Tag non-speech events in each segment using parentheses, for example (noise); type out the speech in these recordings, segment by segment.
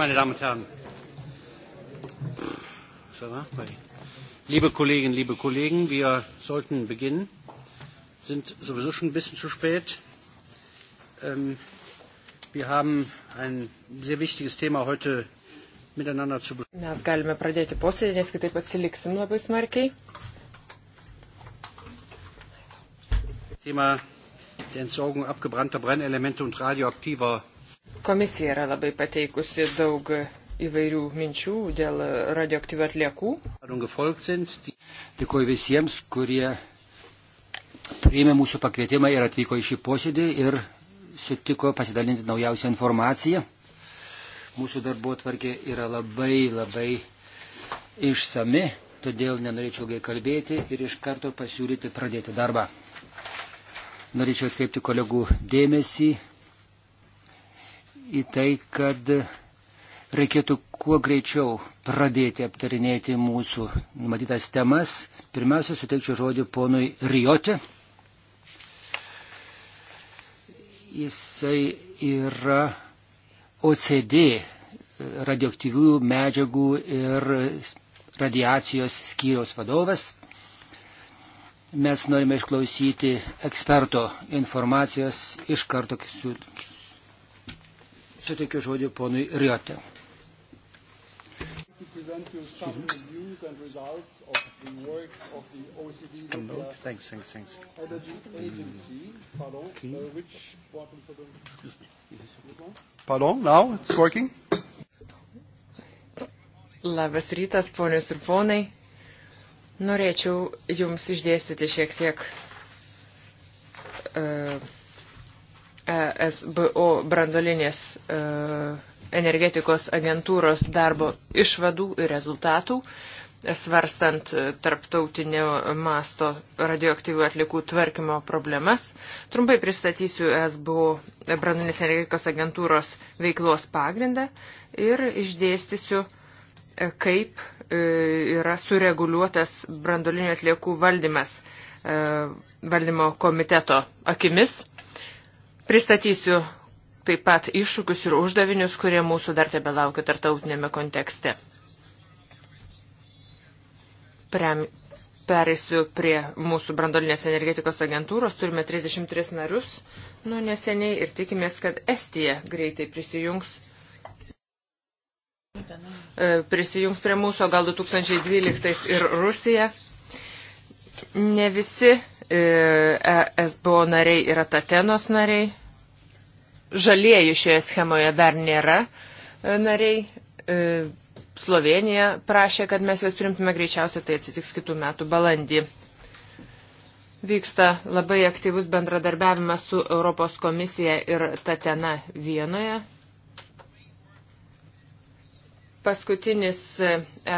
meine Damen und Herren, liebe Kolleginnen, liebe Kollegen, wir sollten beginnen, sind sowieso schon ein bisschen zu spät. Ähm, wir haben ein sehr wichtiges Thema heute miteinander zu besprechen. Mes galime pradėti posėdį, nes kitaip atsiliksim labai smarkiai. Thema der Entsorgung abgebrannter Brennelemente und radioaktiver Komisija yra labai pateikusi daug įvairių minčių dėl radioaktyvių atliekų. Dėkuoju visiems, kurie priėmė mūsų pakvietimą ir atvyko į šį posėdį ir sutiko pasidalinti naujausią informaciją. Mūsų darbo tvarkė yra labai labai išsami, todėl nenorėčiau ilgai kalbėti ir iš karto pasiūlyti pradėti darbą. Norėčiau atkreipti kolegų dėmesį į tai, kad reikėtų kuo greičiau pradėti aptarinėti mūsų numatytas temas. Pirmiausia, suteikčiau žodį ponui Rijoti. Jisai yra OCD radioaktyvių medžiagų ir radiacijos skyriaus vadovas. Mes norime išklausyti eksperto informacijos iš karto suteikiu žodį ponui Riotė. Thanks, thanks, thanks. Pardon, now it's working. Labas rytas, ponios ir ponai. Norėčiau Jums išdėstyti šiek tiek uh, E SBO brandolinės e, energetikos agentūros darbo išvadų ir rezultatų, svarstant e, tarptautinio masto radioaktyvių atlikų tvarkymo problemas. Trumpai pristatysiu SBO brandolinės energetikos agentūros veiklos pagrindą ir išdėstysiu, kaip yra sureguliuotas brandolinio atliekų valdymas valdymo komiteto akimis Pristatysiu taip pat iššūkius ir uždavinius, kurie mūsų dar tebe laukia tartautinėme kontekste. Prem, perėsiu prie mūsų brandolinės energetikos agentūros. Turime 33 narius nuo neseniai ir tikimės, kad Estija greitai prisijungs. E, prisijungs prie mūsų gal 2012 ir Rusija. Ne visi e, e SBO nariai yra Tatenos nariai. Žalieji šioje schemoje dar nėra e, nariai. Slovenija prašė, kad mes juos primtume greičiausiai, tai atsitiks kitų metų balandį. Vyksta labai aktyvus bendradarbiavimas su Europos komisija ir Tatena vienoje. Paskutinis e,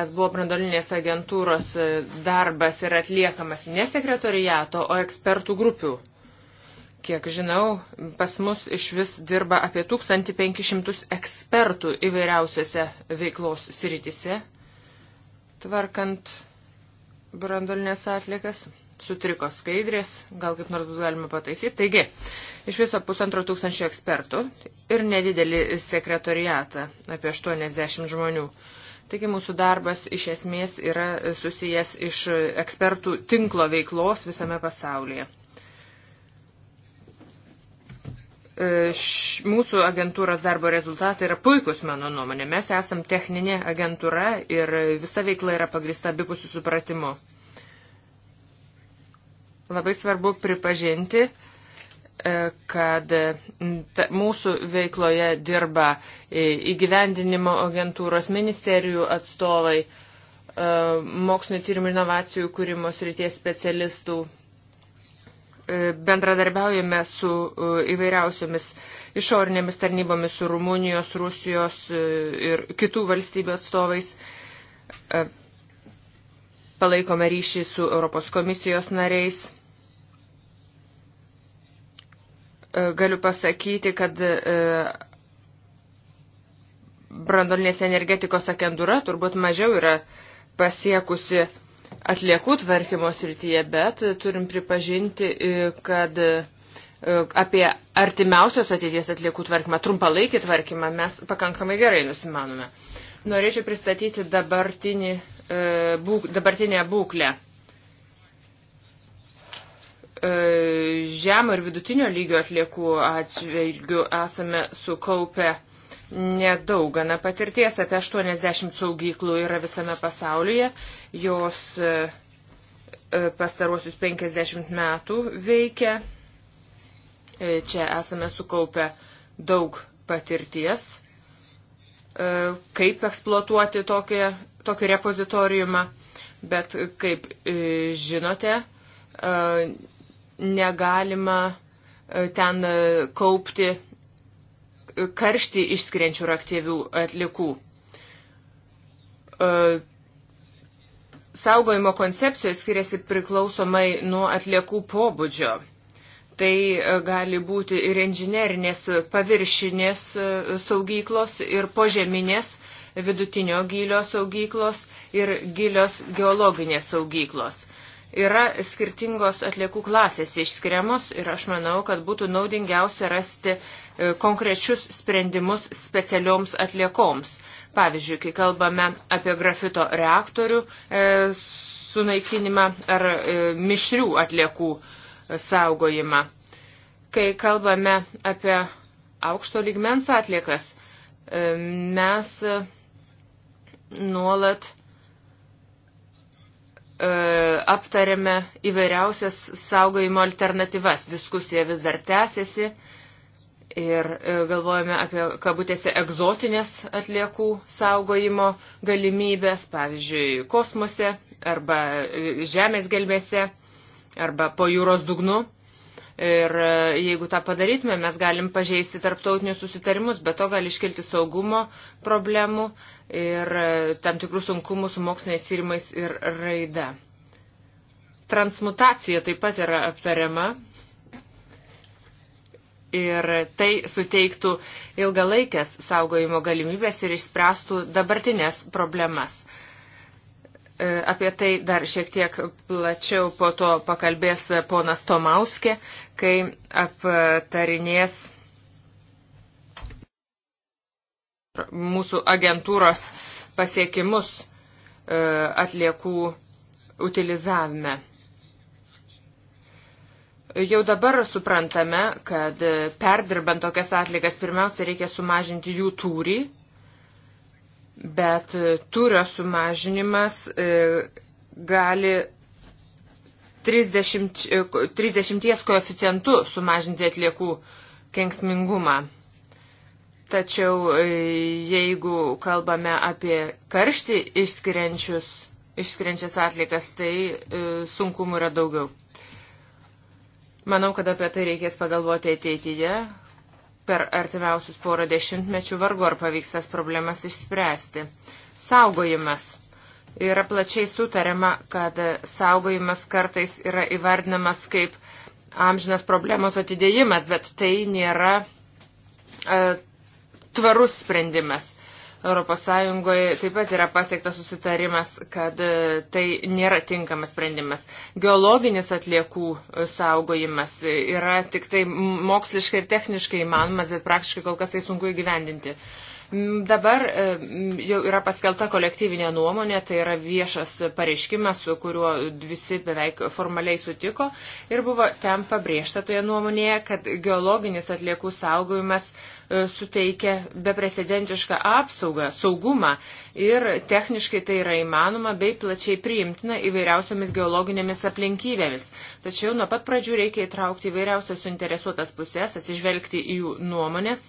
SBO brandolinės agentūros e, darbas yra atliekamas ne sekretoriato, o ekspertų grupių. Kiek žinau, pas mus iš vis dirba apie 1500 ekspertų įvairiausiose veiklos sritise, tvarkant brandolinės atlikas sutriko skaidrės, gal kaip nors bus galima pataisyti. Taigi, iš viso pusantro tūkstančio ekspertų ir nedidelį sekretoriatą, apie 80 žmonių. Taigi mūsų darbas iš esmės yra susijęs iš ekspertų tinklo veiklos visame pasaulyje. E, mūsų agentūros darbo rezultatai yra puikus, mano nuomonė. Mes esam techninė agentūra ir visa veikla yra pagrista abipusių supratimu. Labai svarbu pripažinti, e, kad mūsų veikloje dirba e, įgyvendinimo agentūros ministerijų atstovai, e, mokslinio tyrimų inovacijų kūrimo srities specialistų. Bendradarbiaujame su įvairiausiomis išorinėmis tarnybomis, su Rumunijos, Rusijos ir kitų valstybių atstovais. Palaikome ryšį su Europos komisijos nariais E, galiu pasakyti, kad e, brandolinės energetikos agentūra turbūt mažiau yra pasiekusi atliekų tvarkymo srityje, bet turim pripažinti, e, kad apie artimiausios ateities atliekų tvarkymą, trumpalaikį tvarkymą mes pakankamai gerai nusimanome. Norėčiau pristatyti dabartinį, būk, dabartinę būklę. E, žemą ir vidutinio lygio atliekų atžvilgių esame sukaupę nedaug gana patirties, apie 80 saugyklų yra visame pasaulyje, jos e, e, pastaruosius 50 metų veikia, čia esame sukaupę daug patirties, kaip eksploatuoti tokį, tokį repozitoriumą, bet kaip žinote, negalima e, ten e, kaupti e, karštį išskiriančių reaktyvių atlikų. Saugojimo koncepcijos skiriasi priklausomai nuo atliekų pobūdžio. Tai gali būti ir inžinerinės paviršinės saugyklos, ir požeminės vidutinio gylio saugyklos, ir gilios geologinės saugyklos Yra skirtingos atliekų klasės išskiriamos ir aš manau, kad būtų naudingiausia rasti e, konkrečius sprendimus specialioms atliekoms. Pavyzdžiui, kai kalbame apie grafito reaktorių e, sunaikinimą ar e, mišrių atliekų e, saugojimą. Kai kalbame apie aukšto lygmens atliekas, e, mes e, nuolat E, aptarėme įvairiausias saugojimo alternatyvas. Diskusija vis dar tęsiasi ir e, galvojame apie, kabutėse, egzotinės atliekų saugojimo galimybės, pavyzdžiui, kosmose arba e, žemės gelmėse arba po jūros dugnu. Ir e, jeigu tą padarytume, mes galim pažeisti tarptautinius susitarimus, bet to gali iškilti saugumo problemų ir e, tam tikrų sunkumų su moksliniais tyrimais ir raida. Transmutacija taip pat yra aptariama. Ir tai suteiktų ilgalaikės saugojimo galimybės ir išspręstų dabartinės problemas. E, apie tai dar šiek tiek plačiau po to pakalbės ponas Tomauskė, kai aptarinės mūsų agentūros pasiekimus e, atliekų utilizavime. Jau dabar suprantame, kad perdirbant tokias atlikas pirmiausia reikia sumažinti jų tūrį bet e, turio sumažinimas e, gali 30, 30 e, koeficientų sumažinti atliekų kenksmingumą. Tačiau jeigu kalbame apie karštį išskiriančias atlikas, tai sunkumų yra daugiau. Manau, kad apie tai reikės pagalvoti ateityje, per artimiausius porą dešimtmečių vargu ar pavyks tas problemas išspręsti. Saugojimas. Yra plačiai sutariama, kad saugojimas kartais yra įvardinamas kaip amžinas problemos atidėjimas, bet tai nėra e, tvarus sprendimas. ES taip pat yra pasiektas susitarimas, kad e, tai nėra tinkamas sprendimas. Geologinis atliekų e, saugojimas e, yra tik tai moksliškai ir techniškai įmanomas, bet praktiškai kol kas tai sunku įgyvendinti. Dabar jau yra paskelta kolektyvinė nuomonė, tai yra viešas pareiškimas, su kuriuo visi beveik formaliai sutiko ir buvo ten pabrėžta toje nuomonėje, kad geologinis atliekų saugojimas E, suteikia beprecedentišką apsaugą, saugumą ir techniškai tai yra įmanoma bei plačiai priimtina įvairiausiomis geologinėmis aplinkybėmis. Tačiau nuo pat pradžių reikia įtraukti įvairiausias suinteresuotas pusės, atsižvelgti į jų nuomonės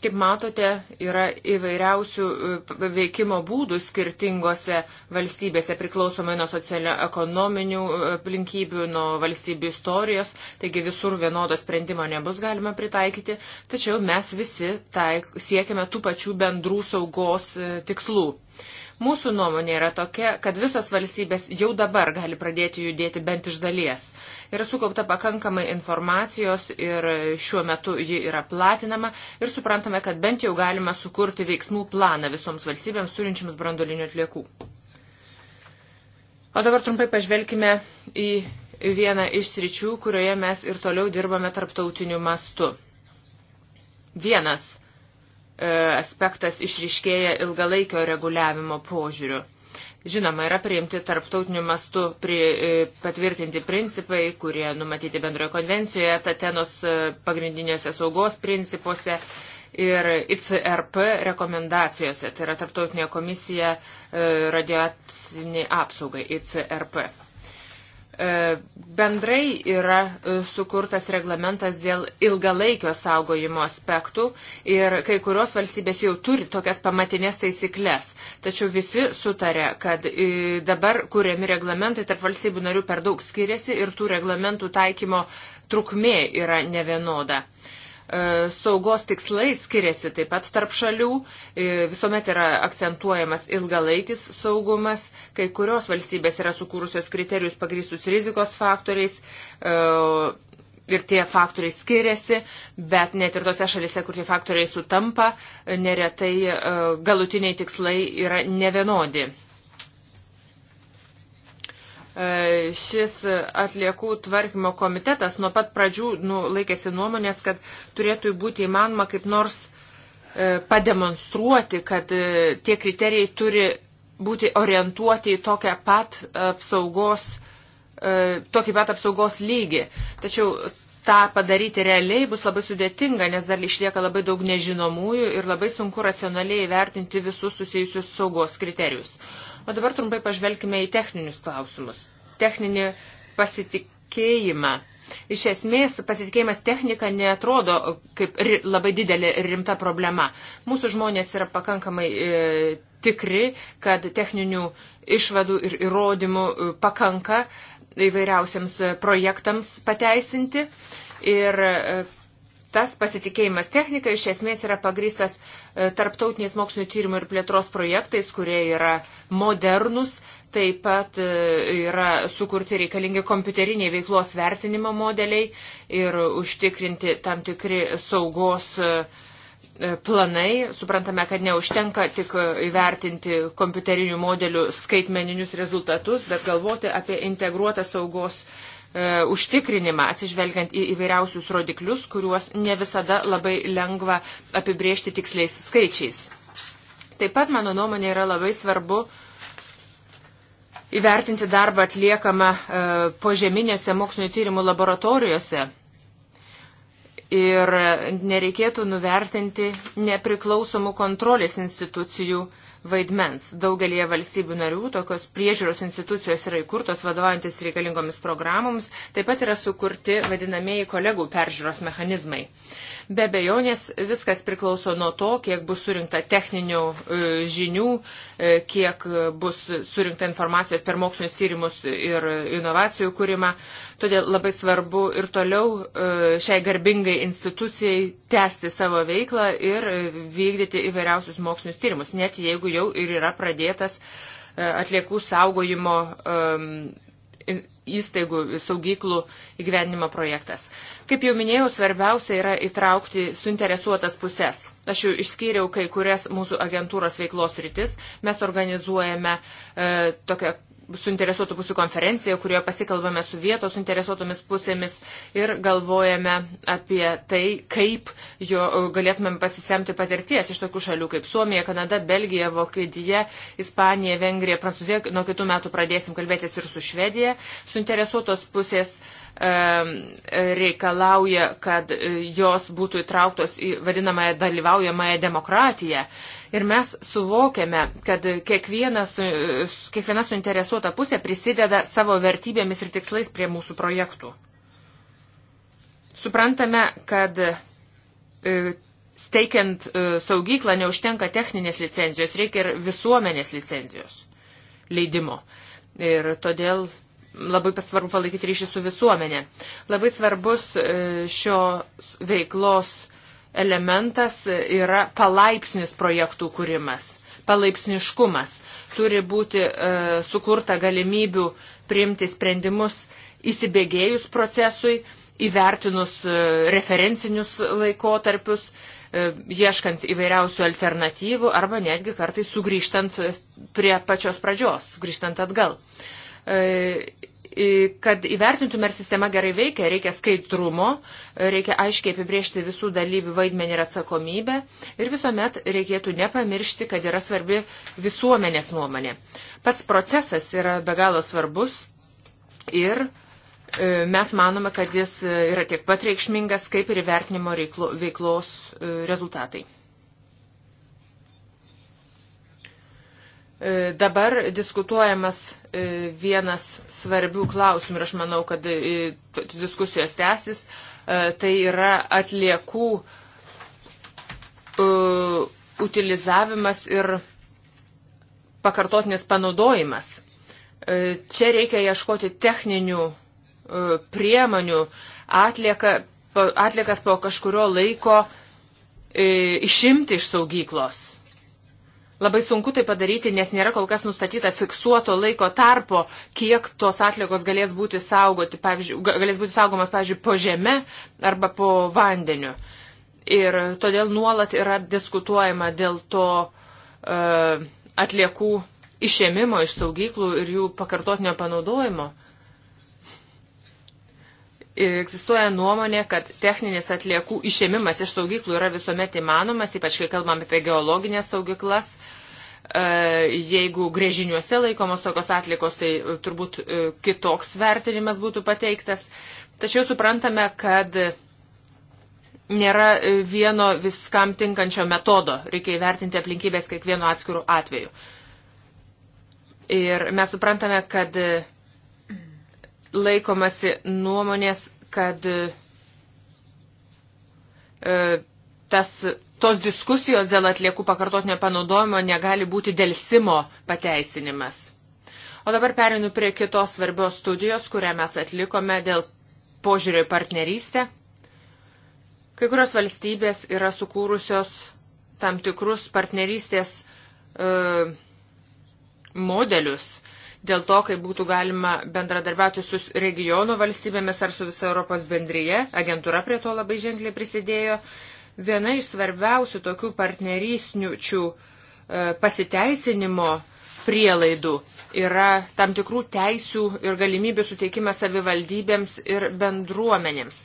Kaip matote, yra įvairiausių e, veikimo būdų skirtingose valstybėse, priklausomai nuo socioekonominių e, aplinkybių, nuo valstybių istorijos, taigi visur vienodo sprendimo nebus galima pritaikyti, tačiau mes visi taik, siekiame tų pačių bendrų saugos e, tikslų. Mūsų nuomonė yra tokia, kad visos valstybės jau dabar gali pradėti judėti bent iš dalies. Yra sukaupta pakankamai informacijos ir šiuo metu ji yra platinama ir suprantame, kad bent jau galima sukurti veiksmų planą visoms valstybėms turinčiams brandolinių atliekų. O dabar trumpai pažvelkime į vieną iš sričių, kurioje mes ir toliau dirbame tarptautiniu mastu. Vienas e, aspektas išriškėja ilgalaikio reguliavimo požiūriu Žinoma, yra priimti tarptautiniu mastu pri, e, patvirtinti principai, kurie numatyti bendroje konvencijoje, Tatenos e, pagrindiniuose saugos principuose ir ICRP rekomendacijose. Tai yra tarptautinė komisija e, radioaciniai apsaugai ICRP. E, bendrai yra e, sukurtas reglamentas dėl ilgalaikio saugojimo aspektų ir kai kurios valstybės jau turi tokias pamatinės taisyklės. Tačiau visi sutarė, kad e, dabar kuriami reglamentai tarp valstybių narių per daug skiriasi ir tų reglamentų taikymo trukmė yra nevienoda. vienoda. E, saugos tikslai skiriasi taip pat tarp šalių, e, visuomet yra akcentuojamas ilgalaikis saugumas, kai kurios valstybės yra sukūrusios kriterijus pagrįstus rizikos faktoriais. E, ir tie faktoriai skiriasi, bet net ir tose šalise, kur tie faktoriai sutampa, neretai galutiniai tikslai yra nevienodi. E, šis atliekų tvarkymo komitetas nuo pat pradžių nu, laikėsi nuomonės, kad turėtų būti įmanoma kaip nors e, pademonstruoti, kad e, tie kriterijai turi būti orientuoti į tokią pat apsaugos, tokį pat apsaugos lygį. Tačiau tą padaryti realiai bus labai sudėtinga, nes dar išlieka labai daug nežinomųjų ir labai sunku racionaliai įvertinti visus susijusius saugos kriterijus. O dabar trumpai pažvelkime į techninius klausimus. Techninį pasitikėjimą. Iš esmės, pasitikėjimas technika netrodo kaip ri, labai didelė ir rimta problema. Mūsų žmonės yra pakankamai e, tikri, kad techninių išvadų ir įrodymų e, pakanka įvairiausiams projektams pateisinti. Ir e, tas pasitikėjimas technika iš esmės yra pagristas e, tarptautiniais mokslinio tyrimų ir plėtros projektais, kurie yra modernus, taip pat e, yra sukurti reikalingi kompiuteriniai veiklos vertinimo modeliai ir užtikrinti tam tikri saugos e, planai. Suprantame, kad neužtenka tik įvertinti kompiuterinių modelių skaitmeninius rezultatus, bet galvoti apie integruotą saugos E, užtikrinimą, atsižvelgiant į įvairiausius rodiklius, kuriuos ne visada labai lengva apibriežti tiksliais skaičiais. Taip pat, mano nuomonė, yra labai svarbu įvertinti darbą atliekamą e, požeminėse mokslinio tyrimų laboratorijose. Ir nereikėtų nuvertinti nepriklausomų kontrolės institucijų vaidmens. Daugelie valstybių narių tokios priežiūros institucijos yra įkurtos vadovantis reikalingomis programoms, taip pat yra sukurti vadinamieji kolegų peržiūros mechanizmai. Be bejonės viskas priklauso nuo to, kiek bus surinkta techninių e, žinių, e, kiek bus surinkta informacijos per mokslinius tyrimus ir inovacijų kūrimą. Todėl labai svarbu ir toliau e, šiai garbingai institucijai tęsti savo veiklą ir vykdyti įvairiausius mokslinius tyrimus, net jeigu tikrųjų jau ir yra pradėtas e, atliekų saugojimo įstaigų saugyklų įgyvenimo projektas. Kaip jau minėjau, svarbiausia yra įtraukti suinteresuotas pusės. Aš jau išskyriau kai kurias mūsų agentūros veiklos rytis. Mes organizuojame e, tokią suinteresuotų pusių konferencija, kurioje pasikalbame su vietos suinteresuotomis pusėmis ir galvojame apie tai, kaip jo galėtumėm pasisemti patirties iš tokių šalių kaip Suomija, Kanada, Belgija, Vokietija, Ispanija, Vengrija, Prancūzija. Nuo kitų metų pradėsim kalbėtis ir su Švedija. Suinteresuotos pusės reikalauja, kad e, jos būtų įtrauktos į vadinamąją dalyvaujamąją demokratiją. Uh, Ir mes suvokiame, kad kiekvienas, kiekviena suinteresuota pusė prisideda savo vertybėmis ir tikslais prie mūsų projektų. Suprantame, kad e, steikiant e, saugyklą neužtenka techninės licenzijos, reikia ir visuomenės licenzijos leidimo. Ir todėl labai svarbu palaikyti ryšį su visuomenė. Labai svarbus e, šios veiklos elementas yra palaipsnis projektų kūrimas, palaipsniškumas. Turi būti e, sukurta galimybių priimti sprendimus įsibėgėjus procesui, įvertinus e, referencinius laikotarpius, e, ieškant įvairiausių alternatyvų arba netgi kartai sugrįžtant prie pačios pradžios, grįžtant atgal. E, kad įvertintume, ar sistema gerai veikia, reikia skaidrumo, reikia aiškiai apibriežti visų dalyvių vaidmenį ir atsakomybę ir visuomet reikėtų nepamiršti, kad yra svarbi visuomenės nuomonė. Pats procesas yra be galo svarbus ir e, mes manome, kad jis e, yra tiek pat reikšmingas, kaip ir įvertinimo veiklos e, rezultatai. Dabar diskutuojamas E, vienas svarbių klausimų ir aš manau, kad e, diskusijos tęsis, e, tai yra atliekų utilizavimas ir pakartotinis panaudojimas. Čia reikia ieškoti techninių priemonių atlieka, atliekas po kažkurio laiko išimti iš saugyklos Labai sunku tai padaryti, nes nėra kol kas nustatyta fiksuoto laiko tarpo, kiek tos atlikos galės būti, saugoti, galės būti saugomas, pavyzdžiui, po žeme arba po vandeniu. Ir todėl nuolat yra diskutuojama dėl to uh, atliekų išėmimo iš saugyklų ir jų pakartotinio panaudojimo. Ir egzistuoja nuomonė, kad techninis atliekų išėmimas iš saugyklų yra visuomet įmanomas, ypač kai kalbam apie geologinės saugyklas. E, jeigu grėžiniuose laikomos tokios atlikos, tai e, turbūt e, kitoks vertinimas būtų pateiktas. Tačiau suprantame, kad nėra vieno viskam tinkančio metodo. Reikia įvertinti aplinkybės kiekvienu atskiru atveju. Ir mes suprantame, kad laikomasi nuomonės, kad tas tos diskusijos dėl atliekų pakartotinio panaudojimo negali būti dėlsimo pateisinimas. O dabar perinu prie kitos svarbios studijos, kurią mes atlikome dėl požiūrio į partnerystę. Kai kurios valstybės yra sukūrusios tam tikrus partnerystės e, modelius dėl to, kaip būtų galima bendradarbiauti su regiono valstybėmis ar su visa Europos bendryje. Agentūra prie to labai ženkliai prisidėjo. Viena iš svarbiausių tokių partnerysnių e, pasiteisinimo prielaidų yra tam tikrų teisių ir galimybių suteikimas savivaldybėms ir bendruomenėms.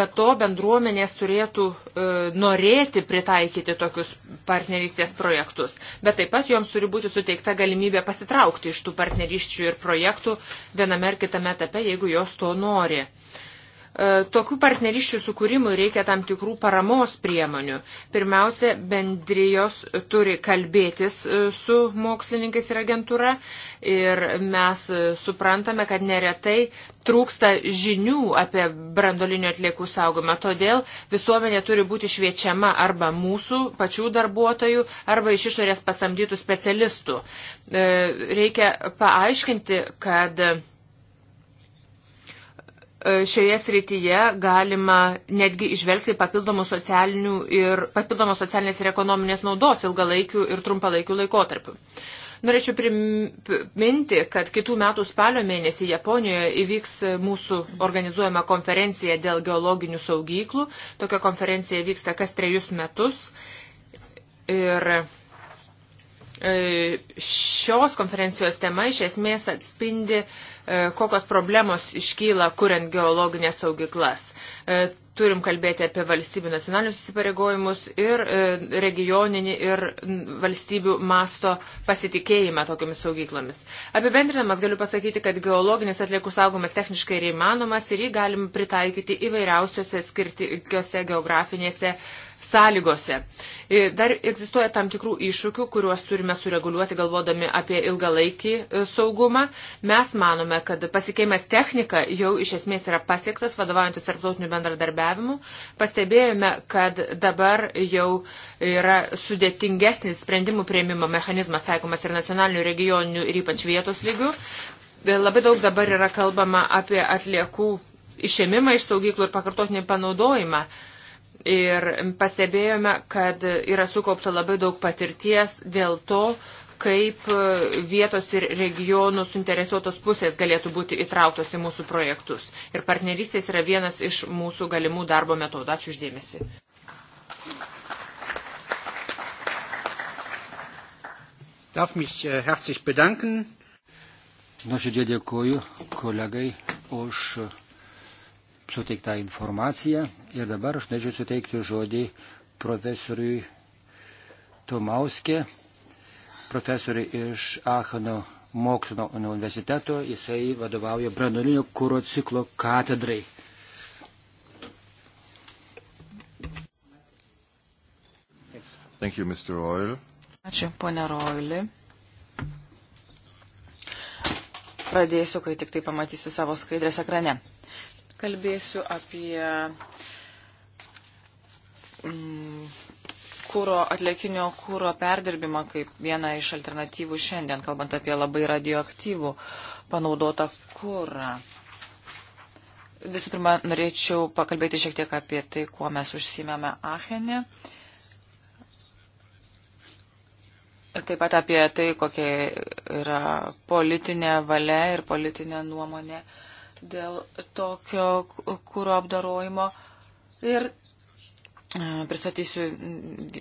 Bet to bendruomenės turėtų e, norėti pritaikyti tokius partnerystės projektus. Bet taip pat joms turi būti suteikta galimybė pasitraukti iš tų partnerysčių ir projektų viename ar kitame etape, jeigu jos to nori. E, E, tokių partneriščių sukūrimui reikia tam tikrų paramos priemonių. Pirmiausia, bendrijos turi kalbėtis e, su mokslininkais ir agentūra ir mes e, suprantame, kad neretai trūksta žinių apie brandolinio atliekų saugomą. Todėl visuomenė turi būti šviečiama arba mūsų pačių darbuotojų, arba iš išorės pasamdytų specialistų. Reikia paaiškinti, kad šioje srityje galima netgi išvelgti papildomų socialinių ir papildomos socialinės ir ekonominės naudos ilgalaikių ir trumpalaikių laikotarpių. Norėčiau priminti, kad kitų metų spalio mėnesį Japonijoje įvyks mūsų organizuojama konferencija dėl geologinių saugyklų. Tokia konferencija vyksta kas trejus metus. Ir E, šios konferencijos tema iš esmės atspindi, e, kokios problemos iškyla, kuriant geologinės saugiklas. E, turim kalbėti apie valstybių nacionalinius įsipareigojimus ir regioninį ir valstybių masto pasitikėjimą tokiamis saugyklomis. Apibendrinamas galiu pasakyti, kad geologinis atliekų saugomas techniškai yra įmanomas ir jį galim pritaikyti įvairiausiose skirtingose geografinėse uh, sąlygose. E, dar egzistuoja tam tikrų iššūkių, kuriuos turime sureguliuoti galvodami apie ilgalaikį e, saugumą. Mes manome, kad pasikeimas technika jau iš esmės yra pasiektas, vadovaujantis tarptautiniu bendradarbiavimu. Pastebėjome, kad dabar jau yra sudėtingesnis sprendimų prieimimo mechanizmas taikomas ir nacionalinių, regioninių ir ypač vietos lygių. E, labai daug dabar yra kalbama apie atliekų išėmimą iš saugyklų ir pakartotinį panaudojimą. Ir pastebėjome, kad yra sukaupta labai daug patirties dėl to, kaip vietos ir regionų suinteresuotos pusės galėtų būti įtrauktos į mūsų projektus. Ir partnerystės yra vienas iš mūsų galimų darbo metodų. Ačiū uždėmesi. Darf mich äh, herzlich bedanken. Nuoširdžiai dėkoju kolegai už suteiktą informaciją. Ir dabar aš norėčiau suteikti žodį profesoriui Tomauskė, profesoriui iš Achano mokslo universiteto. Jisai vadovauja branduolinio kūro ciklo katedrai. Thank you, Mr. Oil. Ačiū, ponė Roili. Pradėsiu, kai tik tai pamatysiu savo skaidrės ekrane. Kalbėsiu apie Mm, kūro, atlikinio kūro perdirbimą kaip vieną iš alternatyvų šiandien, kalbant apie labai radioaktyvų panaudotą kūrą. Visų pirma, norėčiau pakalbėti šiek tiek apie tai, kuo mes užsimėme Achenė. Taip pat apie tai, kokia yra politinė valia ir politinė nuomonė dėl tokio kūro apdarojimo. Ir pristatysiu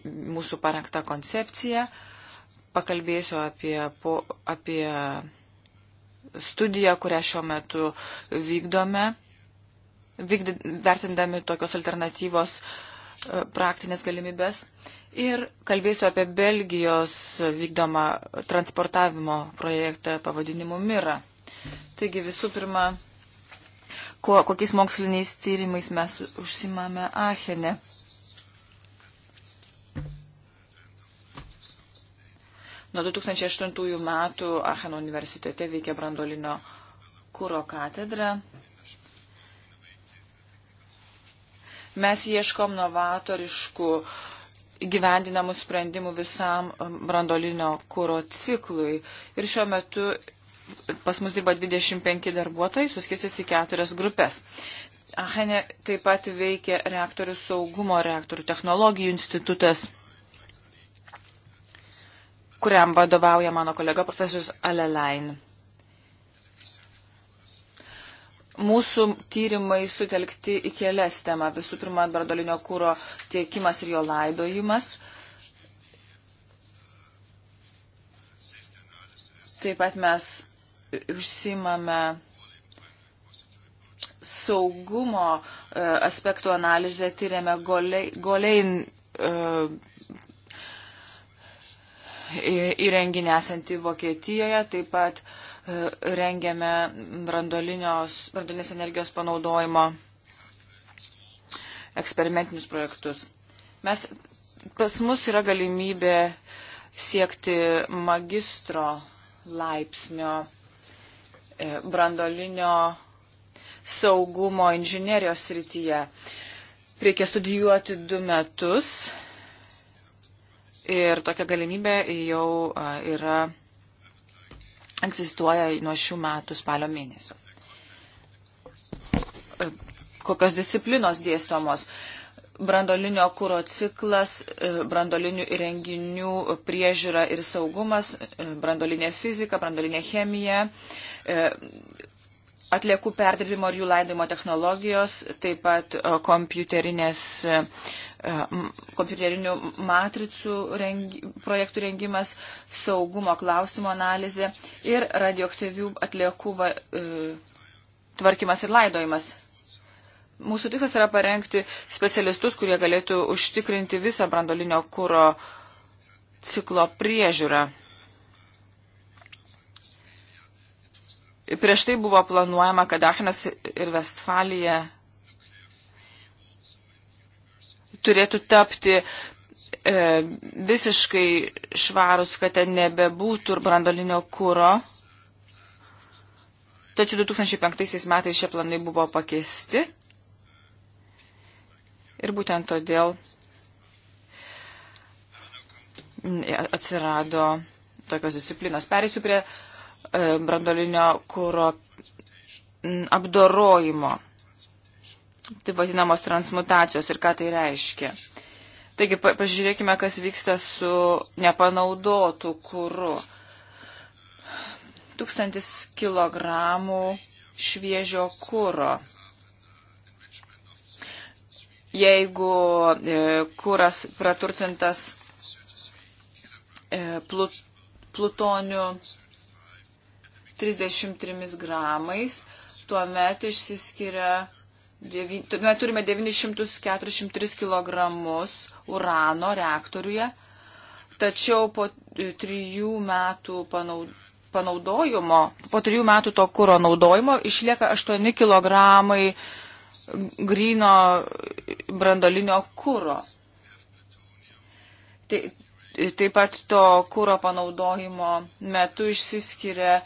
mūsų parengtą koncepciją, pakalbėsiu apie, po, apie studiją, kurią šiuo metu vykdome, vykd, vertindami tokios alternatyvos e, praktinės galimybės. Ir kalbėsiu apie Belgijos vykdomą transportavimo projektą pavadinimu Mira. Taigi visų pirma, ko, kokiais moksliniais tyrimais mes užsimame Achene. Nuo 2008 metų Acheno universitete veikia brandolinio kūro katedra. Mes ieškom novatoriškų gyvendinamų sprendimų visam um, brandolinio kūro ciklui. Ir šiuo metu pas mus dirba 25 darbuotojai, suskirstyti į keturias grupės. Achene taip pat veikia reaktorių saugumo, reaktorių technologijų institutas kuriam vadovauja mano kolega profesorius Alelain. Mūsų tyrimai sutelkti į kelias temą. Visų pirma, brandolinio kūro tiekimas ir jo laidojimas. Taip pat mes užsimame saugumo e, aspektų analizę, tyrėme golein, golein įrenginį esantį Vokietijoje, taip pat e, rengiame brandolinės energijos panaudojimo eksperimentinius projektus. Mes, pas mus yra galimybė siekti magistro laipsnio e, brandolinio saugumo inžinerijos srityje. Reikia studijuoti du metus Ir tokia galimybė jau yra, egzistuoja nuo šių metų spalio mėnesio. Kokios disciplinos dėstomos? brandolinio kūro ciklas, e, brandolinių įrenginių priežiūra ir saugumas, e, brandolinė fizika, brandolinė chemija, e, atliekų perdirbimo ir jų laidimo technologijos, taip pat kompiuterinės E, kompiuterinių matricų rengi, projektų rengimas, saugumo klausimo analizė ir radioaktyvių atliekų va, e, tvarkymas ir laidojimas. Mūsų tikslas yra parengti specialistus, kurie galėtų užtikrinti visą brandolinio kūro ciklo priežiūrą. Prieš tai buvo planuojama, kad Achenas ir Vestfalija turėtų tapti e, visiškai švarus, kad ten nebebūtų ir brandolinio kūro. Tačiau 2005 metais šie planai buvo pakeisti. Ir būtent todėl mm, e, atsirado tokios disciplinos. Perėsiu prie e, brandolinio kūro mm, apdorojimo tai vadinamos transmutacijos ir ką tai reiškia. Taigi pa pažiūrėkime, kas vyksta su nepanaudotu kūru. Tūkstantis kilogramų šviežio kūro. Jeigu e, kūras praturtintas e, plut, plutoniu 33 gramais, tuomet išsiskiria Mes turime 943 kg urano reaktoriuje, tačiau po e, trijų metų panaudojimo, po trijų metų to kūro naudojimo išlieka 8 kg grino brandolinio kūro. Tai, e, taip pat to kūro panaudojimo metu išsiskiria e,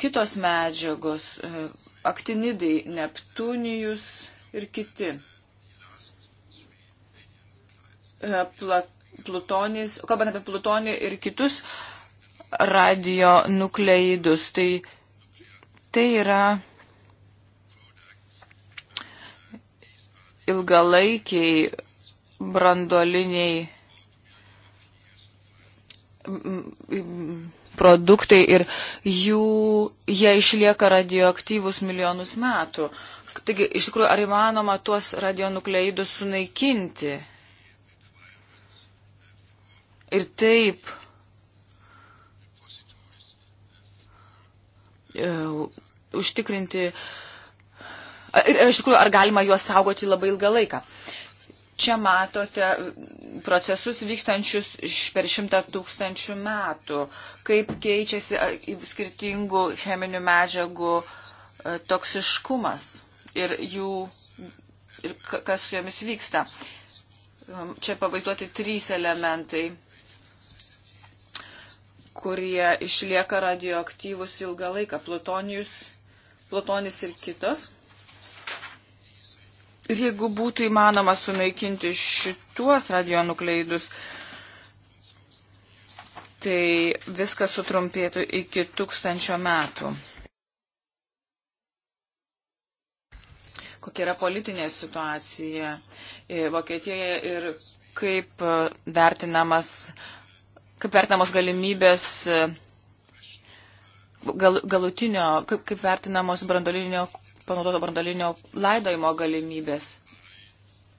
kitos medžiagos, aktinidai, Neptunijus ir kiti. E, Plutonis, kalbant apie plutonį ir kitus radio nukleidus, tai tai yra ilgalaikiai branduoliniai produktai ir jų, jie išlieka radioaktyvus milijonus metų. Taigi, iš tikrųjų, ar įmanoma tuos radionukleidus sunaikinti? Ir taip e, užtikrinti, ar, iš tikrųjų, ar galima juos saugoti labai ilgą laiką. E, čia matote procesus vykstančius per šimtą tūkstančių metų, kaip keičiasi skirtingų cheminių medžiagų toksiškumas ir, jų, ir kas su jomis vyksta. Ehm, čia pavaizduoti trys elementai, kurie išlieka radioaktyvus ilgą laiką - plutonijus, plutonis ir kitos Ir jeigu būtų įmanoma sunaikinti šituos radionukleidus, tai viskas sutrumpėtų iki tūkstančio metų. Kokia yra politinė situacija e, Vokietijoje ir kaip e, vertinamas, kaip vertinamos galimybės e, gal, galutinio, kaip, kaip vertinamos brandolinio panaudoto brandalinio laidojimo galimybės.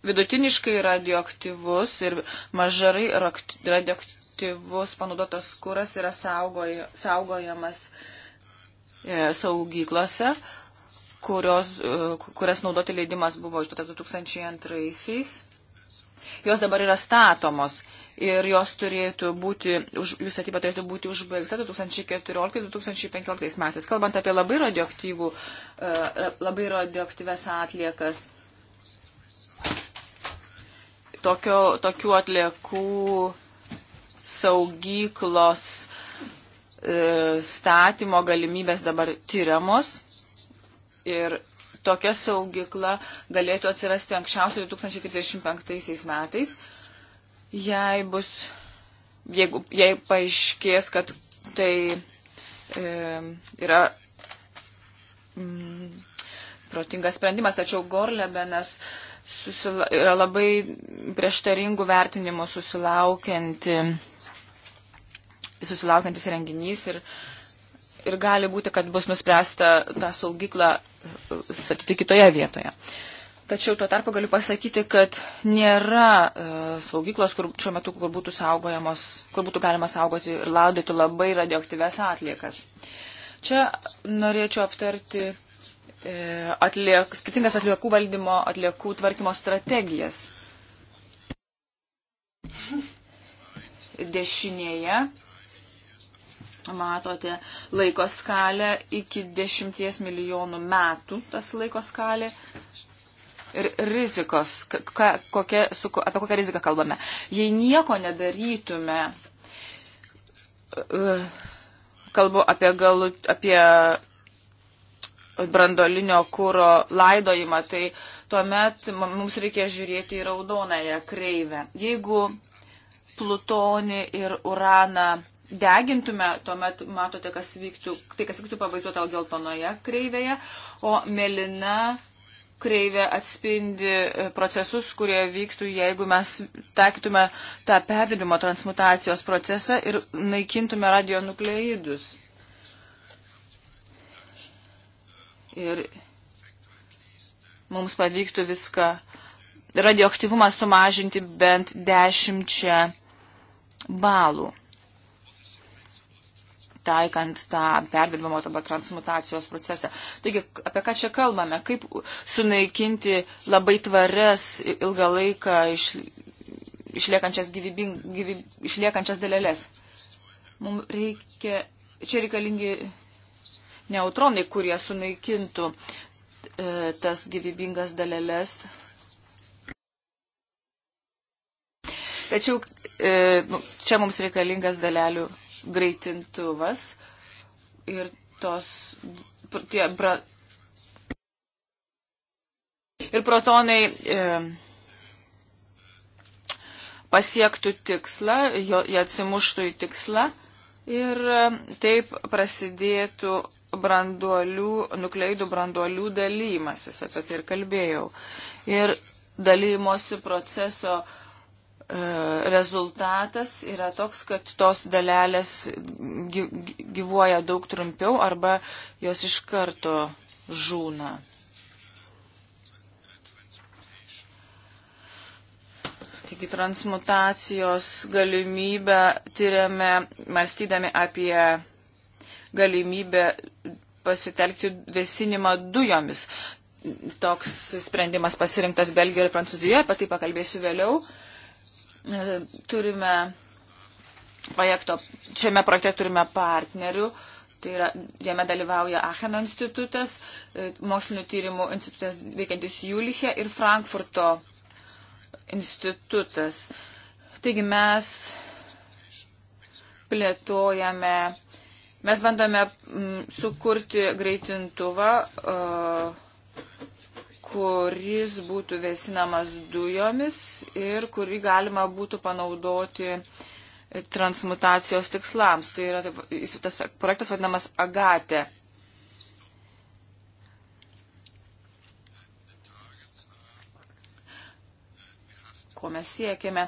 Vidutiniškai radioaktyvus ir mažarai radioaktyvus panaudotas kuras yra saugoj, saugojamas e, saugyklose, kurios, e, kurias naudoti leidimas buvo išduotas 2002-aisiais. Jos dabar yra statomos ir jos turėtų būti, jų statyba turėtų būti užbaigta 2014-2015 metais. Kalbant apie labai radioaktyvų, e, labai radioaktyves atliekas, tokio, tokių atliekų saugyklos e, statymo galimybės dabar tyriamos ir tokia saugykla galėtų atsirasti anksčiausiai 2035 metais jei bus, jeigu, jei paaiškės, kad tai e, yra mm, protingas sprendimas, tačiau Gorlebenas susila, yra labai prieštaringų vertinimų susilaukianti, susilaukiantis renginys ir, ir gali būti, kad bus nuspręsta tą saugyklą e, statyti kitoje vietoje. E, Tačiau tuo tarpu galiu pasakyti, kad nėra e, saugyklos, kur šiuo metu kur būtų, kur būtų galima saugoti ir laudyti labai radioaktyves atliekas. Čia norėčiau aptarti e, atliek, skirtingas atliekų valdymo, atliekų tvarkymo strategijas. Dešinėje matote laiko skalę iki 10 milijonų metų tas laiko skalė rizikos, ką, kokia, su, apie kokią riziką kalbame. Jei nieko nedarytume, e, kalbu apie, galu, apie brandolinio kūro laidojimą, tai tuomet mums reikia žiūrėti į raudonąją kreivę. Jeigu plutonį ir uraną degintume, tuomet matote, kas vyktų, tai kas vyktų pavaizduota geltonoje kreivėje, o melina kreivė atspindi e, procesus, kurie vyktų, jeigu mes taikytume tą perdirbimo transmutacijos procesą ir naikintume radionukleidus. Ir mums pavyktų viską radioaktyvumą sumažinti bent dešimčia balų taikant tą perdirbimo arba transmutacijos procesą. Taigi, apie ką čia kalbame? Kaip sunaikinti labai tvarias ilgą laiką iš, išliekančias, gyvybing, gyvyb, išliekančias dalelės? Mums reikia, čia reikalingi neutronai, kurie sunaikintų e, tas gyvybingas dalelės. Tačiau e, čia mums reikalingas dalelių greitintuvas ir tos tie bra, ir protonai e, pasiektų tikslą, jo, jie atsimuštų į tikslą ir e, taip prasidėtų branduolių, nukleidų branduolių dalymasis, apie tai ir kalbėjau. Ir dalymosi proceso e, E, rezultatas yra toks, kad tos dalelės gyvuoja daug trumpiau arba jos iš karto žūna. Taigi transmutacijos galimybę tyriame, mąstydami apie galimybę pasitelkti vėsinimą dujomis. Toks sprendimas pasirinktas Belgijoje ir Prancūzijoje, apie tai pakalbėsiu vėliau. Uh, E, turime projekto, šiame projekte turime partnerių. Tai yra, jame dalyvauja Acheno institutas, e, mokslinio tyrimų institutas veikiantis Jūlyche ir Frankfurto institutas. Taigi mes plėtojame, mes bandome mm, sukurti greitintuvą, e, kuris būtų vėsinamas dujomis ir kurį galima būtų panaudoti transmutacijos tikslams. Tai yra taip, tas projektas vadinamas Agate. Ko mes siekime?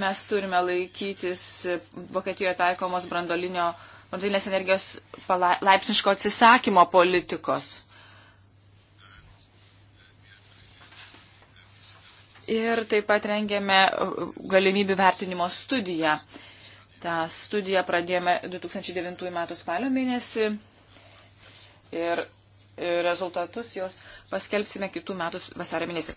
Mes turime laikytis Vokietijoje taikomos brandolinės energijos pala, laipsniško atsisakymo politikos ir taip pat rengėme uh, galimybių vertinimo studiją. Ta studija pradėjome 2009 m. spalio mėnesį ir rezultatus jos paskelbsime kitų metų vasario mėnesį.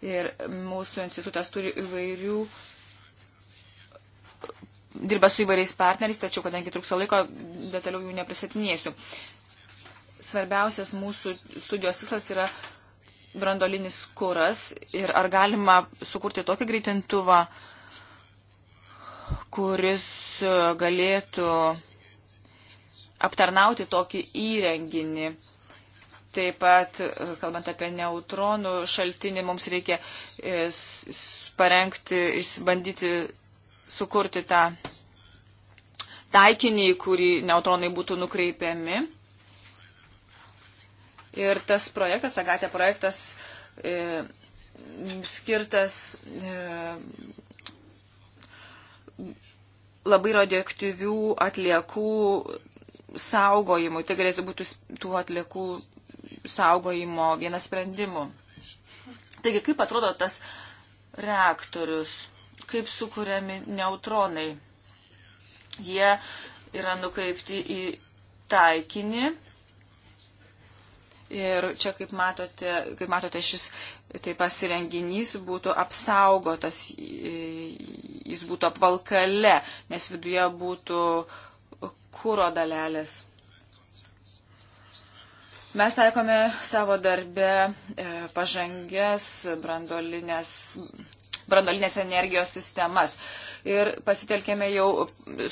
Ir mūsų institutas turi įvairių, dirba su įvairiais partneriais, tačiau kadangi trūksa laiko, detaliau jų nepristatinėsiu svarbiausias mūsų studijos tikslas yra brandolinis kuras ir ar galima sukurti tokį greitintuvą, kuris galėtų aptarnauti tokį įrenginį. Taip pat, kalbant apie neutronų šaltinį, mums reikia e, parengti, išbandyti, sukurti tą taikinį, į kurį neutronai būtų nukreipiami. Ir tas projektas, Agatė projektas, e, skirtas e, labai radioaktyvių atliekų saugojimui. Tai galėtų būti tų atliekų saugojimo vienas sprendimų. Taigi, kaip atrodo tas reaktorius, kaip sukūriami neutronai. Jie yra nukreipti į taikinį Ir čia, kaip matote, kaip matote šis tai pasirenginys būtų apsaugotas, jis būtų apvalkale, nes viduje būtų kūro dalelės. Mes taikome savo darbę e, pažangės brandolinės brandolinės energijos sistemas. Ir pasitelkėme jau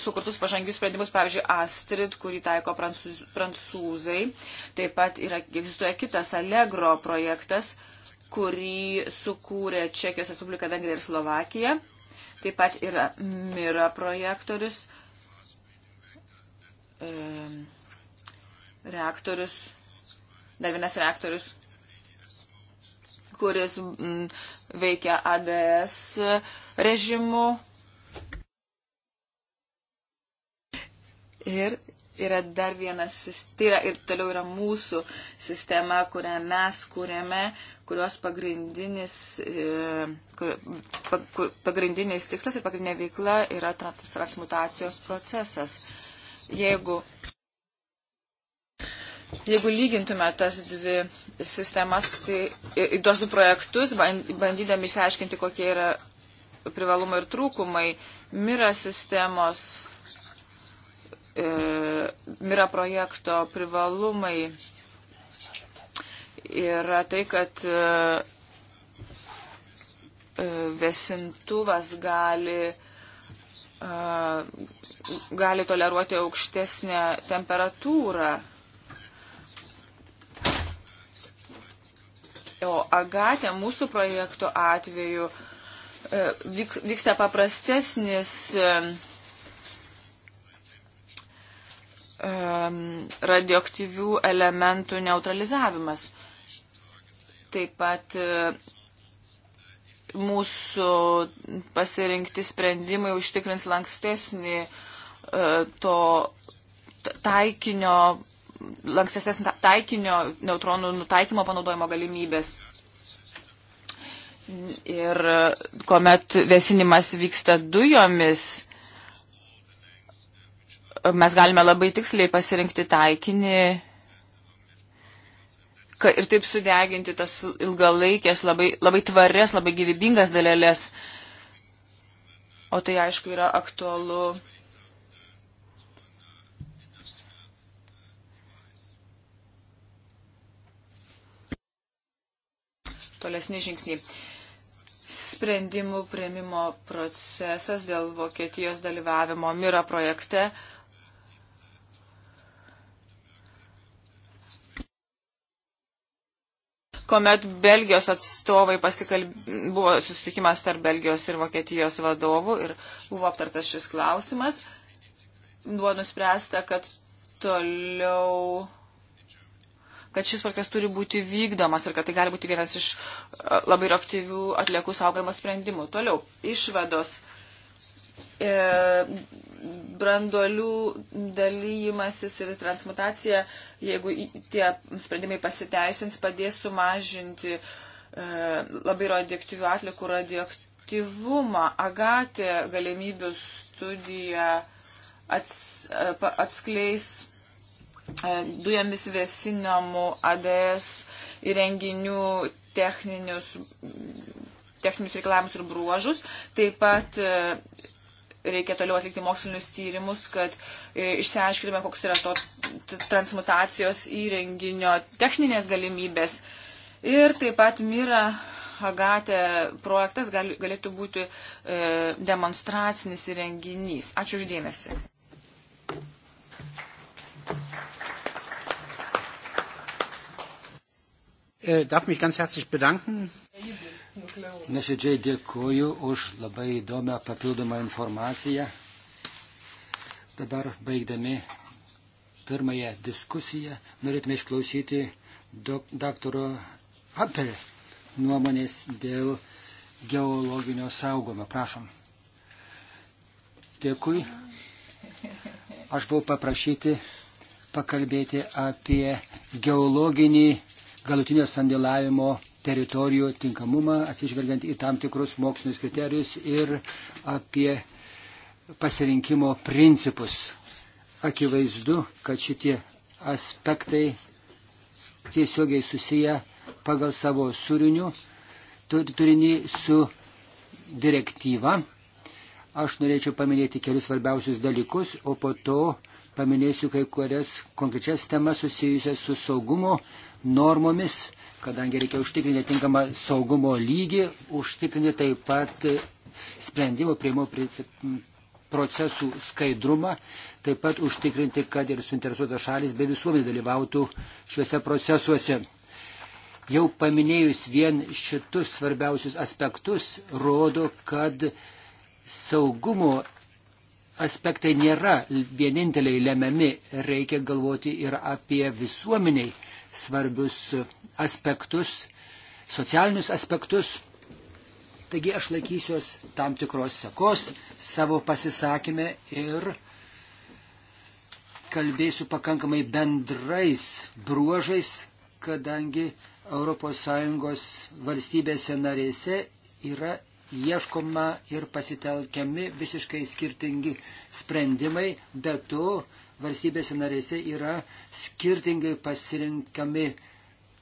sukurtus pažangius sprendimus, pavyzdžiui, Astrid, kurį taiko prancūz, prancūzai. Taip pat yra, egzistuoja kitas Allegro projektas, kurį sukūrė Čekijos Respublika, Vengrija ir Slovakija. Taip pat yra Mira projektorius, e, reaktorius, dar vienas reaktorius, kuris mm, veikia ADS režimu. Ir yra dar vienas, tai yra ir toliau yra mūsų sistema, kurią mes kūrėme, kurios pagrindinis, e, kur, kur, pagrindinis tikslas ir pagrindinė veikla yra transmutacijos procesas. Jeigu Jeigu lygintume tas dvi sistemas, tai tuos du projektus, bandydami išsiaiškinti, kokie yra privalumai ir trūkumai, mira sistemos, e, mira projekto privalumai yra tai, kad e, e vesintuvas gali, e, gali toleruoti aukštesnę temperatūrą O Agatė mūsų projektų atveju e, vyksta paprastesnis e, e, radioaktyvių elementų neutralizavimas. Taip pat mūsų pasirinkti sprendimai užtikrins lankstesnį to taikinio lankstesnės taikinio, neutronų nutaikymo panaudojimo galimybės. Ir kuomet vėsinimas vyksta dujomis, mes galime labai tiksliai pasirinkti taikinį ir taip sudeginti tas ilgalaikės, labai, labai tvarias, labai gyvybingas dalelės. O tai aišku yra aktualu tolesni žingsniai. Sprendimų prieimimo procesas dėl Vokietijos dalyvavimo Mira projekte. Komet Belgijos atstovai pasikalb... buvo susitikimas tarp Belgijos ir Vokietijos vadovų ir buvo aptartas šis klausimas. Buvo nuspręsta, kad toliau kad šis projektas turi būti vykdomas ir kad tai gali būti vienas iš e, labai aktyvių atliekų saugojimo sprendimų. Toliau, išvados. E, brandolių dalymasis ir transmutacija, jeigu tie sprendimai pasiteisins, padės sumažinti e, labai radioaktyvių atlikų radioaktyvumą. Agatė galimybių studija ats, e, atskleis E, dujomis vėsinamų ADS įrenginių techninius, techninius reikalavimus ir bruožus. Taip pat e, reikia toliau atlikti mokslinius tyrimus, kad e, išsiaiškintume, koks yra to transmutacijos įrenginio techninės galimybės. Ir taip pat Mira Agate projektas gal, galėtų būti e, demonstracinis įrenginys. Ačiū uždėmesi. Äh, darf mich ganz herzlich bedanken. Nuoširdžiai dėkuoju už labai įdomią papildomą informaciją. Dabar baigdami pirmąją diskusiją norėtume išklausyti daktaro Apel nuomonės dėl geologinio saugomo. Prašom. Dėkui. Aš buvau paprašyti pakalbėti apie geologinį galutinio sandėlavimo teritorijų tinkamumą, atsižvelgiant į tam tikrus mokslinius kriterijus ir apie pasirinkimo principus. Akivaizdu, kad šitie aspektai tiesiogiai susiję pagal savo surinių, turinį su direktyva. Aš norėčiau paminėti kelius svarbiausius dalykus, o po to paminėsiu kai kurias konkrečias temas susijusias su saugumo normomis, kadangi reikia užtikrinti tinkamą saugumo lygį, užtikrinti taip pat sprendimo prieimo procesų skaidrumą, taip pat užtikrinti, kad ir suinteresuotos šalis be visuomenė dalyvautų šiuose procesuose. Jau paminėjus vien šitus svarbiausius aspektus, rodo, kad saugumo aspektai nėra vieninteliai lemiami, reikia galvoti ir apie visuomeniai svarbius aspektus, socialinius aspektus. Taigi aš laikysiuos tam tikros sekos savo pasisakymę ir kalbėsiu pakankamai bendrais bruožais, kadangi ES valstybėse narėse yra ieškoma ir pasitelkiami visiškai skirtingi sprendimai, bet to valstybėse narėse yra skirtingai pasirinkami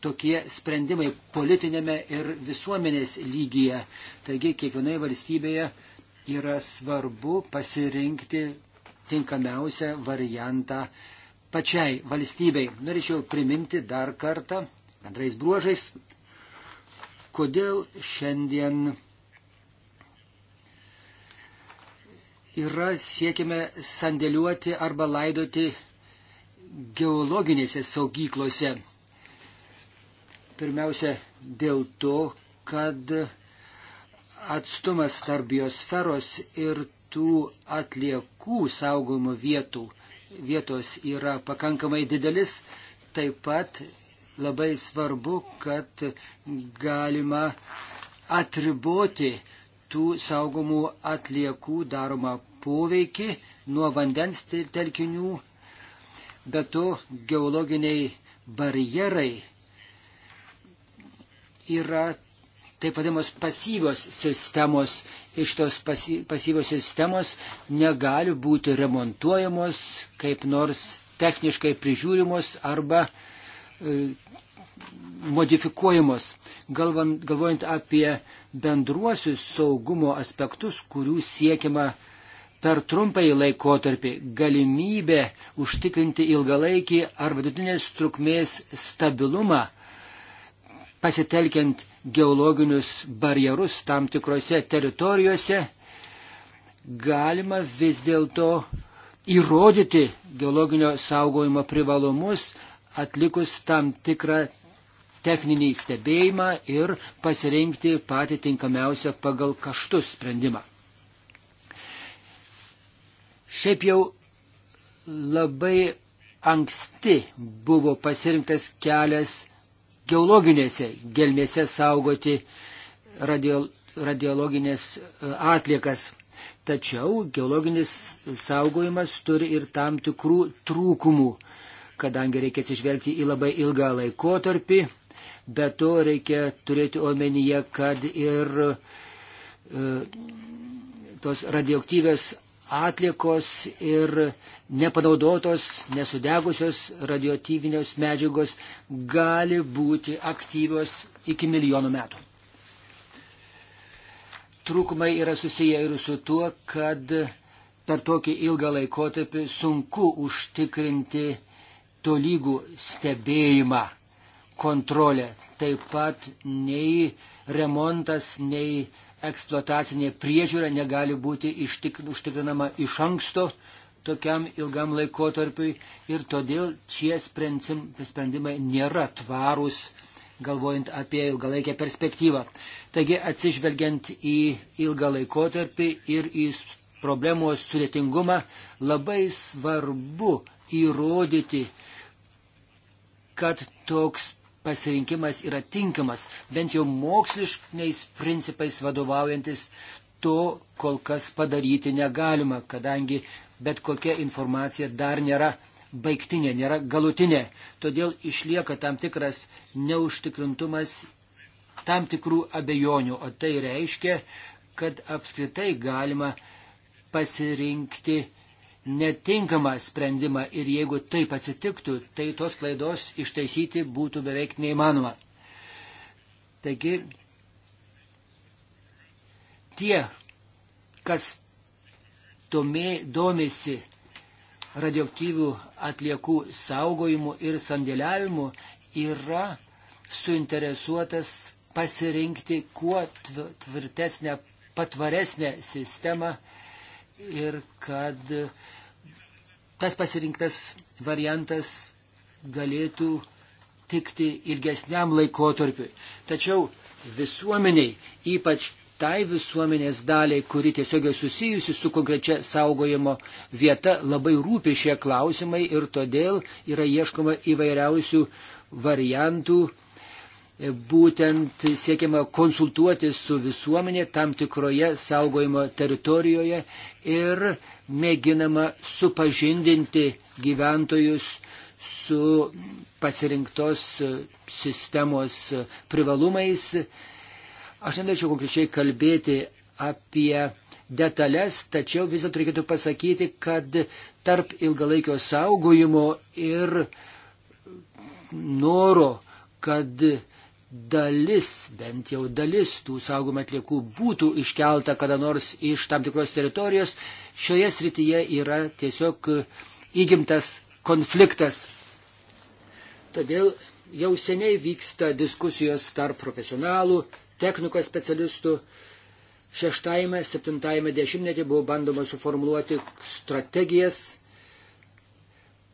tokie sprendimai politinėme ir visuomenės lygyje. Taigi kiekvienoje valstybėje yra svarbu pasirinkti tinkamiausią variantą pačiai valstybei. Norėčiau priminti dar kartą bendrais bruožais, kodėl šiandien yra siekime sandėliuoti arba laidoti geologinėse saugyklose. Pirmiausia, dėl to, kad atstumas tarp biosferos ir tų atliekų saugojimo vietų, vietos yra pakankamai didelis, taip pat labai svarbu, kad galima atriboti tų saugomų atliekų daromą poveikį nuo vandens telkinių, bet to geologiniai barjerai yra taip vadinamos pasyvios sistemos. Iš tos pasy, pasyvios sistemos negali būti remontuojamos, kaip nors techniškai prižiūrimos arba e, modifikuojamos. Galvan, galvojant apie bendruosius saugumo aspektus, kurių siekiama per trumpąjį laikotarpį galimybė užtikrinti ilgalaikį ar vidutinės trukmės stabilumą, pasitelkiant geologinius barjerus tam tikrose teritorijose, galima vis dėlto įrodyti geologinio saugojimo privalumus, atlikus tam tikrą techninį stebėjimą ir pasirinkti patį tinkamiausią pagal kaštus sprendimą. Šiaip jau labai anksti buvo pasirinktas kelias geologinėse gelmėse saugoti radio, radiologinės e, atliekas. Tačiau geologinis saugojimas turi ir tam tikrų trūkumų, kadangi reikia atsižvelgti į labai ilgą laikotarpį, bet to reikia turėti omenyje, kad ir e, tos radioaktyvės atlikos ir nepanaudotos, nesudegusios radioaktyvinios medžiagos gali būti aktyvios iki milijonų metų. Trūkumai yra susiję ir su tuo, kad per tokį ilgą laikotarpį sunku užtikrinti tolygų stebėjimą, kontrolę. Taip pat nei remontas, nei eksploatacinė priežiūra negali būti ištik, užtikrinama iš anksto tokiam ilgam laikotarpiui ir todėl šie sprendimai nėra tvarūs, galvojant apie ilgalaikę perspektyvą. Taigi atsižvelgiant į ilgą laikotarpį ir į problemos sudėtingumą, labai svarbu įrodyti, kad toks pasirinkimas yra tinkamas, bent jau moksliškais principais vadovaujantis, to kol kas padaryti negalima, kadangi bet kokia informacija dar nėra baigtinė, nėra galutinė. Todėl išlieka tam tikras neužtikrintumas, tam tikrų abejonių, o tai reiškia, kad apskritai galima pasirinkti netinkamą sprendimą ir jeigu taip atsitiktų, tai tos klaidos ištaisyti būtų beveik neįmanoma. Taigi, tie, kas domė, domėsi radioaktyvių atliekų saugojimu ir sandėliavimu, yra suinteresuotas pasirinkti kuo tvirtesnę, patvaresnę sistemą ir kad uh, tas pasirinktas variantas galėtų tikti ilgesniam laikotarpiui. Tačiau visuomeniai, ypač tai visuomenės daliai, kuri tiesiogiai susijusi su konkrečia saugojimo vieta, labai rūpi šie klausimai ir todėl yra ieškoma įvairiausių variantų E, būtent siekiama konsultuoti su visuomenė tam tikroje saugojimo teritorijoje ir mėginama supažindinti gyventojus su pasirinktos sistemos privalumais. Aš nenorėčiau konkrečiai kalbėti apie detalės, tačiau vis dėlto reikėtų pasakyti, kad tarp ilgalaikio saugojimo ir noro, kad dalis, bent jau dalis tų saugomų atliekų būtų iškelta kada nors iš tam tikros teritorijos, šioje srityje yra tiesiog įgimtas konfliktas. Todėl jau seniai vyksta diskusijos tarp profesionalų, technikos specialistų. Šeštajame, septintajame dešimtmetį buvo bandoma suformuoluoti strategijas,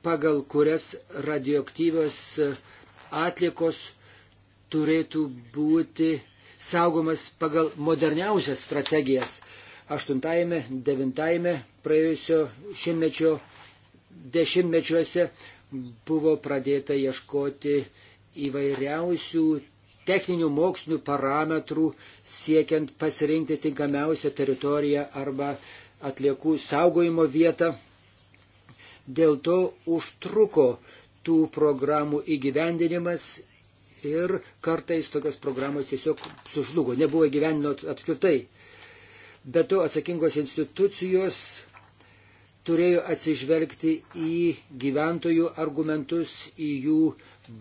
pagal kurias radioaktyvios atlikos turėtų būti saugomas pagal moderniausias strategijas. Aštuntajame, devintajame praėjusio šimtmečio dešimtmečiuose buvo pradėta ieškoti įvairiausių techninių mokslinių parametrų siekiant pasirinkti tinkamiausią teritoriją arba atliekų saugojimo vietą. Dėl to užtruko tų programų įgyvendinimas ir kartais tokios programos tiesiog sužlugo, nebuvo gyveninot apskritai. Be to atsakingos institucijos turėjo atsižvelgti į gyventojų argumentus, į jų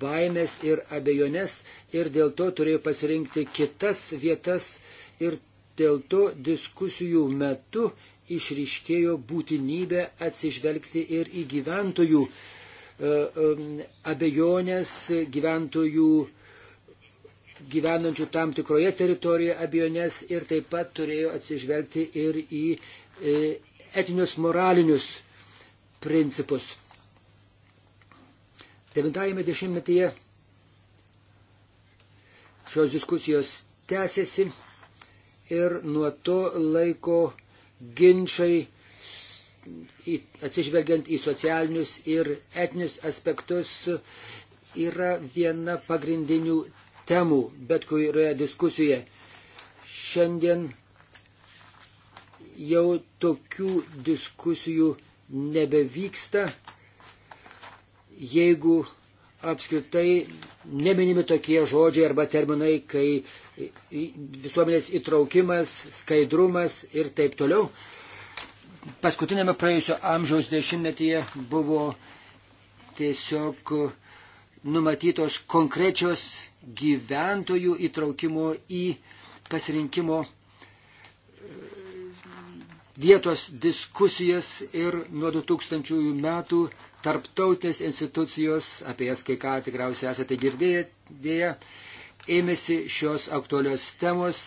baimės ir abejonės ir dėl to turėjo pasirinkti kitas vietas ir dėl to diskusijų metu išryškėjo būtinybė atsižvelgti ir į gyventojų uh, E, abejonės gyventojų gyvenančių tam tikroje teritorijoje abejonės ir taip pat turėjo atsižvelgti ir į e, etinius moralinius principus. 90-metyje šios diskusijos tęsiasi ir nuo to laiko ginčiai atsižvelgiant į socialinius ir etinius aspektus, yra viena pagrindinių temų bet kurioje diskusijoje. Šiandien jau tokių diskusijų nebevyksta, jeigu apskritai neminimi tokie žodžiai arba terminai, kai visuomenės įtraukimas, skaidrumas ir taip toliau paskutinėme praėjusio amžiaus dešimtmetyje buvo tiesiog numatytos konkrečios gyventojų įtraukimo į pasirinkimo e, vietos diskusijas ir nuo 2000 metų tarptautinės institucijos, apie jas kai ką tikriausiai esate girdėję, dėja, ėmėsi šios aktualios temos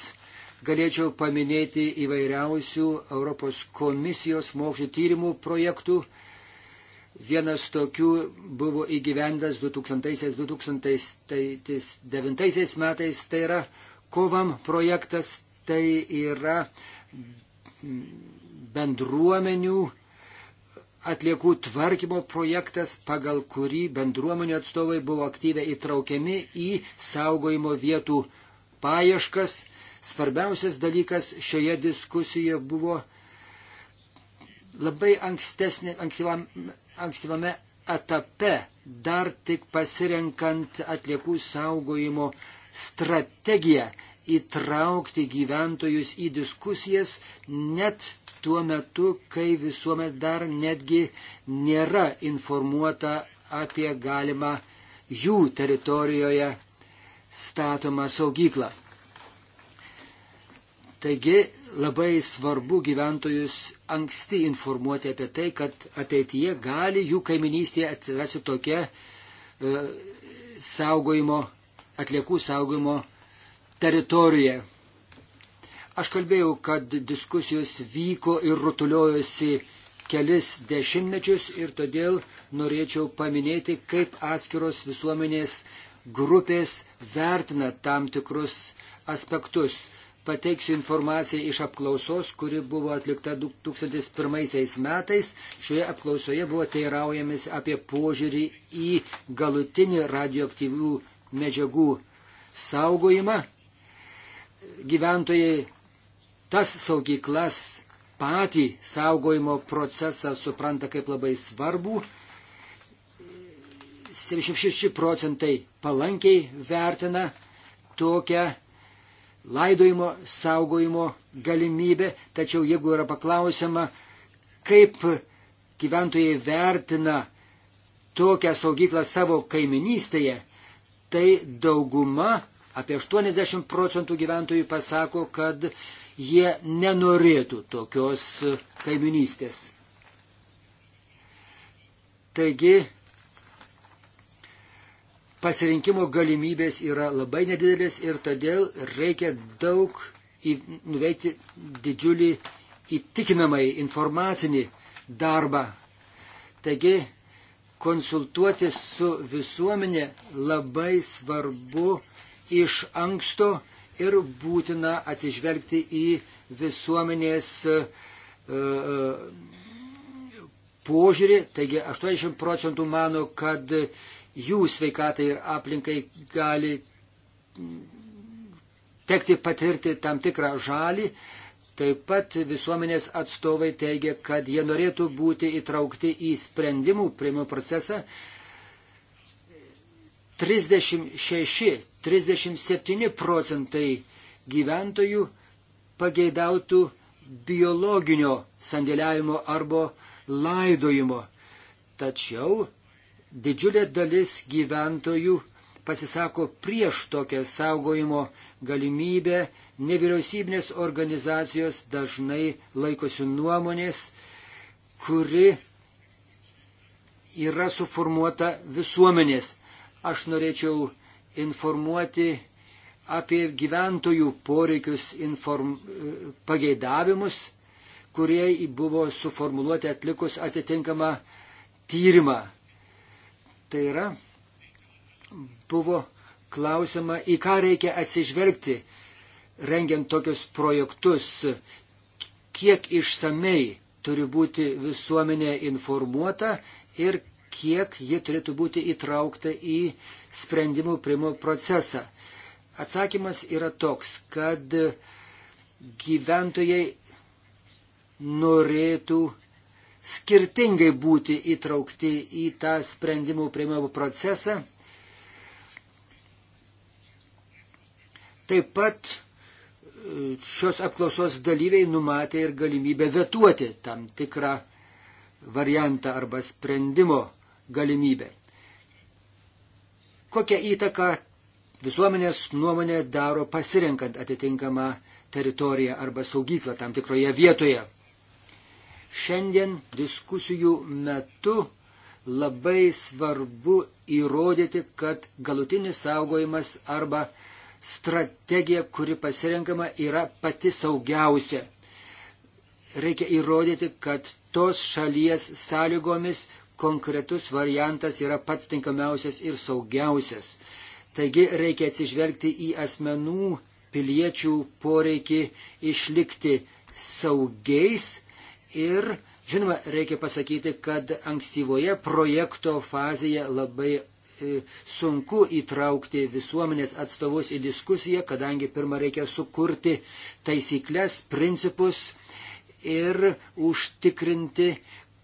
Galėčiau paminėti įvairiausių Europos komisijos mokslo tyrimų projektų. Vienas tokių buvo įgyvendas 2000-2009 metais, tai yra kovam projektas, tai yra bendruomenių atliekų tvarkymo projektas, pagal kurį bendruomenių atstovai buvo aktyviai įtraukiami į saugojimo vietų paieškas Svarbiausias dalykas šioje diskusijoje buvo labai ankstyvame etape, dar tik pasirenkant atliekų saugojimo strategiją, įtraukti gyventojus į diskusijas net tuo metu, kai visuomet dar netgi nėra informuota apie galimą jų teritorijoje statomą saugyklą. Taigi labai svarbu gyventojus anksti informuoti apie tai, kad ateityje gali jų kaiminystėje atsirasti tokia e, saugojimo, atliekų saugojimo teritorija. Aš kalbėjau, kad diskusijos vyko ir rutuliojosi kelis dešimtmečius ir todėl norėčiau paminėti, kaip atskiros visuomenės grupės vertina tam tikrus aspektus pateiksiu informaciją iš apklausos, kuri buvo atlikta 2001 metais. Šioje apklausoje buvo teiraujamis apie požiūrį į galutinį radioaktyvių medžiagų saugojimą. Gyventojai tas saugyklas patį saugojimo procesą supranta kaip labai svarbu. 76 procentai palankiai vertina tokią laidojimo, saugojimo galimybė, tačiau jeigu yra paklausima, kaip gyventojai vertina tokią saugyklą savo kaiminystėje, tai dauguma, apie 80 procentų gyventojų pasako, kad jie nenorėtų tokios kaiminystės. Taigi pasirinkimo galimybės yra labai nedidelės ir todėl reikia daug į, nuveikti didžiulį įtikinamai informacinį darbą. Taigi, konsultuotis su visuomenė labai svarbu iš anksto ir būtina atsižvelgti į visuomenės uh, požiūrį. Taigi 80 procentų mano, kad jų sveikatai ir aplinkai gali tekti patirti tam tikrą žalį. Taip pat visuomenės atstovai teigia, kad jie norėtų būti įtraukti į sprendimų prieimimo procesą. 36-37 procentai gyventojų pageidautų biologinio sandėliavimo arba laidojimo. Tačiau didžiulė dalis gyventojų pasisako prieš tokią saugojimo galimybę, nevyriausybinės organizacijos dažnai laikosi nuomonės, kuri yra suformuota visuomenės. Aš norėčiau informuoti apie gyventojų poreikius inform, pageidavimus, kurie buvo suformuoluoti atlikus atitinkamą tyrimą. Tai yra, buvo klausima, į ką reikia atsižvelgti, rengiant tokius projektus, kiek išsamei turi būti visuomenė informuota ir kiek ji turėtų būti įtraukta į sprendimų primo procesą. Atsakymas yra toks, kad gyventojai norėtų skirtingai būti įtraukti į tą sprendimų prieimimo procesą. Taip pat e, šios apklausos dalyviai numatė ir galimybę vetuoti tam tikrą variantą arba sprendimo galimybę. Kokią įtaką visuomenės nuomonė daro pasirinkant atitinkamą teritoriją arba saugyklą tam tikroje vietoje. Šiandien diskusijų metu labai svarbu įrodyti, kad galutinis saugojimas arba strategija, kuri pasirenkama, yra pati saugiausia. Reikia įrodyti, kad tos šalies sąlygomis konkretus variantas yra pats tinkamiausias ir saugiausias. Taigi reikia atsižvelgti į asmenų piliečių poreikį išlikti saugiais Ir, žinoma, reikia pasakyti, kad ankstyvoje projekto fazėje labai e, sunku įtraukti visuomenės atstovus į diskusiją, kadangi pirmą reikia sukurti taisyklės, principus ir užtikrinti,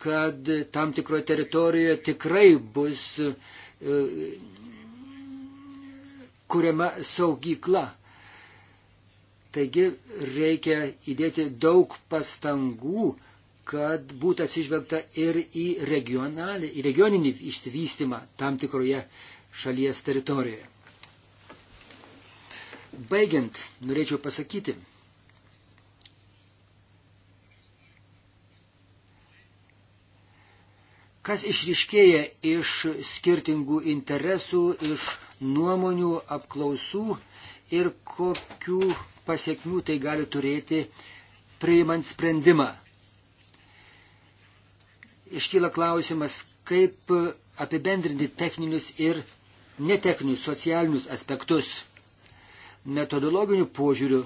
kad tam tikroje teritorijoje tikrai bus e, kuriama saugykla. Taigi reikia įdėti daug pastangų, kad būtų atsižvelgta ir į, į regioninį išsivystimą tam tikroje šalies teritorijoje. Baigiant, norėčiau pasakyti, kas išriškėja iš skirtingų interesų, iš nuomonių, apklausų ir kokių pasiekmių tai gali turėti priimant sprendimą iškyla klausimas, kaip apibendrinti techninius ir netechninius socialinius aspektus. Metodologiniu požiūriu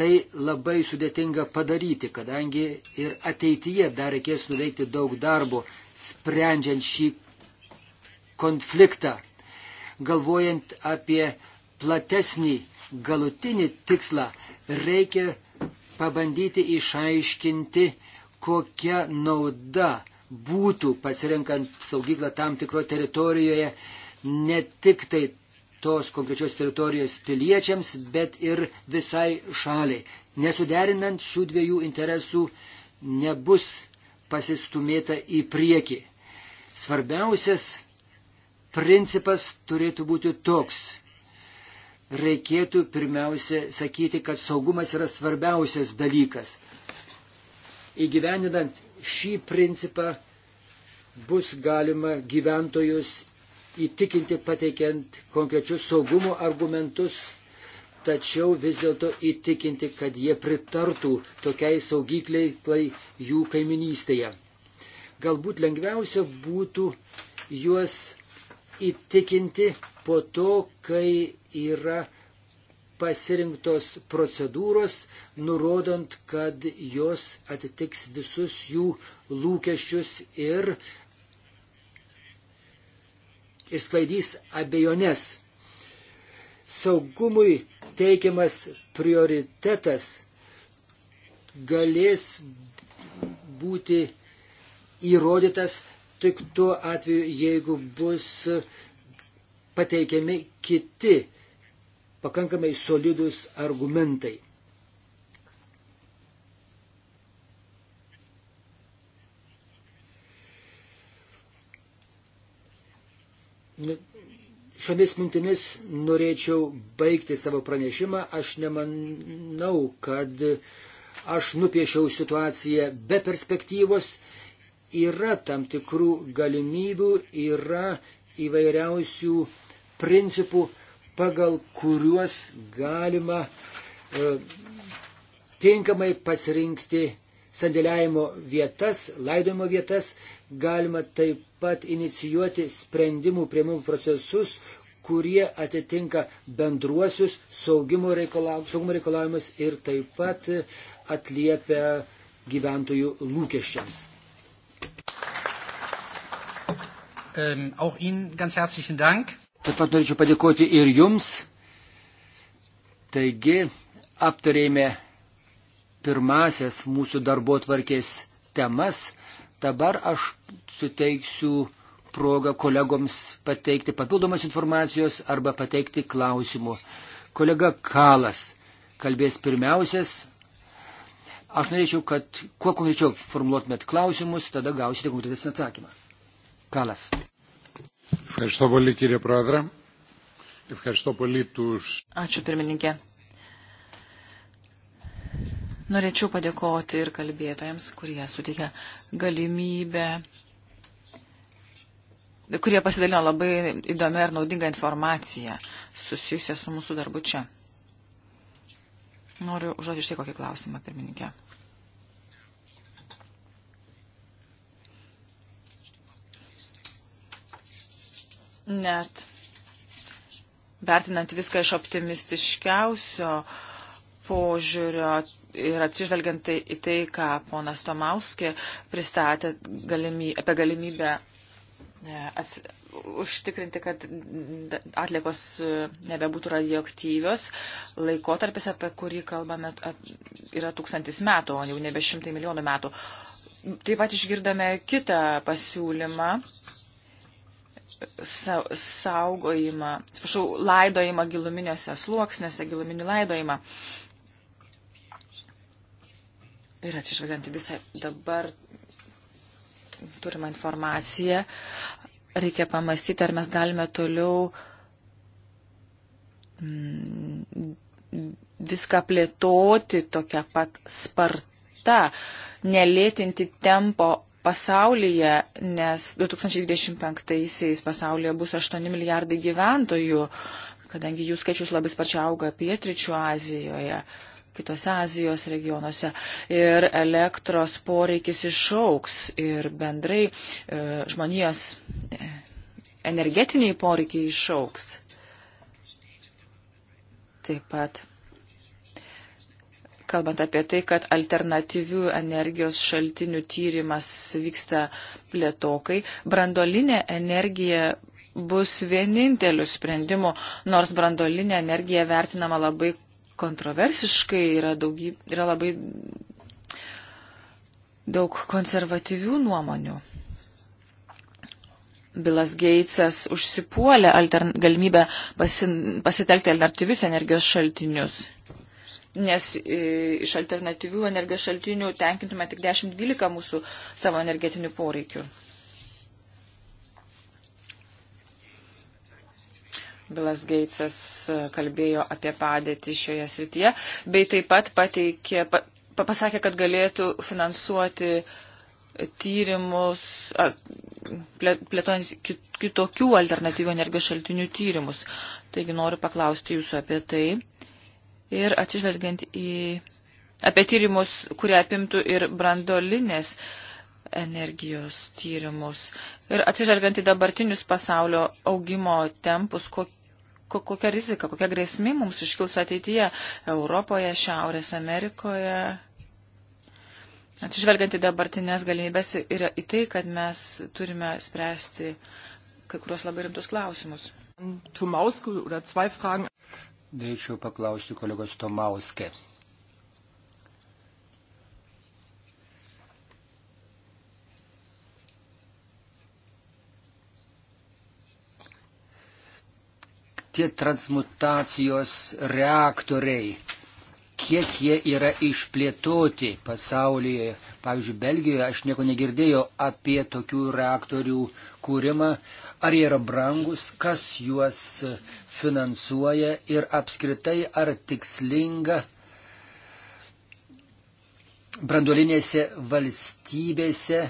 tai labai sudėtinga padaryti, kadangi ir ateityje dar reikės nuveikti daug darbo, sprendžiant šį konfliktą, galvojant apie platesnį galutinį tikslą, reikia pabandyti išaiškinti, kokia nauda būtų pasirenkant saugyklą tam tikro teritorijoje ne tik tai tos konkrečios teritorijos piliečiams, bet ir visai šaliai. Nesuderinant šių dviejų interesų nebus pasistumėta į priekį. Svarbiausias principas turėtų būti toks. Reikėtų pirmiausia sakyti, kad saugumas yra svarbiausias dalykas. Įgyveninant šį principą bus galima gyventojus įtikinti pateikiant konkrečius saugumo argumentus, tačiau vis dėlto įtikinti, kad jie pritartų tokiai saugykliai jų kaiminystėje. Galbūt lengviausia būtų juos įtikinti po to, kai yra pasirinktos procedūros, nurodant, kad jos atitiks visus jų lūkesčius ir išsklaidys abejonės. Saugumui teikiamas prioritetas galės būti įrodytas tik tuo atveju, jeigu bus pateikiami kiti pakankamai solidus argumentai. Nu, šiomis mintimis norėčiau baigti savo pranešimą. Aš nemanau, kad aš nupiešiau situaciją be perspektyvos. Yra tam tikrų galimybių, yra įvairiausių principų, pagal kuriuos galima e, tinkamai pasirinkti sandėliavimo vietas, laidojimo vietas, galima taip pat inicijuoti sprendimų prieimimų procesus, kurie atitinka bendruosius saugumo reikalavimus ir taip pat atliepia gyventojų lūkesčiams. Ähm, auch Ihnen ganz herzlichen Dank. Taip pat norėčiau padėkoti ir jums. Taigi, aptarėme pirmasias mūsų darbo tvarkės temas. Dabar aš suteiksiu progą kolegoms pateikti papildomas informacijos arba pateikti klausimų. Kolega Kalas kalbės pirmiausias. Aš norėčiau, kad kuo konkrečiau formuluotumėt klausimus, tada gausite konkretesnį atsakymą. Kalas. Ευχαριστώ πολύ κύριε Πρόεδρε. Ευχαριστώ πολύ τους... Ačiū pirmininkė. Norėčiau padėkoti ir kalbėtojams, kurie sutikė galimybę, kurie pasidalino labai įdomią ir naudingą informaciją susijusią su mūsų darbu čia. Noriu užduoti štai kokį klausimą, pirmininkė. net vertinant viską iš optimistiškiausio požiūrio ir atsižvelgiant tai, į tai, ką ponas Tomauskė pristatė galimy, apie galimybę e, ats, užtikrinti, kad atliekos e, nebebūtų radioaktyvios. Laikotarpis, apie kurį kalbame, yra tūkstantis metų, o jau nebe šimtai milijonų metų. Taip pat išgirdome kitą pasiūlymą saugojimą, atsiprašau, laidojimą giluminiuose sluoksniuose, giluminį laidojimą. Ir atsižvelgiant į visą dabar turimą informaciją, reikia pamastyti, ar mes galime toliau mm, viską plėtoti tokia pat sparta, nelėtinti tempo pasaulyje, nes 2025-aisiais pasaulyje bus 8 milijardai gyventojų, kadangi jų skaičius labai sparčiai auga pietričių Azijoje kitose Azijos regionuose ir elektros poreikis išauks ir bendrai e, žmonijos e, energetiniai poreikiai išauks. Taip pat kalbant apie tai, kad alternatyvių energijos šaltinių tyrimas vyksta plėtokai, brandolinė energija bus vieninteliu sprendimu, nors brandolinė energija vertinama labai kontroversiškai, yra, daugy, yra labai daug konservatyvių nuomonių. Bilas Geitsas užsipuolė altern, galimybę pasin, pasitelkti alternatyvius energijos šaltinius nes e, iš alternatyvių energijos šaltinių tenkintume tik 10-12 mūsų savo energetinių poreikių. Bilas Geitsas e, kalbėjo apie padėtį šioje srityje, bei taip pat pateikė, pa, pasakė, kad galėtų finansuoti uh, tyrimus, plėtojant kitokių alternatyvių energijos šaltinių tyrimus. Taigi noriu paklausti jūsų apie tai ir atsižvelgiant į apie tyrimus, kurie apimtų ir brandolinės energijos tyrimus. Ir atsižvelgiant į dabartinius pasaulio augimo tempus, kokie kokia rizika, kokia grėsmė mums iškils ateityje Europoje, Šiaurės Amerikoje. Atsižvelgiant į dabartinės galimybės ir į tai, kad mes turime spręsti kai kurios labai rimtus klausimus norėčiau paklausti kolegos Tomauske. Tie transmutacijos reaktoriai, kiek jie yra išplėtoti pasaulyje. Pavyzdžiui, Belgijoje aš nieko negirdėjau apie tokių reaktorių kūrimą. Ar jie yra brangus, kas juos uh, finansuoja ir apskritai ar tikslinga branduolinėse valstybėse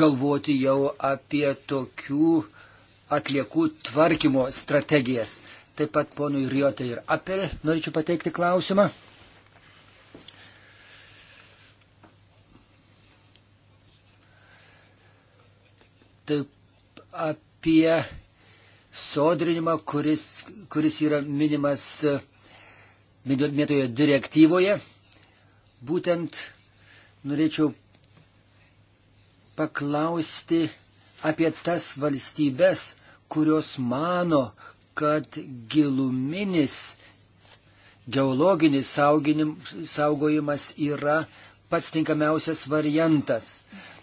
galvoti jau apie tokių atliekų tvarkymo strategijas. Taip pat ponui Riotė ir Apel norėčiau pateikti klausimą. Taip apie sodrinimą, kuris, kuris yra minimas e, minėtoje direktyvoje. Būtent norėčiau paklausti apie tas valstybės, kurios mano, kad giluminis geologinis sauginim, saugojimas yra pats tinkamiausias variantas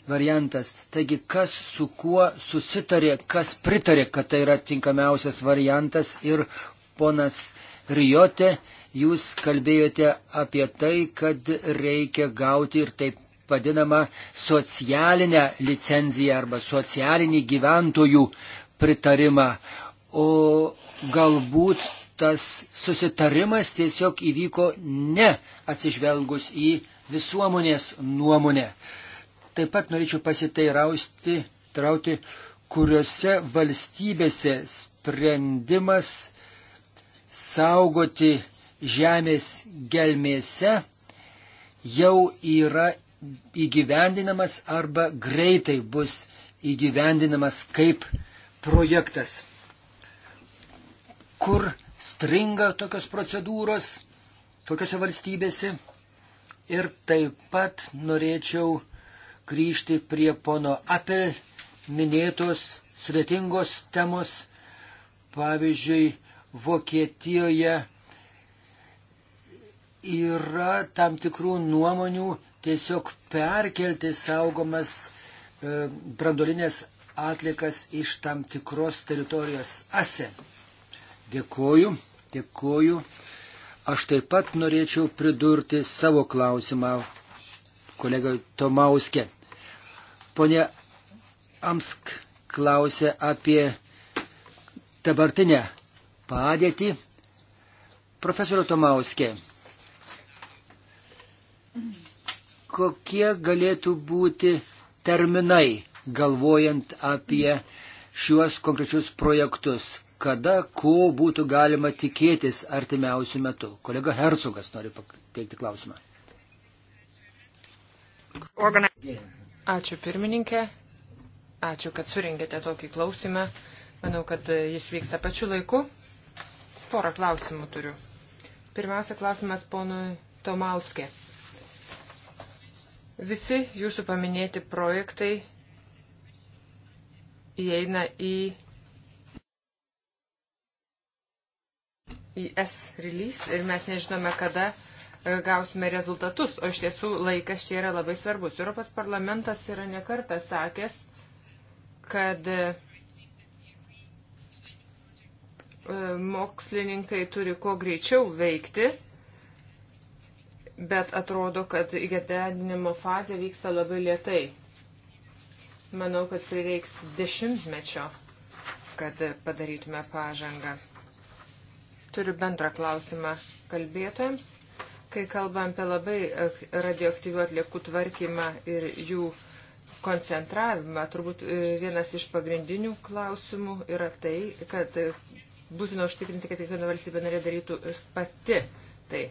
variantas. Taigi, kas su kuo susitarė, kas pritarė, kad tai yra tinkamiausias variantas ir ponas Rijote, jūs kalbėjote apie tai, kad reikia gauti ir taip vadinamą socialinę licenciją arba socialinį gyventojų pritarimą. O galbūt tas susitarimas tiesiog įvyko ne atsižvelgus į visuomonės nuomonę. Taip pat norėčiau pasiteirausti, trauti, kuriuose valstybėse sprendimas saugoti žemės gelmėse jau yra įgyvendinamas arba greitai bus įgyvendinamas kaip projektas. Kur stringa tokios procedūros, tokiose valstybėse. Ir taip pat norėčiau grįžti prie pono Apel minėtos sudėtingos temos. Pavyzdžiui, Vokietijoje yra tam tikrų nuomonių tiesiog perkelti saugomas e, brandolinės atlikas iš tam tikros teritorijos ase. Dėkoju, dėkoju. Aš taip pat norėčiau pridurti savo klausimą kolegai Tomauskė. Pone Amsk klausė apie dabartinę padėtį. Profesorio Tomauskė, kokie galėtų būti terminai, galvojant apie šiuos konkrečius projektus, kada ko būtų galima tikėtis artimiausių metų? Kolega Hercogas nori pateikti klausimą. Organizacija. Ačiū pirmininkė, ačiū, kad suringėte tokį klausimą. Manau, kad jis vyksta pačiu laiku. Porą klausimų turiu. Pirmiausia klausimas ponui Tomauskė. Visi jūsų paminėti projektai įeina į IS release ir mes nežinome, kada uh, E, gausime rezultatus, o iš tiesų laikas čia yra labai svarbus. Europos parlamentas yra nekartą sakęs, kad e, mokslininkai turi kuo greičiau veikti, bet atrodo, kad įgėdinimo fazė vyksta labai lietai. Manau, kad prireiks dešimtmečio, kad padarytume pažangą. Turiu bendrą klausimą kalbėtojams. Kai kalbam apie labai e, radioaktyvių atliekų tvarkymą ir jų koncentravimą, turbūt e, vienas iš pagrindinių klausimų yra tai, kad e, būtina užtikrinti, kad kiekviena valstybė narė darytų pati tai.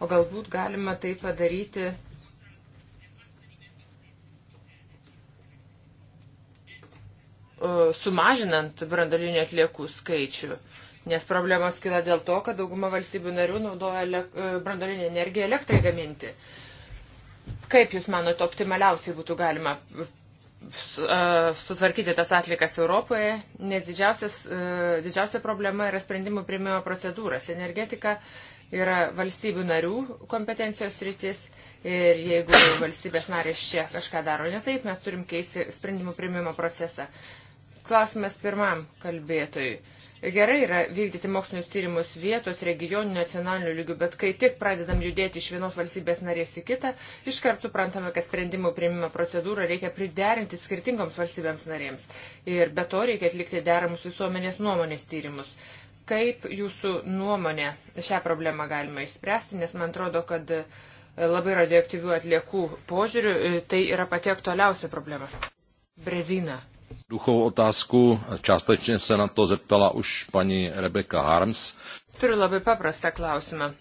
O galbūt galima tai padaryti. sumažinant brandalinių atliekų skaičių. Uh, Nes problemos kyla dėl to, kad dauguma valstybių narių naudoja e, brandolinę energiją elektrai gaminti. Kaip Jūs manote, optimaliausiai būtų galima e, e, sutvarkyti tas atlikas Europoje, nes didžiausia problema yra sprendimų priimimo procedūras. Energetika yra valstybių narių kompetencijos rytis ir jeigu valstybės narės čia kažką daro ne taip, mes turim keisti sprendimų priimimo procesą. Klausimas pirmam kalbėtojui. Gerai yra vykdyti mokslinius tyrimus vietos, regioninių, nacionalinių lygių, bet kai tik pradedam judėti iš vienos valstybės narės į kitą, iškart suprantame, kad sprendimų prieimimo procedūrą reikia priderinti skirtingoms valstybėms narėms. Ir be to reikia atlikti deramus visuomenės nuomonės tyrimus. Kaip jūsų nuomonė šią problemą galima išspręsti, nes man atrodo, kad e, labai radioaktyvių atliekų požiūrių e, tai yra pati aktualiausia problema. Brezina. Duchou otázku částečně se na to zeptala už paní Rebeka Harms. Turiu labai paprastą klausimą.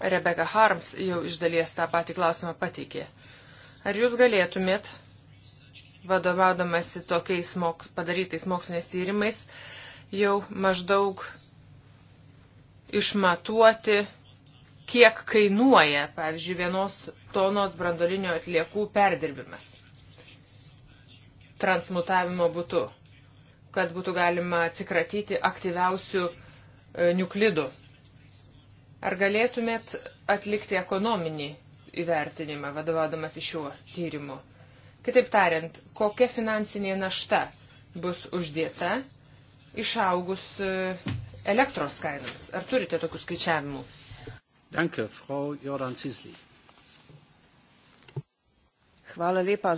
Rebeka Harms jau iš dalies tą patį klausimą pateikė. Ar jūs galėtumėt, vadovaudamasi tokiais mok padarytais moksliniais tyrimais, jau maždaug išmatuoti, kiek kainuoja, pavyzdžiui, vienos tonos brandolinio atliekų perdirbimas? transmutavimo būtų, kad būtų galima atsikratyti aktyviausių e, niuklidų. Ar galėtumėt atlikti ekonominį įvertinimą, vadovaudamas iš šiuo tyrimu? Kitaip tariant, kokia finansinė našta bus uždėta išaugus e, elektros kainoms? Ar turite tokių skaičiavimų? Danke, Frau Jordan Cisli. Hvala lepa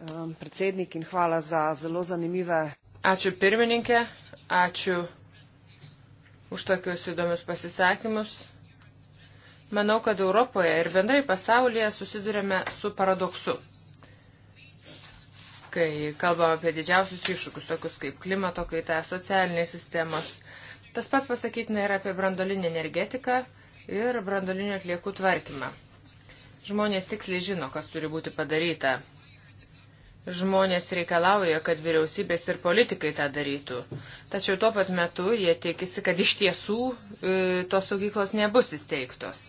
Ehm, predsednik, in hvala za zelo zanimive. Ačiū pirmininkė, ačiū už tokius įdomius pasisakymus. Manau, kad Europoje ir bendrai pasaulyje susidurėme su paradoksu, kai kalbam apie didžiausius iššūkius, tokius kaip klimato kaita, socialinės sistemos. Tas pats pasakytina ir apie brandolinį energetiką ir brandolinio atliekų tvarkymą. Žmonės tiksliai žino, kas turi būti padaryta Žmonės reikalauja, kad vyriausybės ir politikai tą darytų. Tačiau tuo pat metu jie tikisi, kad iš tiesų e, tos saugyklos nebus įsteigtos.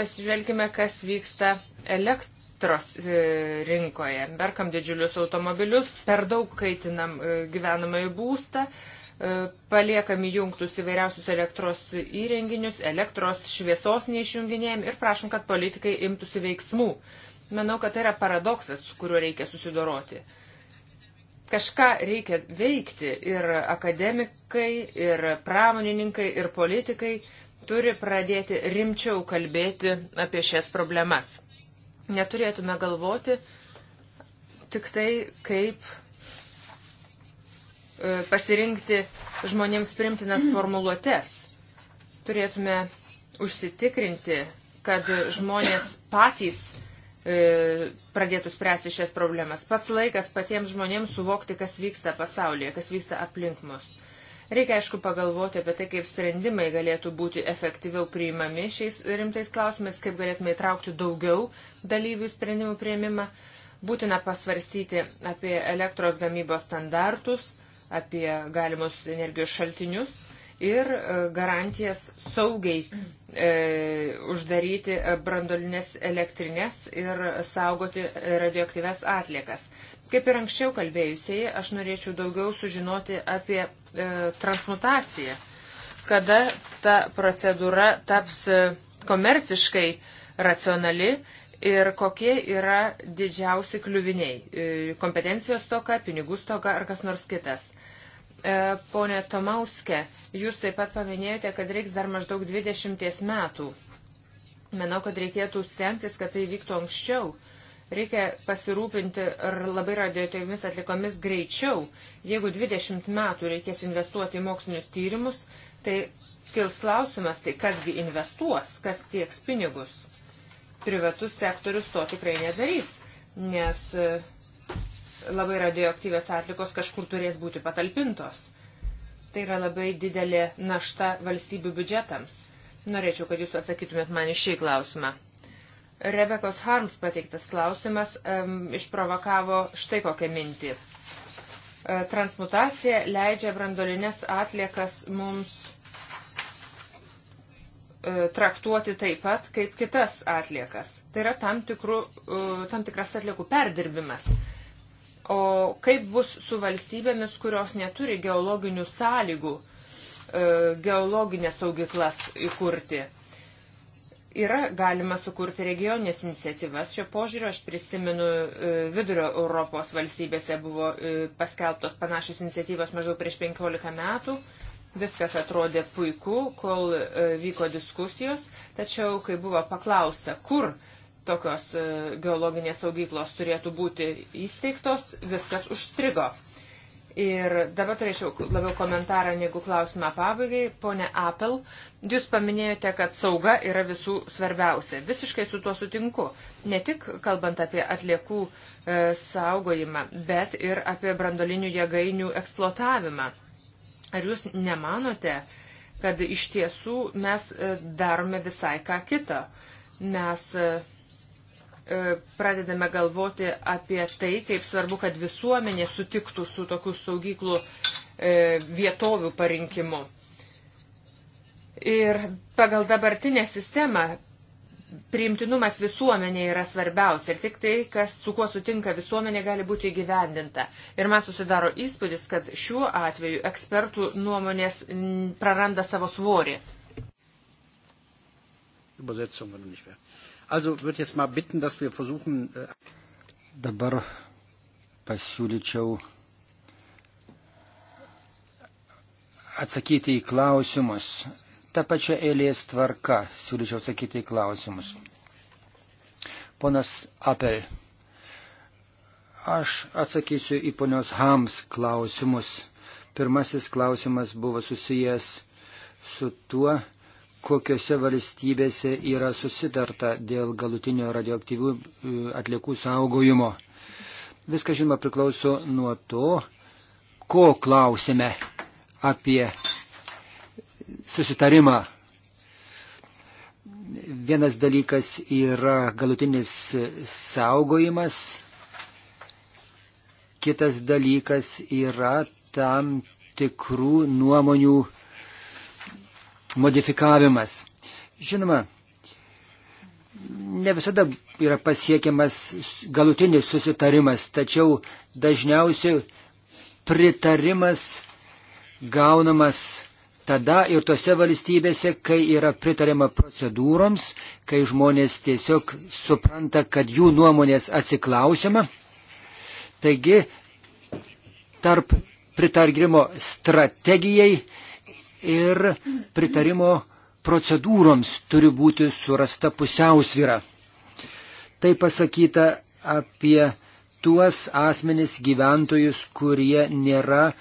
Pasižvelgime, kas vyksta elektros e, rinkoje. Perkam didžiulius automobilius, per daug kaitinam e, gyvenamąjį būstą, paliekam įjungtus įvairiausius elektros įrenginius, elektros šviesos neišjunginėjom ir prašom, kad politikai imtųsi veiksmų Manau, kad tai yra paradoksas, su kuriuo reikia susidoroti. Kažką reikia veikti ir akademikai, ir pramonininkai, ir politikai turi pradėti rimčiau kalbėti apie šias problemas. Neturėtume galvoti tik tai, kaip e, pasirinkti žmonėms primtinas formuluotės. Turėtume užsitikrinti, kad žmonės patys E, pradėtų spręsti šias problemas. Pats laikas patiems žmonėms suvokti, kas vyksta pasaulyje, kas vyksta aplink mus. Reikia, aišku, pagalvoti apie tai, kaip sprendimai galėtų būti efektyviau priimami šiais rimtais klausimais, kaip galėtume įtraukti daugiau dalyvių sprendimų prieimimą. Būtina pasvarsyti apie elektros gamybos standartus, apie galimus energijos šaltinius ir e, garantijas saugiai e, uždaryti brandolinės elektrinės ir saugoti radioaktyves atliekas. Kaip ir anksčiau kalbėjusiai, aš norėčiau daugiau sužinoti apie e, transmutaciją, kada ta procedūra taps e, komerciškai racionali ir kokie yra didžiausi kliuviniai e, - kompetencijos toka, pinigų toka ar kas nors kitas. E, pone Tomauske, jūs taip pat paminėjote, kad reiks dar maždaug 20 metų. Manau, kad reikėtų stengtis, kad tai vyktų anksčiau. Reikia pasirūpinti ir labai radioaktyvimis atlikomis greičiau. Jeigu 20 metų reikės investuoti į mokslinius tyrimus, tai kils klausimas, tai kasgi investuos, kas tieks pinigus. Privatus sektorius to tikrai nedarys, nes e, labai radioaktyvios atlikos kažkur turės būti patalpintos. Tai yra labai didelė našta valstybių biudžetams. Norėčiau, kad jūs atsakytumėt man iš šį klausimą. Rebekos Harms pateiktas klausimas um, išprovokavo štai kokią mintį. E, transmutacija leidžia brandolinės atliekas mums e, traktuoti taip pat kaip kitas atliekas. Tai yra tam, tikru, e, tam tikras atliekų perdirbimas. O kaip bus su valstybėmis, kurios neturi geologinių sąlygų e, geologinės saugiklas įkurti? yra galima sukurti regioninės iniciatyvas. Šio požiūrio aš prisimenu e, vidurio Europos valstybėse buvo e, paskelbtos panašios iniciatyvos mažiau prieš 15 metų. Viskas atrodė puiku, kol vyko diskusijos, tačiau kai buvo paklausta, kur tokios e, geologinės saugyklos turėtų būti įsteigtos, viskas užstrigo. Ir dabar turėčiau labiau komentarą negu klausimą pabaigai. Pone Apple, jūs paminėjote, kad sauga yra visų svarbiausia. Visiškai su tuo sutinku. Ne tik kalbant apie atliekų e, saugojimą, bet ir apie brandolinių jėgainių eksploatavimą. Ar jūs nemanote, kad iš tiesų mes e, darome visai ką kitą? Mes. E, E, pradedame galvoti apie tai, kaip svarbu, kad visuomenė sutiktų su tokių saugyklų e, vietovių parinkimu. Ir pagal dabartinę sistemą priimtinumas visuomenė yra svarbiausia ir tik tai, kas, su kuo sutinka visuomenė, gali būti įgyvendinta. Ir man susidaro įspūdis, kad šiuo atveju ekspertų nuomonės praranda savo svorį. Übersetzung, wenn nicht mehr. Also würde jetzt mal bitten, dass wir versuchen. Äh, Dabar pasiūlyčiau atsakyti į klausimus. Ta pačia eilės tvarka siūlyčiau atsakyti į klausimus. Ponas Apel, aš atsakysiu į ponios Hams klausimus. Pirmasis klausimas buvo susijęs su tuo, kokiuose valstybėse yra susitarta dėl galutinio radioaktyvių e, atliekų saugojimo. Viskas, žinoma, priklauso nuo to, ko klausime apie susitarimą. Vienas dalykas yra galutinis saugojimas, kitas dalykas yra tam tikrų nuomonių modifikavimas. Žinoma, ne visada yra pasiekiamas galutinis susitarimas, tačiau dažniausiai pritarimas gaunamas tada ir tose valstybėse, kai yra pritarima procedūroms, kai žmonės tiesiog supranta, kad jų nuomonės atsiklausima. Taigi, tarp pritargrimo strategijai ir pritarimo procedūroms turi būti surasta pusiausvyra. Tai pasakyta apie tuos asmenis gyventojus, kurie nėra e,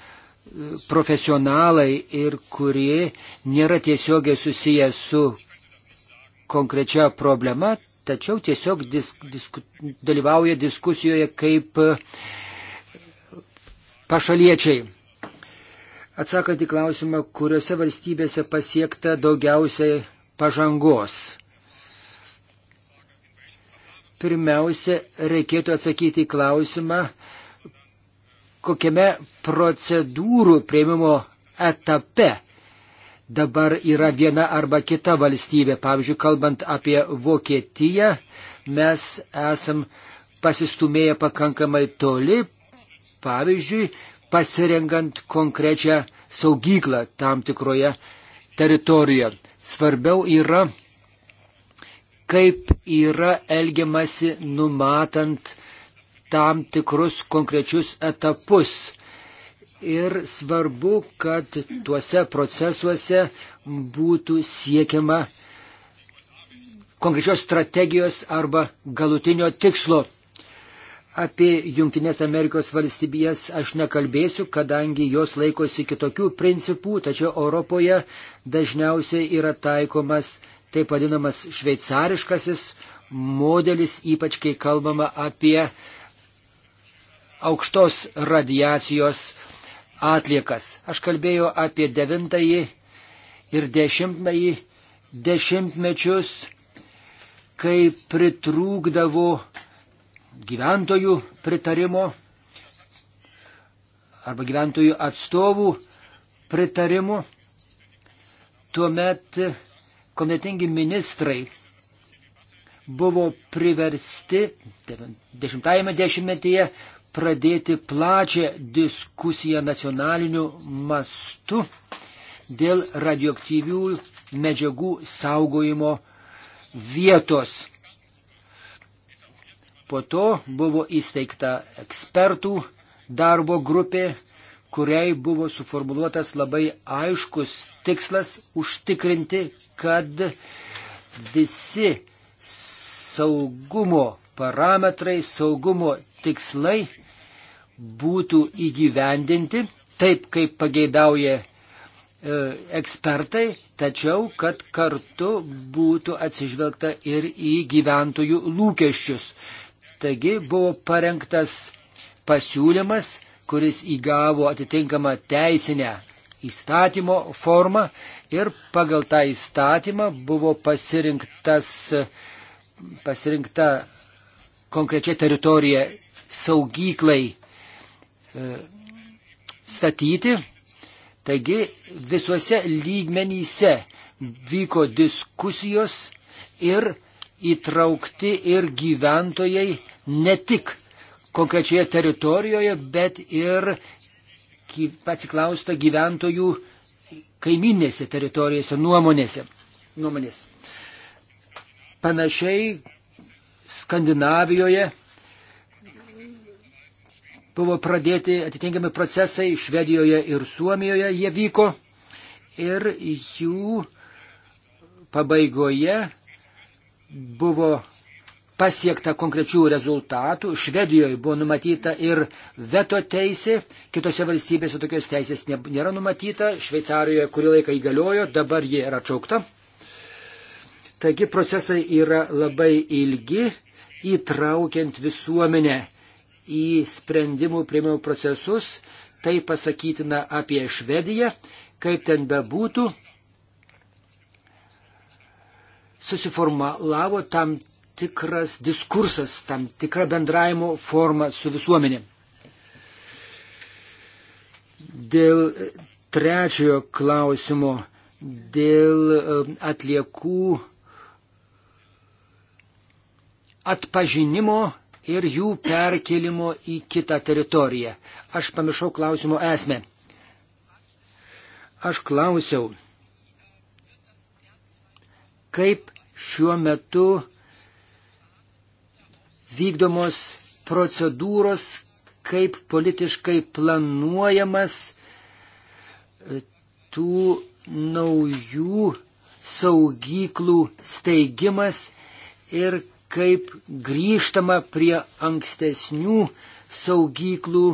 profesionalai ir kurie nėra tiesiogiai susiję su konkrečia problema, tačiau tiesiog disk, disk, dalyvauja diskusijoje kaip e, pašaliečiai atsakant į klausimą, kuriuose valstybėse pasiekta daugiausiai pažangos. Pirmiausia, reikėtų atsakyti į klausimą, kokiame procedūrų prieimimo etape dabar yra viena arba kita valstybė. Pavyzdžiui, kalbant apie Vokietiją, mes esam pasistumėję pakankamai toli. Pavyzdžiui, pasirengant konkrečią saugyklą tam tikroje teritorijoje. Svarbiau yra, kaip yra elgiamasi numatant tam tikrus konkrečius etapus. Ir svarbu, kad tuose procesuose būtų siekiama konkrečios strategijos arba galutinio tikslo Apie Junktinės Amerikos valstybės aš nekalbėsiu, kadangi jos laikosi kitokių principų, tačiau Europoje dažniausiai yra taikomas taip vadinamas šveicariškasis modelis, ypač kai kalbama apie aukštos radiacijos atliekas. Aš kalbėjau apie devintąjį ir dešimtąjį dešimtmečius, kai pritrūkdavo gyventojų pritarimo arba gyventojų atstovų pritarimu, tuomet kompetentingi ministrai buvo priversti 10-ame dešimtmetyje pradėti plačią diskusiją nacionaliniu mastu dėl radioaktyvių medžiagų saugojimo vietos. Po to buvo įsteigta ekspertų darbo grupė, kuriai buvo suformuluotas labai aiškus tikslas užtikrinti, kad visi saugumo parametrai, saugumo tikslai būtų įgyvendinti taip, kaip pageidauja e, ekspertai, tačiau kad kartu būtų atsižvelgta ir į gyventojų lūkesčius. Taigi buvo parengtas pasiūlymas, kuris įgavo atitinkamą teisinę įstatymo formą ir pagal tą įstatymą buvo pasirinktas, pasirinkta konkrečia teritorija saugyklai e, statyti. Taigi visuose lygmenyse vyko diskusijos ir įtraukti ir gyventojai, ne tik konkrečioje teritorijoje, bet ir atsiklausta gyventojų kaiminėse teritorijose nuomonėse. Nuomonės. Panašiai Skandinavijoje buvo pradėti atitinkami procesai, Švedijoje ir Suomijoje jie vyko ir jų pabaigoje buvo pasiekta konkrečių rezultatų. Švedijoje buvo numatyta ir veto teisė, kitose valstybėse tokios teisės nėra numatyta. Šveicarijoje kurį laiką įgaliojo, dabar jie yra atšaukta. Taigi procesai yra labai ilgi, įtraukiant visuomenę į sprendimų prieimimo procesus. Tai pasakytina apie Švediją, kaip ten bebūtų, susiformavo tam tikras diskursas, tam tikra bendravimo forma su visuomenė. Dėl trečiojo klausimo, dėl e, atliekų atpažinimo ir jų perkelimo į kitą teritoriją. Aš pamiršau klausimo esmę. Aš klausiau, kaip šiuo metu vykdomos procedūros, kaip politiškai planuojamas e, tų naujų saugyklų steigimas ir kaip grįžtama prie ankstesnių saugyklų,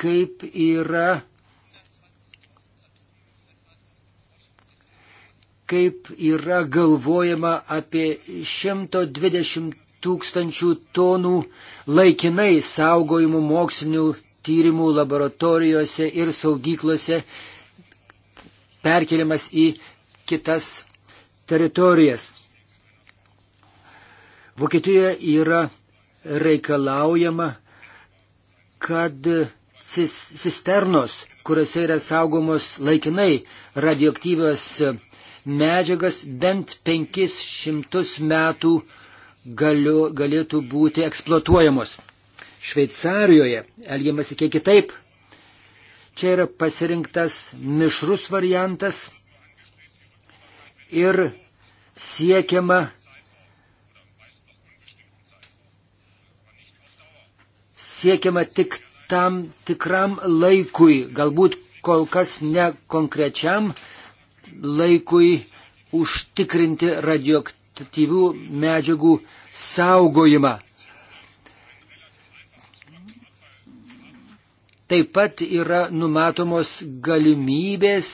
kaip yra, kaip yra galvojama apie 120 tūkstančių tonų laikinai saugojimų mokslinių tyrimų laboratorijose ir saugyklose perkeliamas į kitas teritorijas. Vokietijoje yra reikalaujama, kad cisternos, kuriuose yra saugomos laikinai radioaktyvios medžiagas, bent 500 metų galiu, galėtų būti eksploatuojamos. Šveicarijoje elgiamasi kiek kitaip. Čia yra pasirinktas mišrus variantas ir siekiama siekiama tik tam tikram laikui, galbūt kol kas ne konkrečiam laikui užtikrinti radioaktyvų psichoaktyvių medžiagų saugojimą. Taip pat yra numatomos galimybės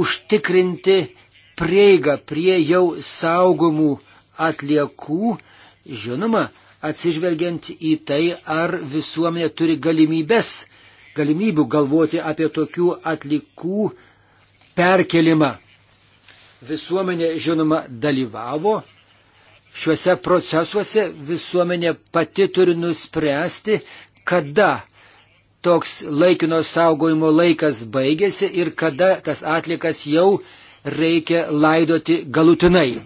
užtikrinti prieigą prie jau saugomų atliekų, žinoma, atsižvelgiant į tai, ar visuomenė turi galimybės, galimybių galvoti apie tokių atlikų perkelimą. Visuomenė, žinoma, dalyvavo šiuose procesuose, visuomenė pati turi nuspręsti, kada toks laikino saugojimo laikas baigėsi ir kada tas atlikas jau reikia laidoti galutinai.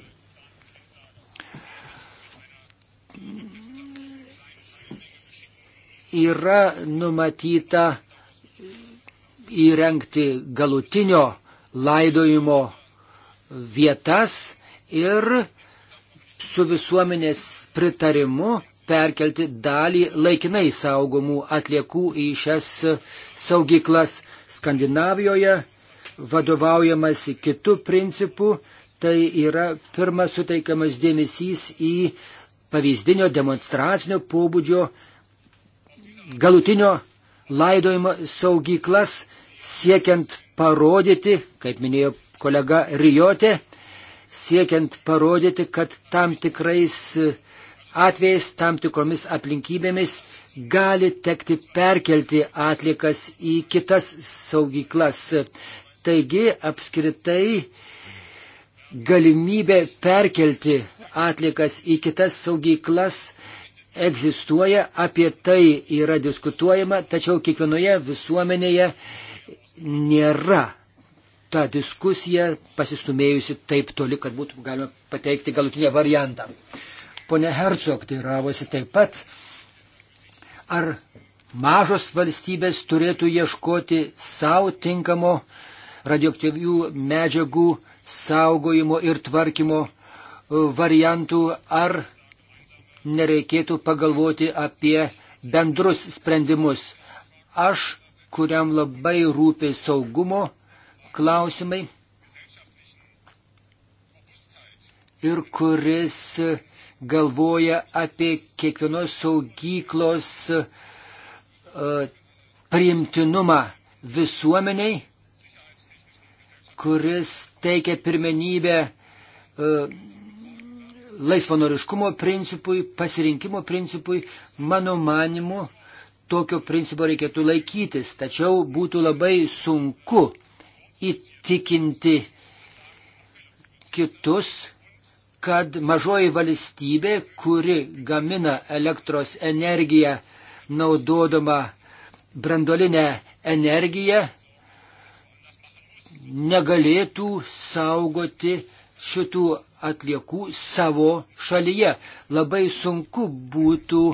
Yra numatyta įrengti galutinio laidojimo vietas ir su visuomenės pritarimu perkelti dalį laikinai saugomų atliekų į šias saugyklas Skandinavijoje, vadovaujamas kitų principų, tai yra pirmas suteikiamas dėmesys į pavyzdinio demonstracinio pobūdžio galutinio laidojimo saugyklas, siekiant parodyti, kaip minėjo kolega Rijotė, siekiant parodyti, kad tam tikrais atvejais, tam tikromis aplinkybėmis gali tekti perkelti atlikas į kitas saugyklas. Taigi apskritai galimybė perkelti atlikas į kitas saugyklas egzistuoja, apie tai yra diskutuojama, tačiau kiekvienoje visuomenėje nėra ta diskusija pasistumėjusi taip toli, kad būtų galima pateikti galutinį variantą. Pone Hercog teiravosi taip pat, ar mažos valstybės turėtų ieškoti savo tinkamo radioaktyvių medžiagų saugojimo ir tvarkymo e, variantų, ar nereikėtų pagalvoti apie bendrus sprendimus. Aš, kuriam labai rūpi saugumo klausimai ir kuris galvoja apie kiekvienos saugyklos e, priimtinumą visuomeniai, kuris teikia pirmenybę e, laisvanoriškumo principui, pasirinkimo principui, mano manimu, tokio principo reikėtų laikytis, tačiau būtų labai sunku įtikinti kitus, kad mažoji valstybė, kuri gamina elektros energiją naudodama brandolinę energiją, negalėtų saugoti šitų atliekų savo šalyje. Labai sunku būtų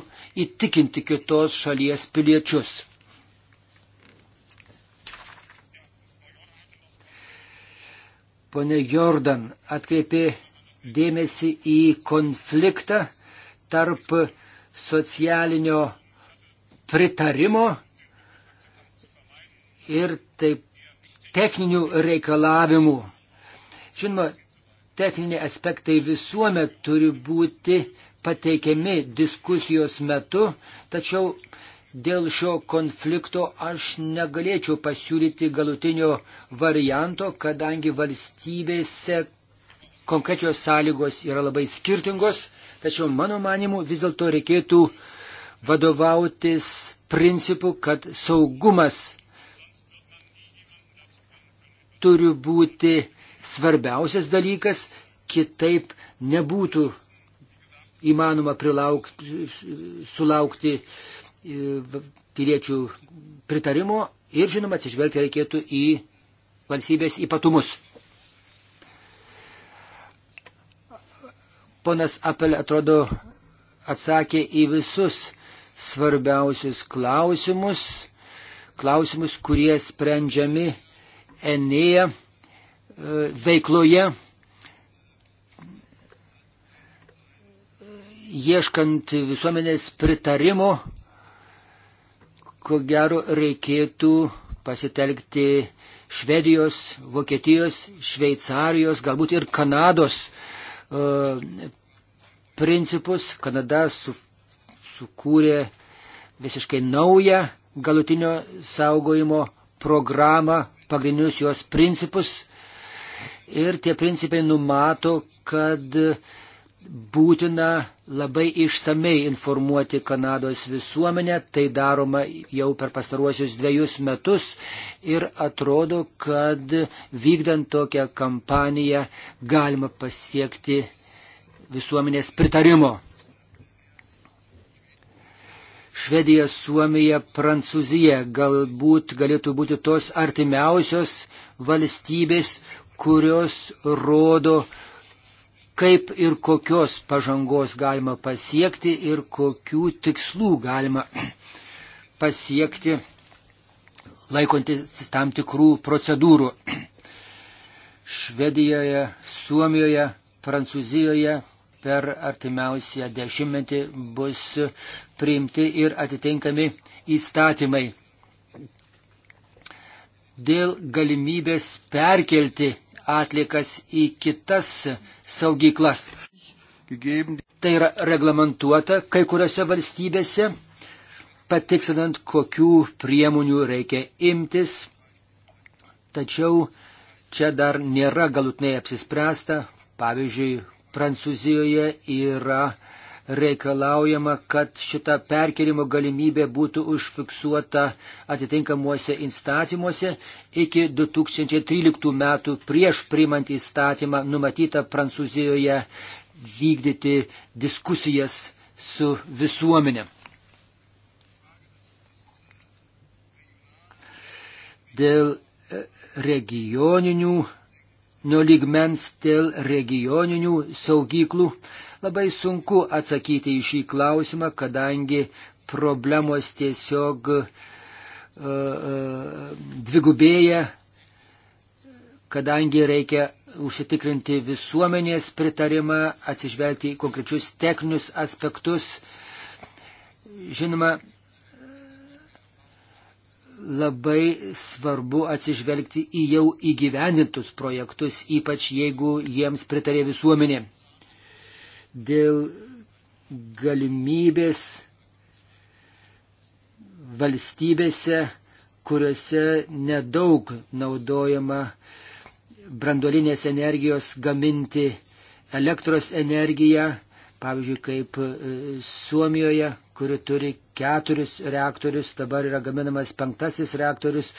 įtikinti kitos šalies piliečius. Pone Jordan atkreipė dėmesį į konfliktą tarp socialinio pritarimo ir taip techninių reikalavimų. Žinoma, techniniai aspektai visuomet turi būti pateikiami diskusijos metu, tačiau dėl šio konflikto aš negalėčiau pasiūlyti galutinio varianto, kadangi valstybėse konkrečios sąlygos yra labai skirtingos, tačiau mano manimu vis dėlto reikėtų vadovautis principu, kad saugumas turi būti svarbiausias dalykas, kitaip nebūtų įmanoma prilaukti, sulaukti uh, piliečių pritarimo ir, žinoma, atsižvelgti reikėtų į valstybės ypatumus. Ponas Apel atrodo atsakė į visus svarbiausius klausimus, klausimus, kurie sprendžiami Enėje veikloje, ieškant visuomenės pritarimo ko gero reikėtų pasitelkti Švedijos, Vokietijos, Šveicarijos, galbūt ir Kanados uh, principus. Kanada su, sukūrė visiškai naują galutinio saugojimo programą, pagrindinius jos principus. Ir tie principai numato, kad uh, būtina labai išsamei informuoti Kanados visuomenę, tai daroma jau per pastaruosius dviejus metus ir atrodo, kad vykdant tokią kampaniją galima pasiekti visuomenės pritarimo. Švedija, Suomija, Prancūzija galbūt galėtų būti tos artimiausios valstybės, kurios rodo, kaip ir kokios pažangos galima pasiekti ir kokių tikslų galima (clears throat) pasiekti laikantis tam tikrų procedūrų. (clears throat) Švedijoje, Suomijoje, Prancūzijoje per artimiausią dešimtmetį bus priimti ir atitinkami įstatymai dėl galimybės perkelti atlikas į kitas saugyklas. Tai yra reglamentuota kai kuriuose valstybėse, patiksinant, kokių priemonių reikia imtis. Tačiau čia dar nėra galutinai apsispręsta. Pavyzdžiui, Prancūzijoje yra reikalaujama, kad šita perkelimo galimybė būtų užfiksuota atitinkamuose įstatymuose iki 2013 metų prieš primant įstatymą numatyta Prancūzijoje vykdyti diskusijas su visuomenė. Dėl e, regioninių nuo lygmens dėl regioninių saugyklų Labai sunku atsakyti į šį klausimą, kadangi problemos tiesiog uh, uh, dvigubėja, kadangi reikia užsitikrinti visuomenės pritarimą, atsižvelgti į konkrečius techninius aspektus. Žinoma, labai svarbu atsižvelgti į jau įgyvendintus projektus, ypač jeigu jiems pritarė visuomenė dėl galimybės valstybėse, kuriuose nedaug naudojama brandolinės energijos gaminti elektros energiją, pavyzdžiui, kaip e, Suomijoje, kuri turi keturis reaktorius, dabar yra gaminamas penktasis reaktorius.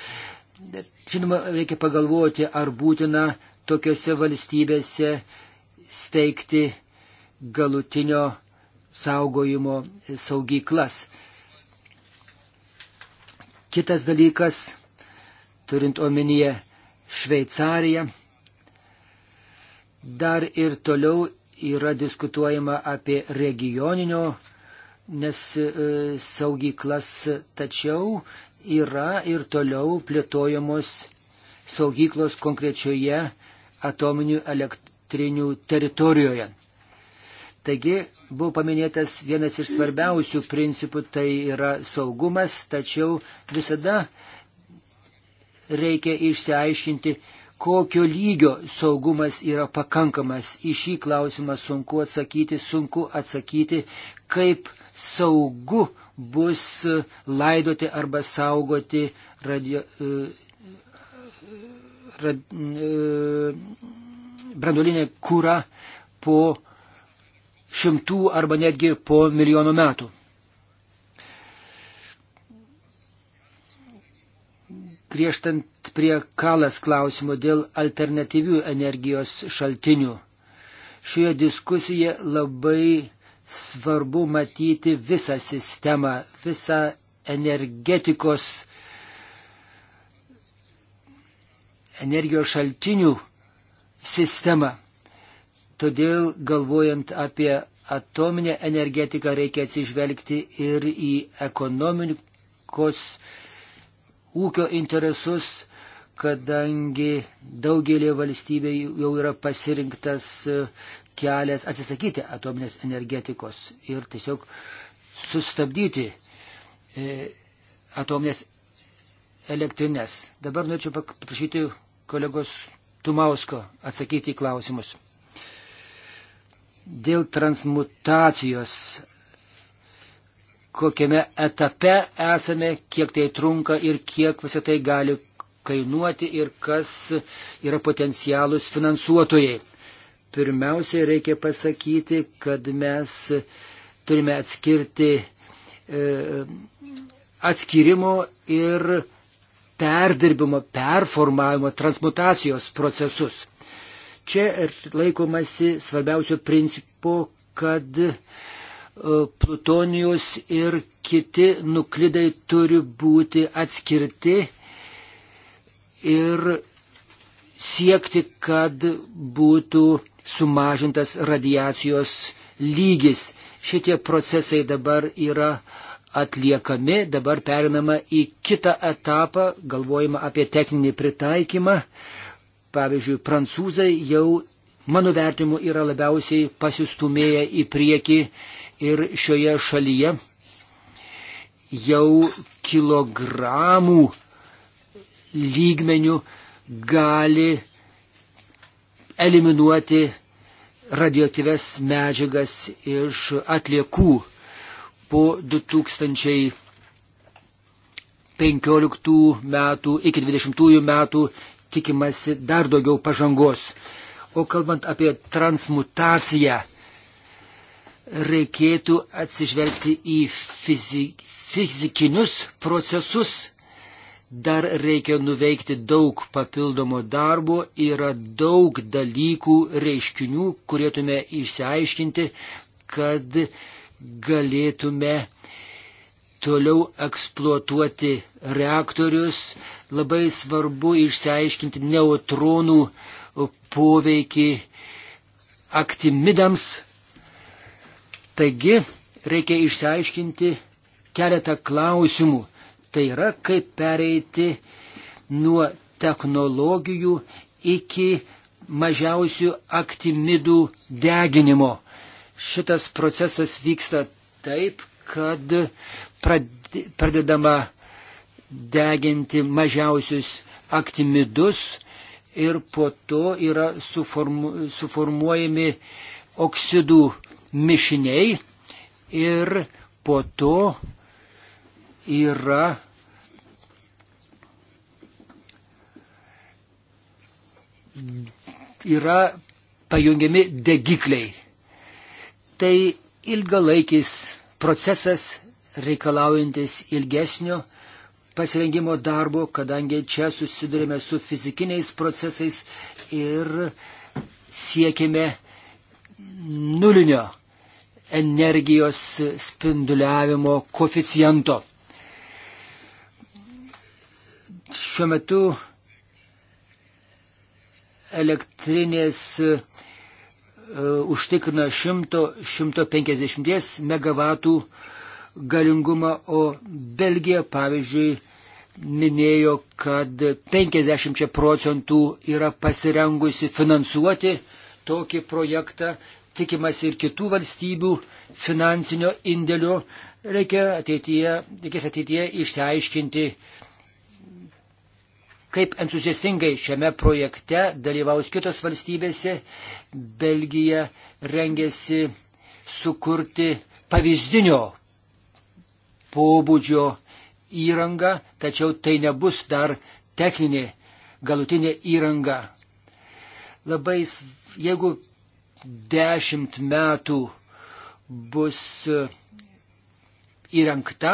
Žinoma, reikia pagalvoti, ar būtina tokiuose valstybėse steigti galutinio saugojimo saugyklas. Kitas dalykas, turint omenyje Šveicariją, dar ir toliau yra diskutuojama apie regioninio nes e, saugyklas, tačiau yra ir toliau plėtojamos saugyklos konkrečioje atominių elektrinių teritorijoje. Taigi buvo paminėtas vienas iš svarbiausių principų, tai yra saugumas, tačiau visada reikia išsiaiškinti, kokio lygio saugumas yra pakankamas. Į šį klausimą sunku atsakyti, sunku atsakyti, kaip saugu bus laidoti arba saugoti radio, e, e, rad, e, branduolinę kūrą po šimtų arba netgi po milijonų metų. Griežtant prie kalas klausimo dėl alternatyvių energijos šaltinių. Šioje diskusijoje labai svarbu matyti visą sistemą, visą energetikos, energijos šaltinių sistemą. Todėl galvojant apie atominę energetiką reikia atsižvelgti ir į ekonomikos ūkio interesus, kadangi daugelį valstybė jau yra pasirinktas e, kelias atsisakyti atominės energetikos ir tiesiog sustabdyti e, atominės elektrinės. Dabar norėčiau paprašyti kolegos Tumausko atsakyti į klausimus dėl transmutacijos, kokiame etape esame, kiek tai trunka ir kiek visą tai gali kainuoti ir kas yra potencialus finansuotojai. Pirmiausia, reikia pasakyti, kad mes turime atskirti e, atskirimo ir perdirbimo, performavimo, transmutacijos procesus. Čia laikomasi svarbiausio principo, kad e, plutonijos ir kiti nuklidai turi būti atskirti ir siekti, kad būtų sumažintas radiacijos lygis. Šitie procesai dabar yra atliekami, dabar perinama į kitą etapą, galvojama apie techninį pritaikymą Pavyzdžiui, prancūzai jau, mano vertimu, yra labiausiai pasistumėję į priekį ir šioje šalyje jau kilogramų lygmenių gali eliminuoti radioaktyves medžiagas iš atliekų po 2015 metų iki 2020 metų tikimasi dar daugiau pažangos. O kalbant apie transmutaciją, reikėtų atsižvelgti į fizi fizikinius procesus. Dar reikia nuveikti daug papildomo darbo, yra daug dalykų, reiškinių, kurėtume išsiaiškinti, kad galėtume toliau eksploatuoti reaktorius, labai svarbu išsiaiškinti neutronų poveikį aktimidams. Taigi reikia išsiaiškinti keletą klausimų. Tai yra, kaip pereiti nuo technologijų iki mažiausių aktimidų deginimo. Šitas procesas vyksta taip, kad pradedama deginti mažiausius aktimidus ir po to yra suformu, suformuojami oksidų mišiniai ir po to yra yra pajungiami degikliai. Tai ilgalaikis procesas reikalaujantis ilgesnio pasirengimo darbo, kadangi čia susidurime su fizikiniais procesais ir siekime nulinio energijos spinduliavimo koficijanto. Šiuo metu elektrinės e, užtikrina 100-150 MW galingumą, o Belgija, pavyzdžiui, minėjo, kad 50 procentų yra pasirengusi finansuoti tokį projektą, tikimasi ir kitų valstybių finansinio indėlio. Reikia ateityje, reikės ateityje išsiaiškinti, kaip entuziastingai šiame projekte dalyvaus kitos valstybėse. Belgija rengėsi sukurti pavyzdinio pobūdžio įranga, tačiau tai nebus dar techninė galutinė įranga. Labai, jeigu dešimt metų bus e, įrengta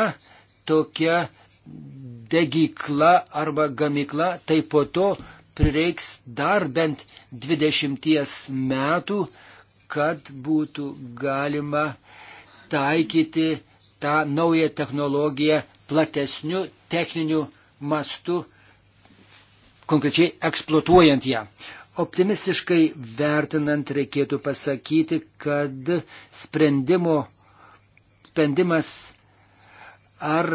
tokia degykla arba gamykla, tai po to prireiks dar bent dvidešimties metų, kad būtų galima taikyti tą naują technologiją platesniu techniniu mastu, konkrečiai eksploatuojant ją. Optimistiškai vertinant reikėtų pasakyti, kad sprendimo, sprendimas ar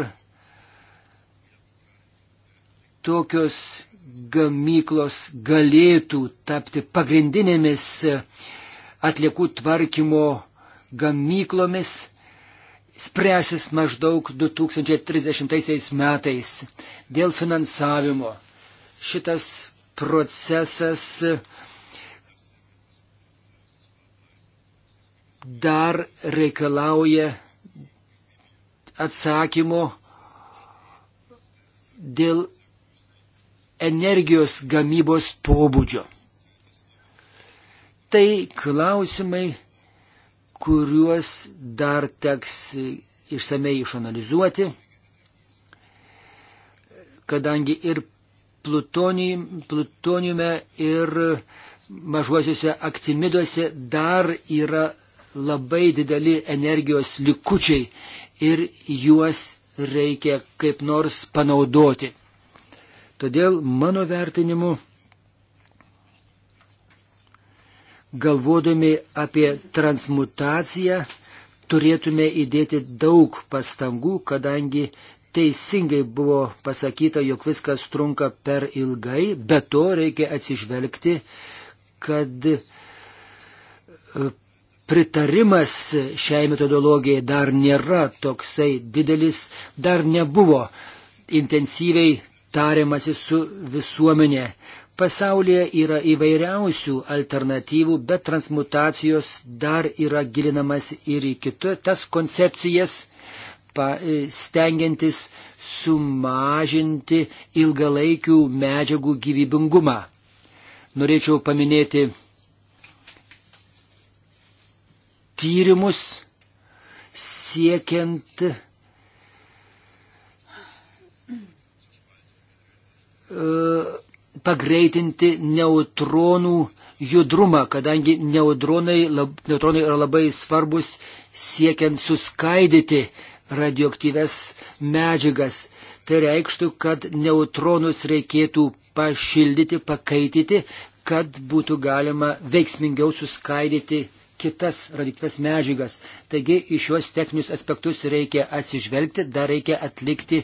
tokios gamyklos galėtų tapti pagrindinėmis atliekų tvarkymo gamyklomis spręsis maždaug 2030 metais dėl finansavimo. Šitas procesas dar reikalauja atsakymo dėl energijos gamybos pobūdžio. Tai klausimai, kuriuos dar teks išsamei išanalizuoti, kadangi ir plutoniume, ir mažuosiuose aktimiduose dar yra labai dideli energijos likučiai ir juos reikia kaip nors panaudoti. Todėl mano vertinimu galvodami apie transmutaciją, turėtume įdėti daug pastangų, kadangi teisingai buvo pasakyta, jog viskas trunka per ilgai, bet to reikia atsižvelgti, kad e, pritarimas šiai metodologijai dar nėra toksai didelis, dar nebuvo intensyviai tariamasi su visuomenė. Pasaulyje yra įvairiausių alternatyvų, bet transmutacijos dar yra gilinamas ir į kitas koncepcijas, e, stengiantis sumažinti ilgalaikių medžiagų gyvybingumą. Norėčiau paminėti tyrimus siekiant uh, pagreitinti neutronų judrumą, kadangi neutronai, lab, neutronai yra labai svarbus siekiant suskaidyti radioaktyves medžiagas. Tai reikštų, kad neutronus reikėtų pašildyti, pakaityti, kad būtų galima veiksmingiau suskaidyti kitas radiktas medžiagas. Taigi į šiuos techninius aspektus reikia atsižvelgti, dar reikia atlikti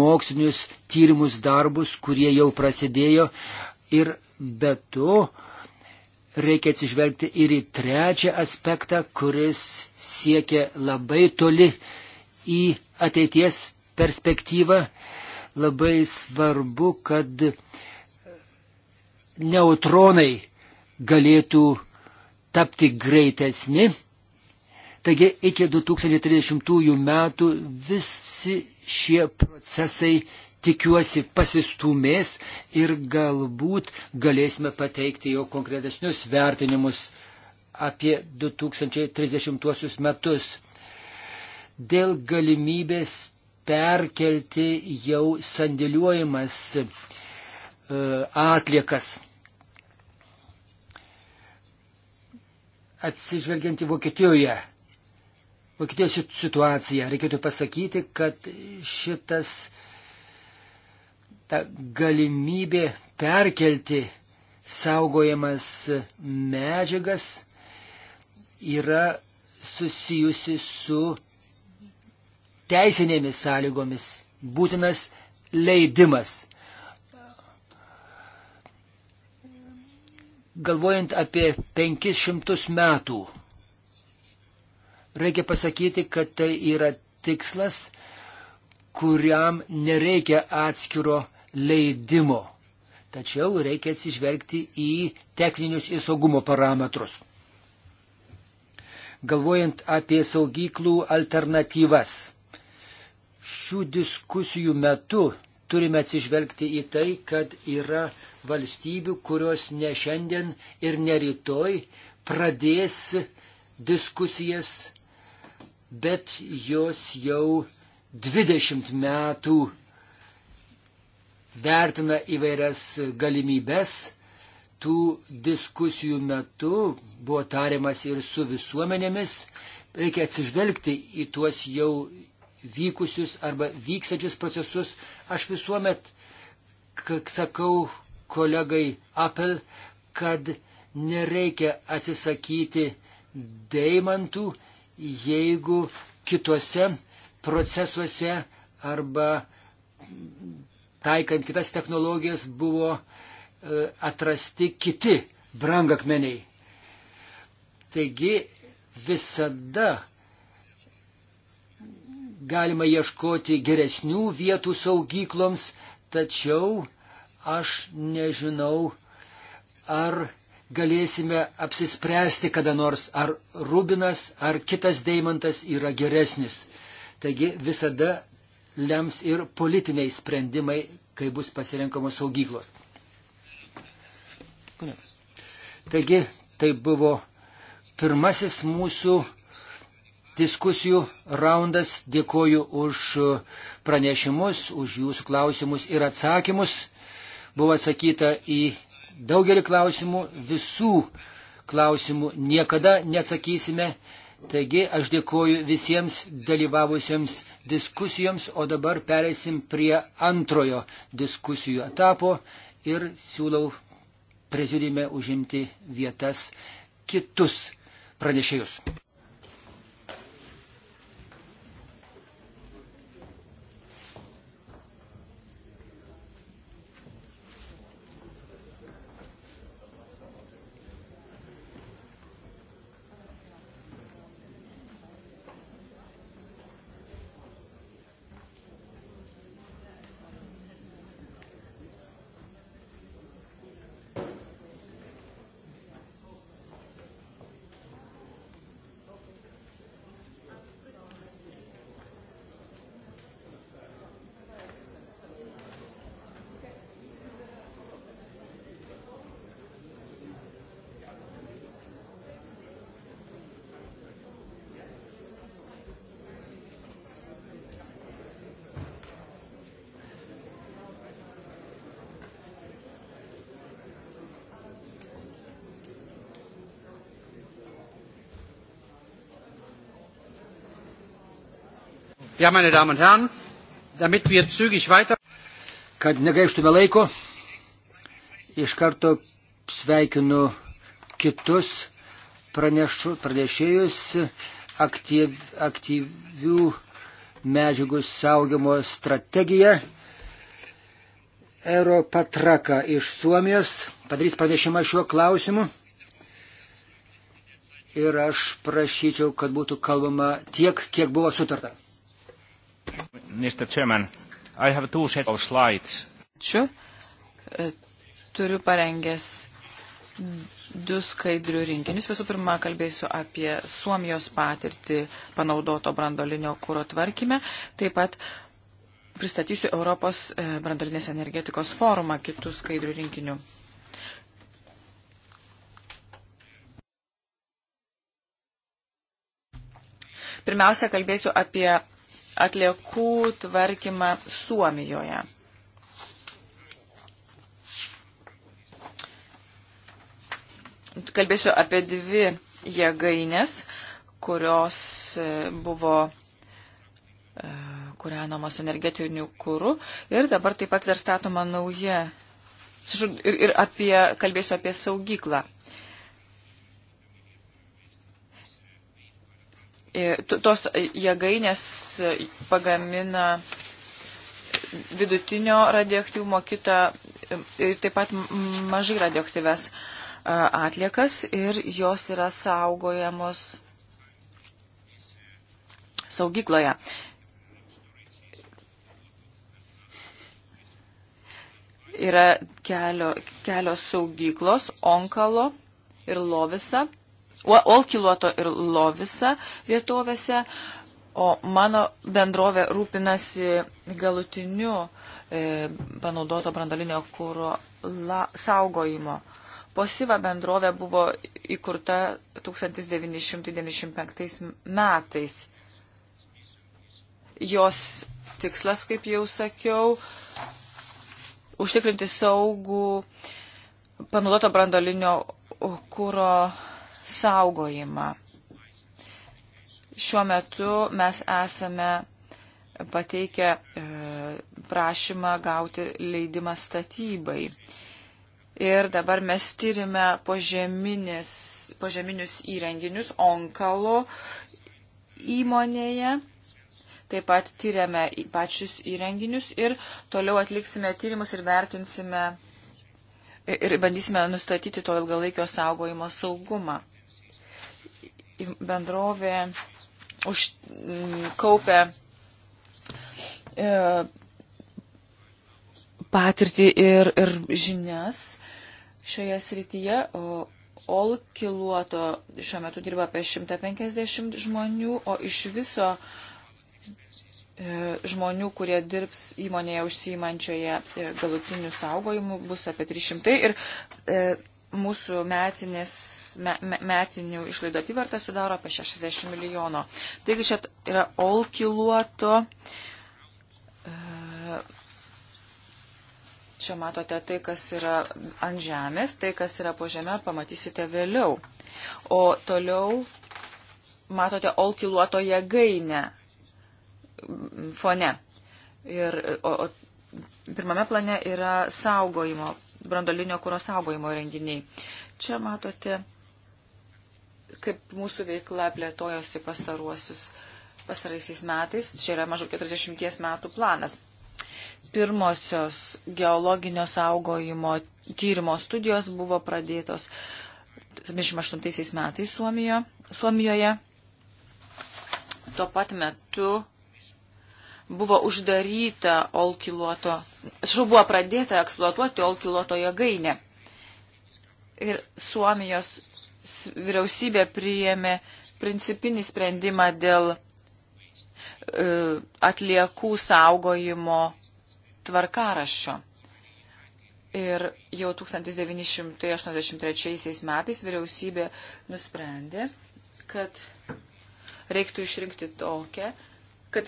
mokslinius tyrimus darbus, kurie jau prasidėjo ir be to reikia atsižvelgti ir į trečią aspektą, kuris siekia labai toli į ateities perspektyvą. Labai svarbu, kad neutronai galėtų tapti greitesni. Taigi iki 2030 metų visi šie procesai tikiuosi pasistumės ir galbūt galėsime pateikti jau konkretesnius vertinimus apie 2030 metus dėl galimybės perkelti jau sandėliuojamas e, atliekas atsižvelgiant į Vokietijoje, Vokietijos situaciją, reikėtų pasakyti, kad šitas ta galimybė perkelti saugojamas medžiagas yra susijusi su teisinėmis sąlygomis būtinas leidimas. galvojant apie 500 metų, reikia pasakyti, kad tai yra tikslas, kuriam nereikia atskiro leidimo. Tačiau reikia atsižvelgti į techninius ir saugumo parametrus. Galvojant apie saugyklų alternatyvas, šių diskusijų metu turime atsižvelgti į tai, kad yra valstybių, kurios ne šiandien ir ne rytoj pradės diskusijas, bet jos jau 20 metų vertina įvairias galimybes. Tų diskusijų metu buvo tariamas ir su visuomenėmis. Reikia atsižvelgti į tuos jau vykusius arba vykstančius procesus. Aš visuomet sakau, kolegai Apple, kad nereikia atsisakyti deimantų, jeigu kitose procesuose arba taikant kitas technologijas buvo e, atrasti kiti brangakmeniai. Taigi visada galima ieškoti geresnių vietų saugykloms, tačiau Aš nežinau, ar galėsime apsispręsti kada nors, ar rubinas, ar kitas deimantas yra geresnis. Taigi visada lems ir politiniai sprendimai, kai bus pasirenkamos saugyklos. Taigi tai buvo pirmasis mūsų diskusijų raundas. Dėkoju už pranešimus, už jūsų klausimus ir atsakymus. Buvo atsakyta į daugelį klausimų, visų klausimų niekada neatsakysime. Taigi aš dėkoju visiems dalyvavusiems diskusijoms, o dabar pereisim prie antrojo diskusijų etapo ir siūlau prezidiume užimti vietas kitus pranešėjus. Ja, meine Damen und Herren, damit wir zügig weiter. Kad negaištume laiko, iš karto sveikinu kitus pranešu, pranešėjus aktyv, aktyvių medžiagų saugimo strategiją. Ero Patraka iš Suomijos padarys pranešimą šiuo klausimu. Ir aš prašyčiau, kad būtų kalbama tiek, kiek buvo sutarta. Mr. Chairman, I have two sets of slides. Ačiū. E, turiu parengęs du skaidrių rinkinius. Visų pirma, kalbėsiu apie Suomijos patirtį panaudoto brandolinio kūro tvarkime. Taip pat pristatysiu Europos e, brandolinės energetikos forumą kitų skaidrių rinkinių. Pirmiausia, kalbėsiu apie atliekų tvarkymą Suomijoje. Kalbėsiu apie dvi jėgainės, kurios e, buvo e, kūrenamos energetinių kūrų ir dabar taip pat dar statoma nauja. Ir, ir apie, kalbėsiu apie saugyklą. Uh, E, tos jėgainės pagamina vidutinio radioaktyvumo kitą e, ir taip pat mažai radioaktyves e, atliekas ir jos yra saugojamos saugykloje. Yra kelio, kelios saugyklos Onkalo ir Lovisa Olkiluoto ir Lovisa vietovėse, o mano bendrovė rūpinasi galutiniu e, panaudoto brandolinio kūro la, saugojimo. Posiva bendrovė buvo įkurta 1995 metais. Jos tikslas, kaip jau sakiau, užtikrinti saugų panaudoto brandolinio kūro saugojimą. Šiuo metu mes esame pateikę e, prašymą gauti leidimą statybai. Ir dabar mes tyrime požeminius po įrenginius Onkalo įmonėje taip pat tyriame pačius įrenginius ir toliau atliksime tyrimus ir vertinsime ir bandysime nustatyti to ilgalaikio saugojimo saugumą bendrovė už, mm, kaupia e, patirtį ir, ir žinias šioje srityje, o Olkiluoto šiuo metu dirba apie 150 žmonių, o iš viso e, žmonių, kurie dirbs įmonėje užsiimančioje e, galutinių saugojimų, bus apie 300 ir e, mūsų metinės, me, me, metinių išlaidų apyvartą sudaro apie 60 milijono. Taigi čia yra olkiluoto. E, čia matote tai, kas yra ant žemės, tai, kas yra po žemę, pamatysite vėliau. O toliau matote olkiluoto jėgainę fone. Ir, o, o pirmame plane yra saugojimo brandolinio kūro saugojimo renginiai. Čia matote, kaip mūsų veikla plėtojosi pastaruosius pastaraisiais metais. Čia yra maždaug 40 metų planas. Pirmosios geologinio saugojimo tyrimo studijos buvo pradėtos 78 metais Suomijoje. Suomijoje. Tuo pat metu buvo uždaryta Olkiluoto, atsiprašau, buvo pradėta eksploatuoti Olkiluoto jėgainę. Ir Suomijos vyriausybė priėmė principinį sprendimą dėl e, atliekų saugojimo tvarkaraščio. Ir jau 1983 metais vyriausybė nusprendė, kad reiktų išrinkti tokią, kad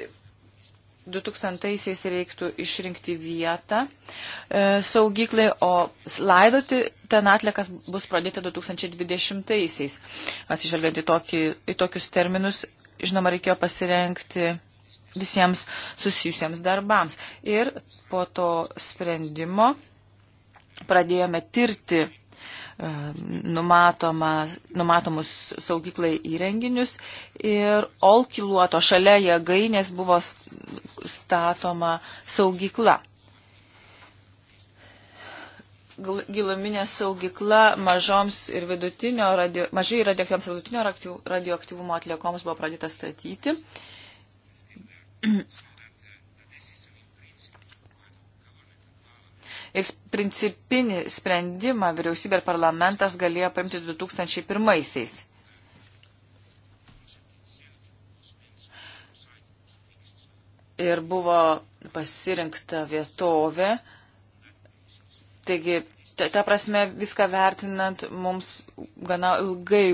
2000-aisiais reiktų išrinkti vietą e, saugyklai, o laidoti ten atlikas bus pradėta 2020-aisiais. Atsižvelgiant į, tokį, į tokius terminus, žinoma, reikėjo pasirenkti visiems susijusiems darbams. Ir po to sprendimo pradėjome tirti numatoma, numatomus saugiklai įrenginius ir Olkiluoto šalia jėgainės buvo statoma saugikla. Giluminė saugikla mažoms ir vidutinio, radio, mažai radioaktyvams vidutinio radioaktyvumo atliekoms buvo pradėta statyti. ir principinį sprendimą vyriausybė ir parlamentas galėjo paimti 2001-aisiais. Ir buvo pasirinkta vietovė, taigi ta prasme viską vertinant mums gana ilgai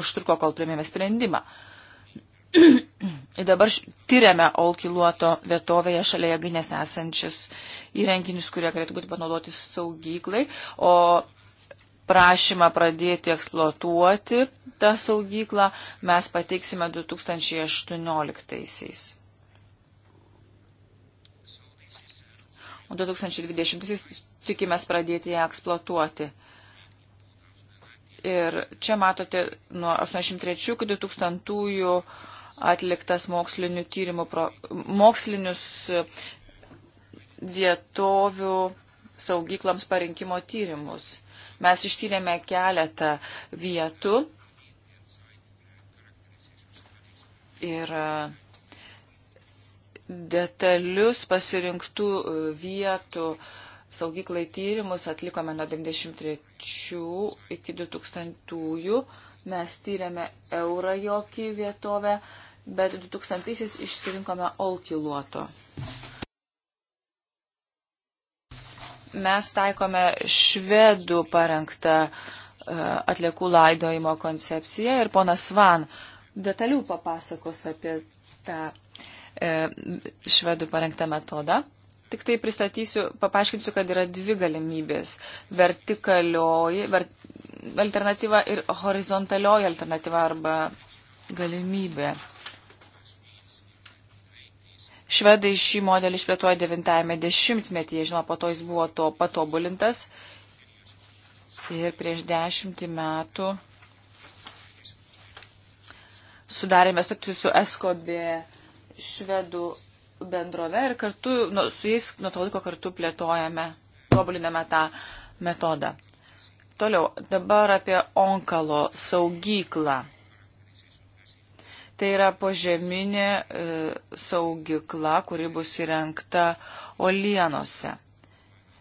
užtruko, kol priėmėme sprendimą. (clears throat) Dabar tyriame Olkiluoto vietovėje šalia jėgainės esančius įrenginius, kurie galėtų būti panaudoti saugyklai, o prašymą pradėti eksploatuoti tą saugyklą mes pateiksime 2018-aisiais. O 2020-aisiais tikimės pradėti ją eksploatuoti. Ir čia matote nuo 83 iki 2000 atliktas mokslinių tyrimų, pro, mokslinius vietovių saugyklams parinkimo tyrimus. Mes ištyrėme keletą vietų ir e, detalius pasirinktų e, vietų saugyklai tyrimus atlikome nuo 93 iki 2000. Mes tyrėme eurą jokį vietovę, bet 2000-aisiais išsirinkome Olkiluoto. Mes taikome švedų parengtą e, atliekų laidojimo koncepciją ir ponas Van detalių papasakos apie tą e, švedų parengtą metodą. Tik tai pristatysiu, papaiškinsiu, kad yra dvi galimybės. Vertikalioji, vert, alternatyva ir horizontalioji alternatyva arba galimybė. Švedai šį modelį išplėtojo 90-ame dešimtmetyje, žinoma, po to jis buvo to patobulintas ir prieš dešimtį metų sudarėme sutartį su Eskobė švedų bendrove ir kartu, nu, su jais nuo to laiko kartu plėtojame, tobuliname tą metodą. Toliau, dabar apie onkalo saugyklą. Tai yra požeminė e, saugykla, kuri bus įrengta Olienose.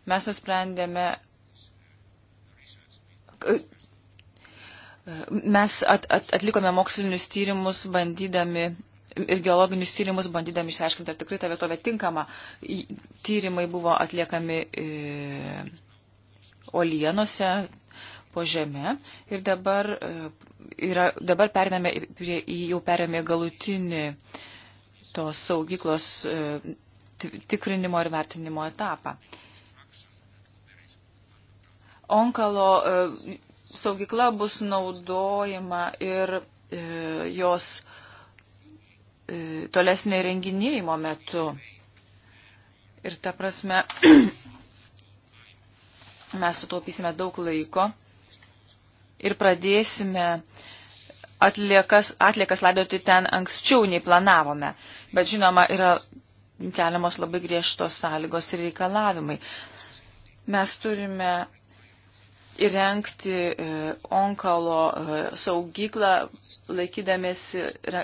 Mes nusprendėme, e, mes at, at, atlikome mokslinius tyrimus bandydami ir geologinius tyrimus bandydami išsiaiškinti, ar tikrai ta vietovė tinkama. Tyrimai buvo atliekami e, Olienose, po žemę ir dabar, e, yra, dabar periname, prie, jau perėmė galutinį tos saugyklos e, tikrinimo ir vertinimo etapą. Onkalo e, saugykla bus naudojama ir jos tolesnė renginėjimo metu. Ir ta prasme, (clears throat) mes sutaupysime daug laiko ir pradėsime atliekas, atliekas laidoti ten anksčiau nei planavome. Bet žinoma, yra keliamos labai griežtos sąlygos ir reikalavimai. Mes turime įrengti e, onkalo e, saugyklą, laikydamėsi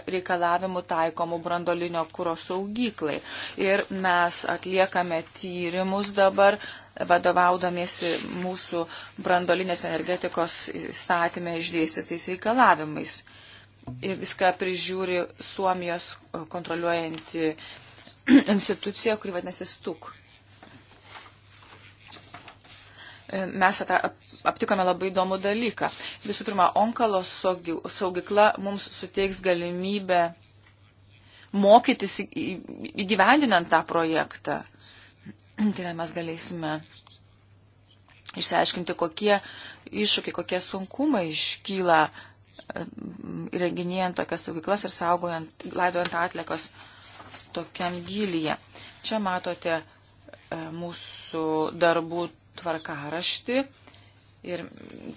reikalavimų taikomų brandolinio kūro saugyklai. Ir mes atliekame tyrimus dabar, vadovaudomėsi mūsų brandolinės energetikos statymę išdėstytais reikalavimais. Ir viską prižiūri Suomijos kontroliuojanti (clears throat) institucija, kuri vadinasi STUK. E, mes aptikome labai įdomų dalyką. Visų pirma, onkalos saugikla mums suteiks galimybę mokytis įgyvendinant tą projektą. (clears throat) Tai yra, mes galėsime išsiaiškinti, kokie iššūkiai, kokie sunkumai iškyla renginėjant tokias saugyklas ir saugojant, laidojant atlikas tokiam gilyje. Čia matote e, mūsų darbų tvarkaraštį ir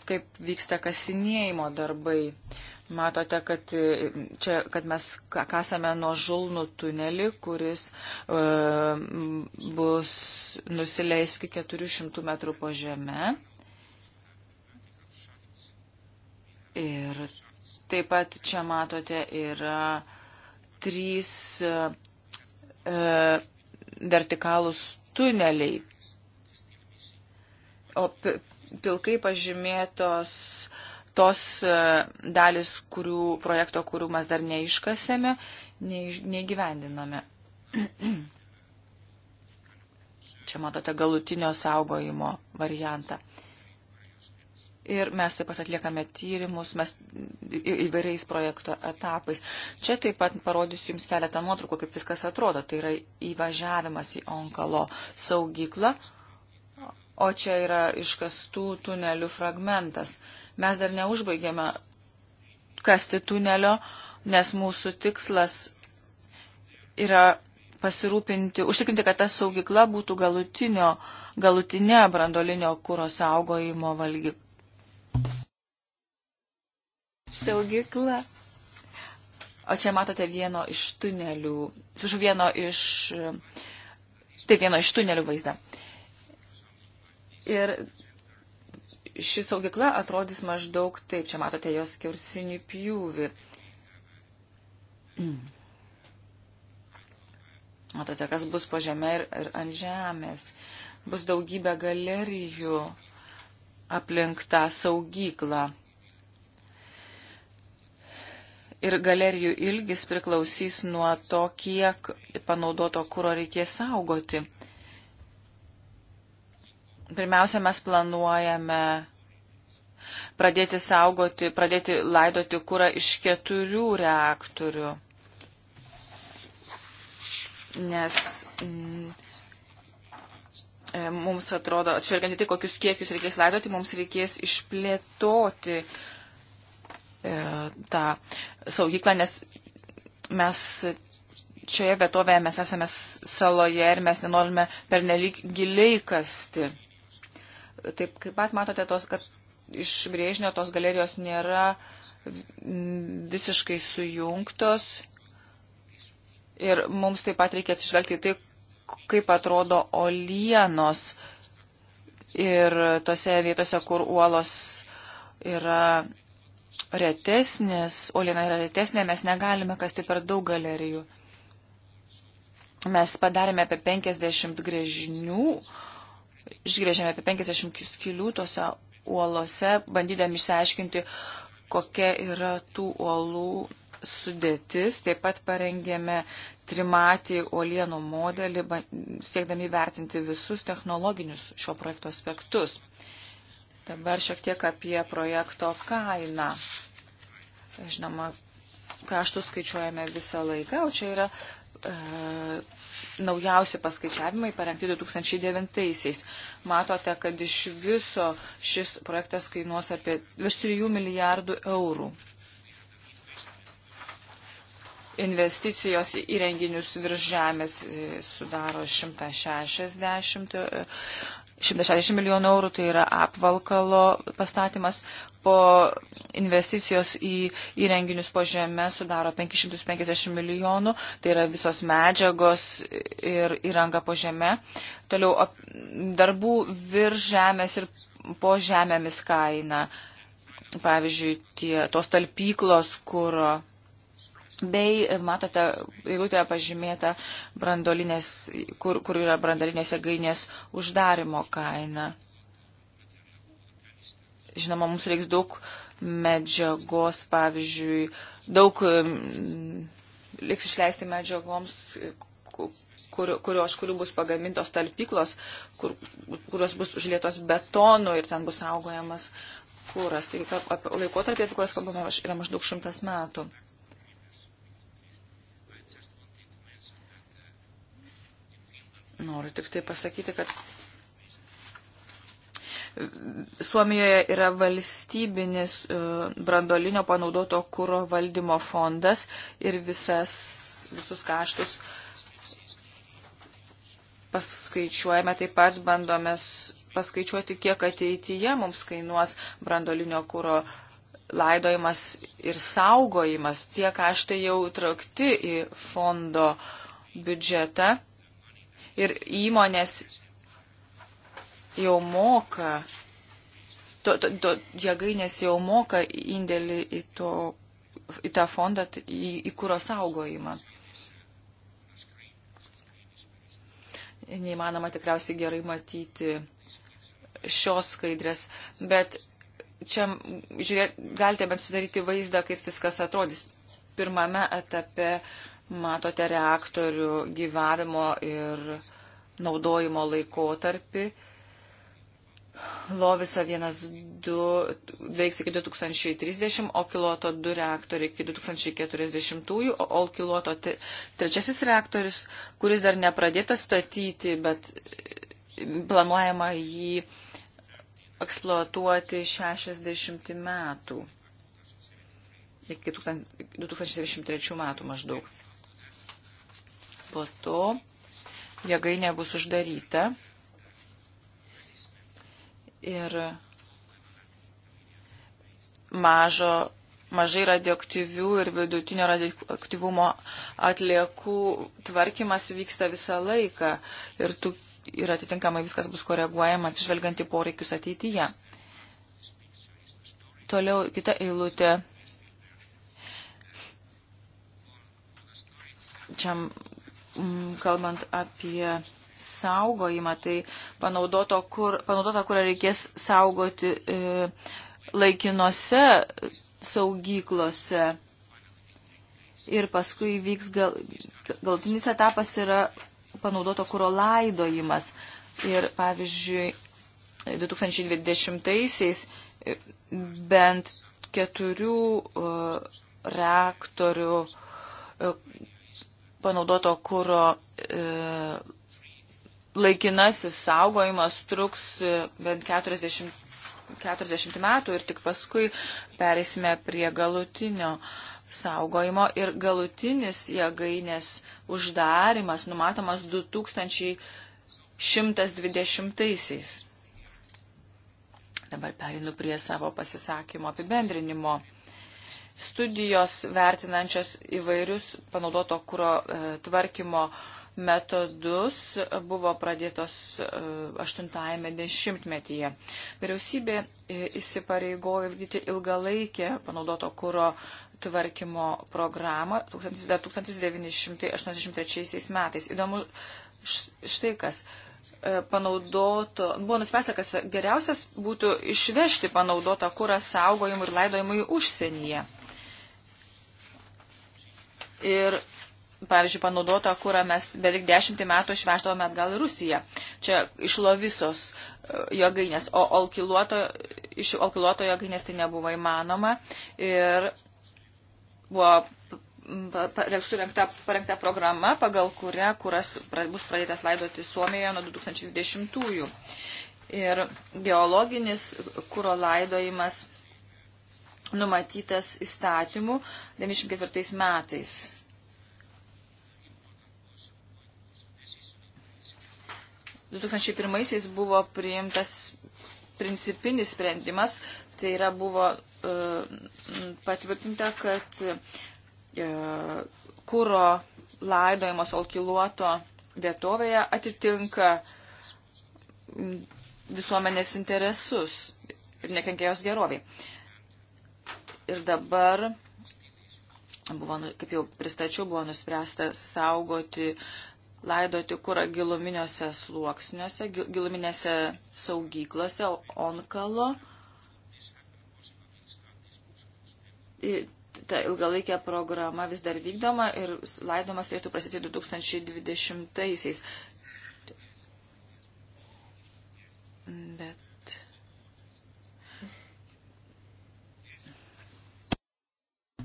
kaip vyksta kasinėjimo darbai. Matote, kad, e, čia, kad mes kasame nuo žulnų tunelį, kuris e, bus nusileis iki 400 metrų po žemę. Ir taip pat čia matote yra trys e, vertikalūs tuneliai. O pilkai pažymėtos tos e, dalis, kurių projekto, kurių mes dar neiškasėme, neįgyvendinome. (clears throat) Čia matote galutinio saugojimo variantą. Ir mes taip pat atliekame tyrimus, mes įvairiais projekto etapais. Čia taip pat parodysiu Jums keletą nuotraukų, kaip viskas atrodo. Tai yra įvažiavimas į onkalo saugyklą o čia yra iškastų tunelių fragmentas. Mes dar neužbaigėme kasti tunelio, nes mūsų tikslas yra pasirūpinti, užtikrinti, kad ta saugykla būtų galutinio, galutinė brandolinio kūro saugojimo valgy. Saugykla. O čia matote vieno iš tunelių, sužu vieno iš, taip, vieno iš tunelių vaizdą. Uh, Ir ši saugykla atrodys maždaug taip. Čia matote jos kiausinį pjūvį. Matote, kas bus po žemė ir, ir ant žemės. Bus daugybė galerijų aplink tą saugyklą. Ir galerijų ilgis priklausys nuo to, kiek panaudoto kūro reikės saugoti. Pirmiausia, mes planuojame pradėti saugoti, pradėti laidoti kūrą iš keturių reaktorių. Nes mm, e, mums atrodo, atšvelgiant į tai, kokius kiekius reikės laidoti, mums reikės išplėtoti e, tą saugyklą, nes mes šioje vietovėje mes esame saloje ir mes nenorime pernelyg giliai kasti. Taip kaip pat matote, tos, kad iš brėžinio tos galerijos nėra visiškai sujungtos. Ir mums taip pat reikia atsižvelgti tai, kaip atrodo olienos ir tose vietose, kur uolos yra retesnės, uoliena yra retesnė, mes negalime kasti per daug galerijų. Mes padarėme apie 50 grėžinių išgrėžėme apie 50 skilių tose uolose, bandydami išsiaiškinti, kokia yra tų uolų sudėtis. Taip pat parengėme trimatį uolienų modelį, siekdami vertinti visus technologinius šio projekto aspektus. Dabar šiek tiek apie projekto kainą. Žinoma, kaštus skaičiuojame visą laiką, o čia yra e, naujausi paskaičiavimai parengti 2009-aisiais. Matote, kad iš viso šis projektas kainuos apie virš 3 milijardų eurų. Investicijos į renginius virš žemės e, sudaro 160 160 milijonų eurų tai yra apvalkalo pastatymas, po investicijos į įrenginius po žemę sudaro 550 milijonų, tai yra visos medžiagos ir įranga po žemę. Toliau darbų virš žemės ir po žemėmis kaina. Pavyzdžiui, tie, tos talpyklos, kuro Bei, matote, eilutėje pažymėta, kur, kur yra brandolinės jėgainės uždarimo kaina. Žinoma, mums reiks daug medžiagos, pavyzdžiui, daug liks išleisti medžiagoms, kur, kurio, iš kurių bus pagamintos talpyklos, kur, kurios bus užlietos betonu ir ten bus saugojamas kūras. Taigi laikotarpė, apie kurias kalbama, yra maždaug šimtas metų. Noriu tik tai pasakyti, kad Suomijoje yra valstybinis e, brandolinio panaudoto kūro valdymo fondas ir visas, visus kaštus paskaičiuojame, taip pat bandome paskaičiuoti, kiek ateityje mums kainuos brandolinio kūro laidojimas ir saugojimas. Tie kaštai jau trakti į fondo biudžetą ir įmonės jau moka, to, to, to, jėgainės jau moka indėlį į, to, į tą fondą, į, į kūro saugojimą. Neįmanoma tikriausiai gerai matyti šios skaidrės, bet čia žiūrėt, galite bent sudaryti vaizdą, kaip viskas atrodys. Pirmame etape uh, matote reaktorių gyvavimo ir naudojimo laikotarpį. Lovisa 1.2 veiks iki 2030, o kiloto 2 reaktoriai iki 2040, o kiloto trečiasis reaktorius, kuris dar nepradėtas statyti, bet planuojama jį eksploatuoti 60 metų, iki 2073 metų maždaug. Po to jėgainė bus uždaryta ir mažo, mažai radioaktyvių ir vidutinio radioaktyvumo atliekų tvarkymas vyksta visą laiką ir, tu, ir atitinkamai viskas bus koreguojama atsižvelgiant į poreikius ateityje. Toliau kita eilutė. Čia Mm, kalbant apie saugojimą, tai panaudoto kur, panaudotą kurą reikės saugoti e, laikinose saugyklose. Ir paskui vyks gal, galtinis etapas yra panaudoto kūro laidojimas. Ir pavyzdžiui, 2020-aisiais e, bent keturių e, reaktorių e, panaudoto kūro e, laikinasis saugojimas truks e, bent 40, 40 metų ir tik paskui perėsime prie galutinio saugojimo ir galutinis jėgainės uždarimas numatomas 2120-aisiais. Dabar perinu prie savo pasisakymo apibendrinimo. Studijos vertinančios įvairius panaudoto kūro e, tvarkymo metodus buvo pradėtos 80-ame e, dešimtmetyje. Vyriausybė e, įsipareigojo vykdyti ilgalaikę panaudoto kūro tvarkymo programą 1983 metais. Įdomu štai kas. E, panaudoto, buvo nuspręsta, kad geriausias būtų išvežti panaudotą kūrą saugojimui ir laidojimui užsienyje. Ir, pavyzdžiui, panaudotą kūrą mes beveik dešimtį metų išveždavome atgal į Rusiją. Čia e, iš Lovisos jogainės, o olkiluoto, iš olkiluoto jogainės tai nebuvo įmanoma. Ir buvo surengta, parengta programa, pagal kurią kuras bus pradėtas laidoti Suomijoje nuo 2020-ųjų. Ir geologinis kūro laidojimas numatytas įstatymu 94 metais. Du 2001 buvo priimtas principinis sprendimas, tai yra buvo e, patvirtinta, kad E, kūro laidojimo solkiluoto vietovėje atitinka visuomenės interesus ir nekenkia jos geroviai. Ir dabar, buvo, nu, kaip jau pristačiau, buvo nuspręsta saugoti, laidoti kurą giluminiuose sluoksniuose, giluminėse saugyklose, onkalo ta ilgalaikė programa vis dar vykdoma ir laidomas turėtų prasidėti 2020-aisiais. Bet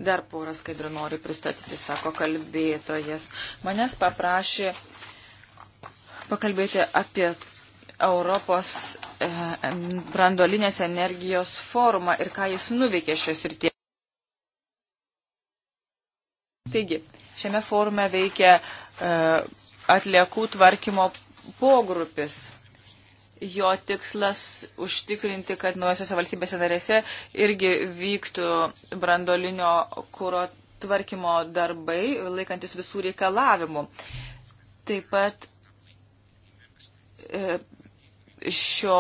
Dar porą skaidrų noriu pristatyti, sako kalbėtojas. Manęs paprašė pakalbėti apie Europos eh, branduolinės energijos forumą ir ką jis nuveikė šios rytie. Taigi, šiame forume veikia uh, atliekų tvarkymo pogrupis. Jo tikslas užtikrinti, kad nuosiuose valstybėse narėse irgi vyktų brandolinio kūro tvarkymo darbai, laikantis visų reikalavimų. Taip pat uh, šio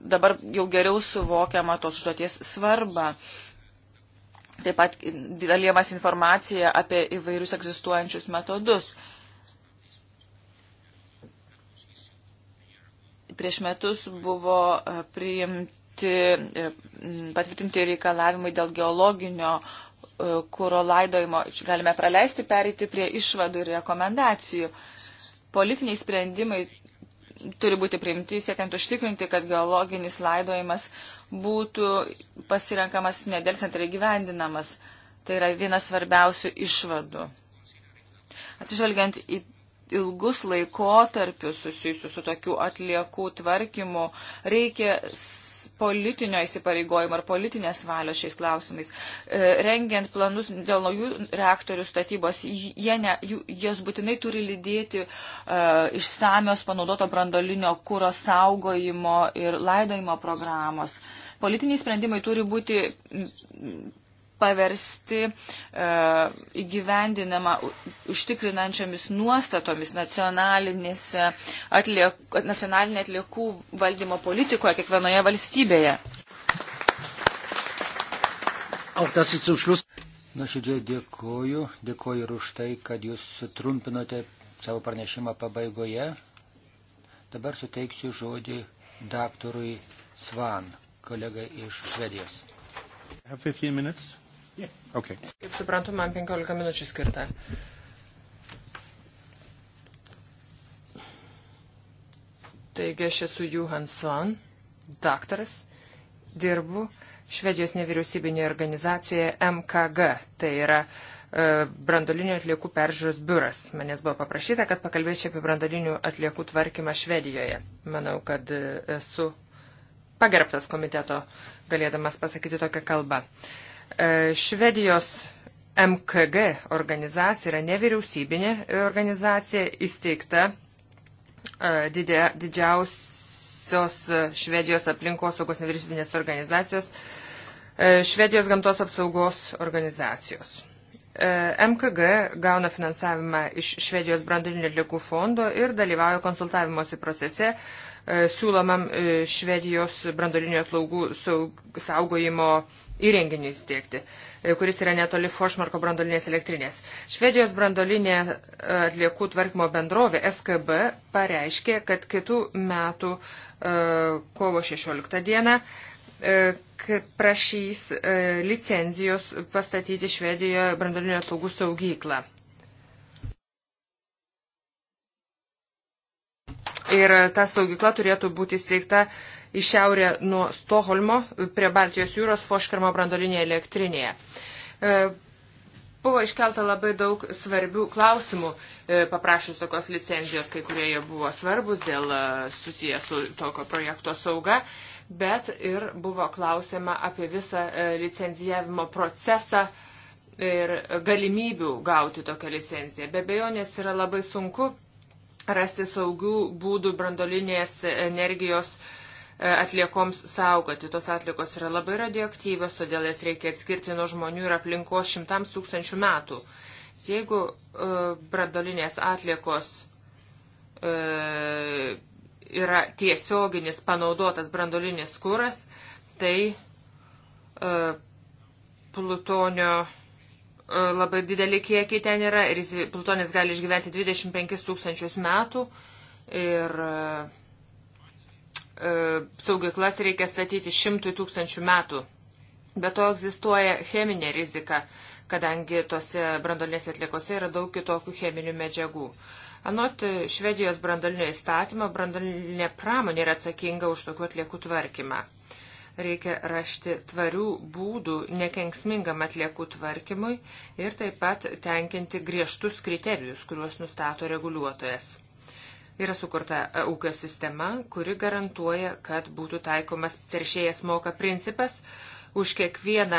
dabar jau geriau suvokiama tos užduoties svarba. Uh, Taip pat dalyjamas informacija apie įvairius egzistuojančius metodus. Prieš metus buvo e, priimti, e, patvirtinti reikalavimai dėl geologinio e, kūro laidojimo. Galime praleisti, pereiti prie išvadų ir rekomendacijų. Politiniai sprendimai turi būti priimti, siekiant užtikrinti, kad geologinis laidojimas būtų pasirenkamas nedėlsant ir gyvendinamas. Tai yra vienas svarbiausių išvadų. Atsižvelgiant į ilgus laikotarpius susijusius su tokių atliekų tvarkymu, reikia politinio įsipareigojimo ar politinės valios šiais klausimais. E, rengiant planus dėl naujų reaktorių statybos, jie ne, jos būtinai turi lydėti uh, išsamios panaudoto brandolinio kūro saugojimo ir laidojimo programos. Politiniai sprendimai turi būti paversti e, įgyvendinama užtikrinančiamis nuostatomis nacionalinėse atliek, nacionalinė atliekų valdymo politikoje kiekvienoje valstybėje. Nuoširdžiai dėkoju, dėkoju ir už tai, kad jūs sutrumpinote savo pranešimą pabaigoje. Dabar suteiksiu žodį daktarui Svan, kolegai iš Švedijos. Have 15 minutes. Okay. Kaip suprantu, man 15 minučių skirta. Taigi aš esu Johansson, daktaras, dirbu Švedijos nevyriausybinėje organizacijoje MKG, tai yra e, brandolinio atliekų peržiūros biuras. Manęs buvo paprašyta, kad pakalbėčiau apie brandolinių atliekų tvarkymą Švedijoje. Manau, kad e, esu pagerbtas komiteto galėdamas pasakyti tokią kalbą. E, E, Švedijos MKG organizacija yra nevyriausybinė organizacija įsteigta e, didė, didžiausios Švedijos aplinkosaugos nevyriausybinės organizacijos, e, Švedijos gamtos apsaugos organizacijos. MKG gauna finansavimą iš Švedijos brandalinių atliekų fondo ir dalyvauja konsultavimuose procese siūlomam Švedijos brandalinių atlaugų saugojimo įrenginiui įsteigti, e, kuris yra netoli Forsmarko brandolinės elektrinės. Švedijos brandolinė e, atliekų tvarkymo bendrovė SKB pareiškė, kad kitų metų e, kovo 16 dieną prašys licenzijos pastatyti Švedijoje brandolinio atlaugų saugyklą. Ir ta saugykla turėtų būti įsteigta į šiaurę nuo Stoholmo prie Baltijos jūros Foškermo brandolinėje elektrinėje. E, buvo iškelta labai daug svarbių klausimų, e, paprašus tokios licenzijos, kai kurie jie buvo svarbus dėl e, susijęs su tokio projekto sauga, bet ir buvo klausima apie visą licenzijavimo procesą ir galimybių gauti tokią licenciją. Be bejonės yra labai sunku rasti saugių būdų brandolinės energijos uh, atliekoms saugoti. Tos atliekos yra labai radioaktyvios, todėl jas reikia atskirti nuo žmonių ir aplinkos šimtams tūkstančių metų. Jeigu e, brandolinės atliekos e, yra tiesioginis panaudotas brandolinis kuras, tai e, plutonio labai didelį kiekį ten yra ir plutonis gali išgyventi 25 tūkstančius metų ir E, saugiklas reikia statyti šimtui tūkstančių metų. Be to egzistuoja cheminė rizika, kadangi tose brandolinėse atlikose yra daug kitokių cheminių medžiagų. Anot Švedijos brandolinio įstatymo, brandolinė pramonė yra atsakinga už tokių atliekų tvarkymą. Reikia rašti tvarių būdų nekenksmingam atliekų tvarkymui ir taip pat tenkinti griežtus kriterijus, kuriuos nustato reguliuotojas. Yra sukurta e, ūkio sistema, kuri garantuoja, kad būtų taikomas teršėjas moka principas. Už kiekvieną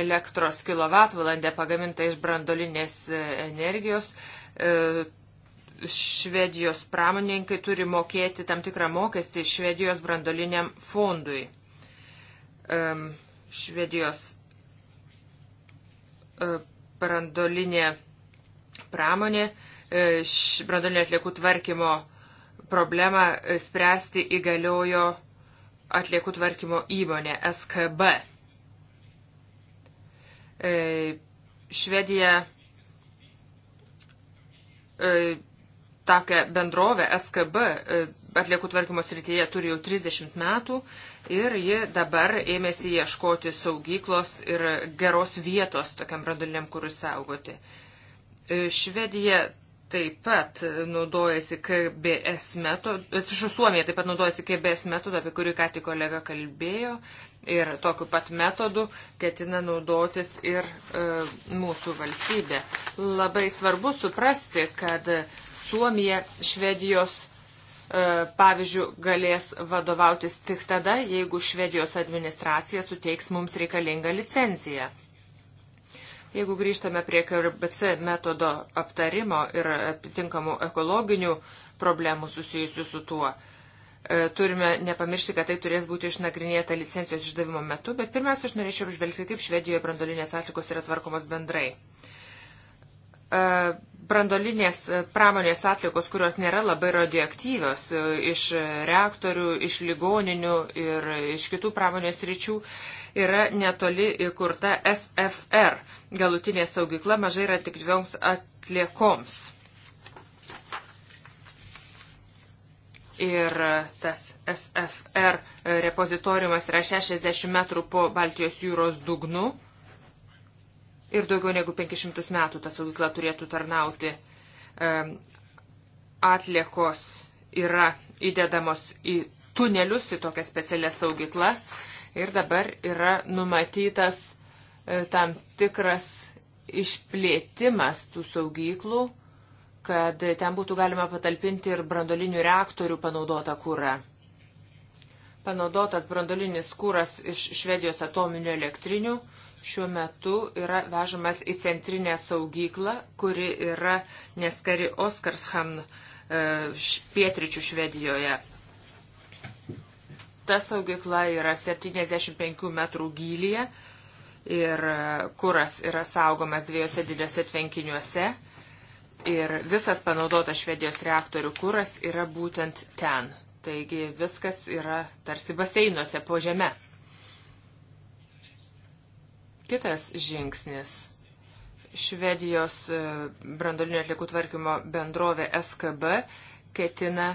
elektros kilovatvalandę pagamintą iš brandolinės e, energijos e, Švedijos pramoninkai turi mokėti tam tikrą mokestį Švedijos brandoliniam fondui. Švedijos brandolinė pramonė, brandolinė atliekų tvarkymo problemą spręsti įgaliojo atliekų tvarkymo įmonė SKB. E, Švedija e, tokią bendrovę SKB e, atliekų tvarkymo srityje turi jau 30 metų ir ji dabar ėmėsi ieškoti saugyklos ir geros vietos tokiam branduoliniam kūrui saugoti. Švedija taip pat naudojasi KBS metodu, atsiprašau, Suomija taip pat naudojasi KBS metodu, apie kurį ką tik kolega kalbėjo, ir tokiu pat metodu ketina naudotis ir e, mūsų valstybė. Labai svarbu suprasti, kad Suomija Švedijos e, pavyzdžių galės vadovautis tik tada, jeigu Švedijos administracija suteiks mums reikalingą licenciją. Jeigu grįžtame prie KRBC metodo aptarimo ir atitinkamų ekologinių problemų susijusių su tuo, e, turime nepamiršti, kad tai turės būti išnagrinėta licencijos išdavimo metu, bet pirmiausia, aš norėčiau apžvelgti, kaip Švedijoje brandolinės atlikos yra tvarkomos bendrai. E, brandolinės pramonės atlikos, kurios nėra labai radioaktyvios, e, iš reaktorių, iš ligoninių ir iš kitų pramonės ryčių, yra netoli įkurta SFR galutinė saugykla mažai yra tik žvioms atliekoms. Ir tas SFR repozitoriumas yra 60 metrų po Baltijos jūros dugnu. Ir daugiau negu 500 metų ta saugykla turėtų tarnauti. Atliekos yra įdedamos į tunelius, į tokias specialias saugyklas. Ir dabar yra numatytas E, tam tikras išplėtimas tų saugyklų, kad ten būtų galima patalpinti ir brandolinių reaktorių panaudotą kūrą. Panaudotas brandolinis kūras iš Švedijos atominių elektrinių šiuo metu yra vežamas į centrinę saugyklą, kuri yra neskari Oskarsham e, pietričių Švedijoje. Ta saugykla yra 75 metrų gylyje ir kuras yra saugomas dviejose didžiose tvenkiniuose ir visas panaudotas Švedijos reaktorių kuras yra būtent ten. Taigi viskas yra tarsi baseinuose po žeme. Kitas žingsnis. Švedijos e, brandolinio atlikų tvarkymo bendrovė SKB ketina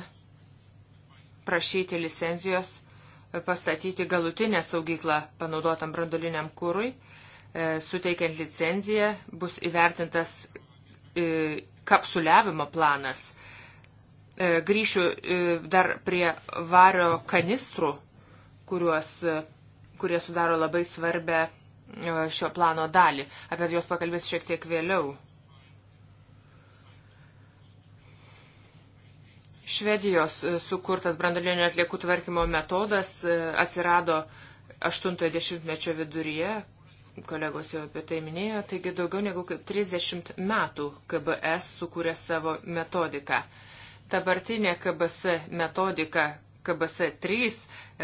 prašyti licenzijos pastatyti galutinę saugyklą panaudotam brandoliniam kūrui, e, suteikiant licenciją, bus įvertintas e, kapsuliavimo planas. E, grįšiu dar prie vario kanistrų, kuriuos, kurie sudaro labai svarbę šio plano dalį. Apie juos pakalbės šiek tiek vėliau. Švedijos e, sukurtas brandalinio atliekų tvarkymo metodas e, atsirado 80-mečio viduryje, kolegos jau apie tai minėjo, taigi daugiau negu 30 metų KBS sukūrė savo metodiką. Dabartinė KBS metodika KBS 3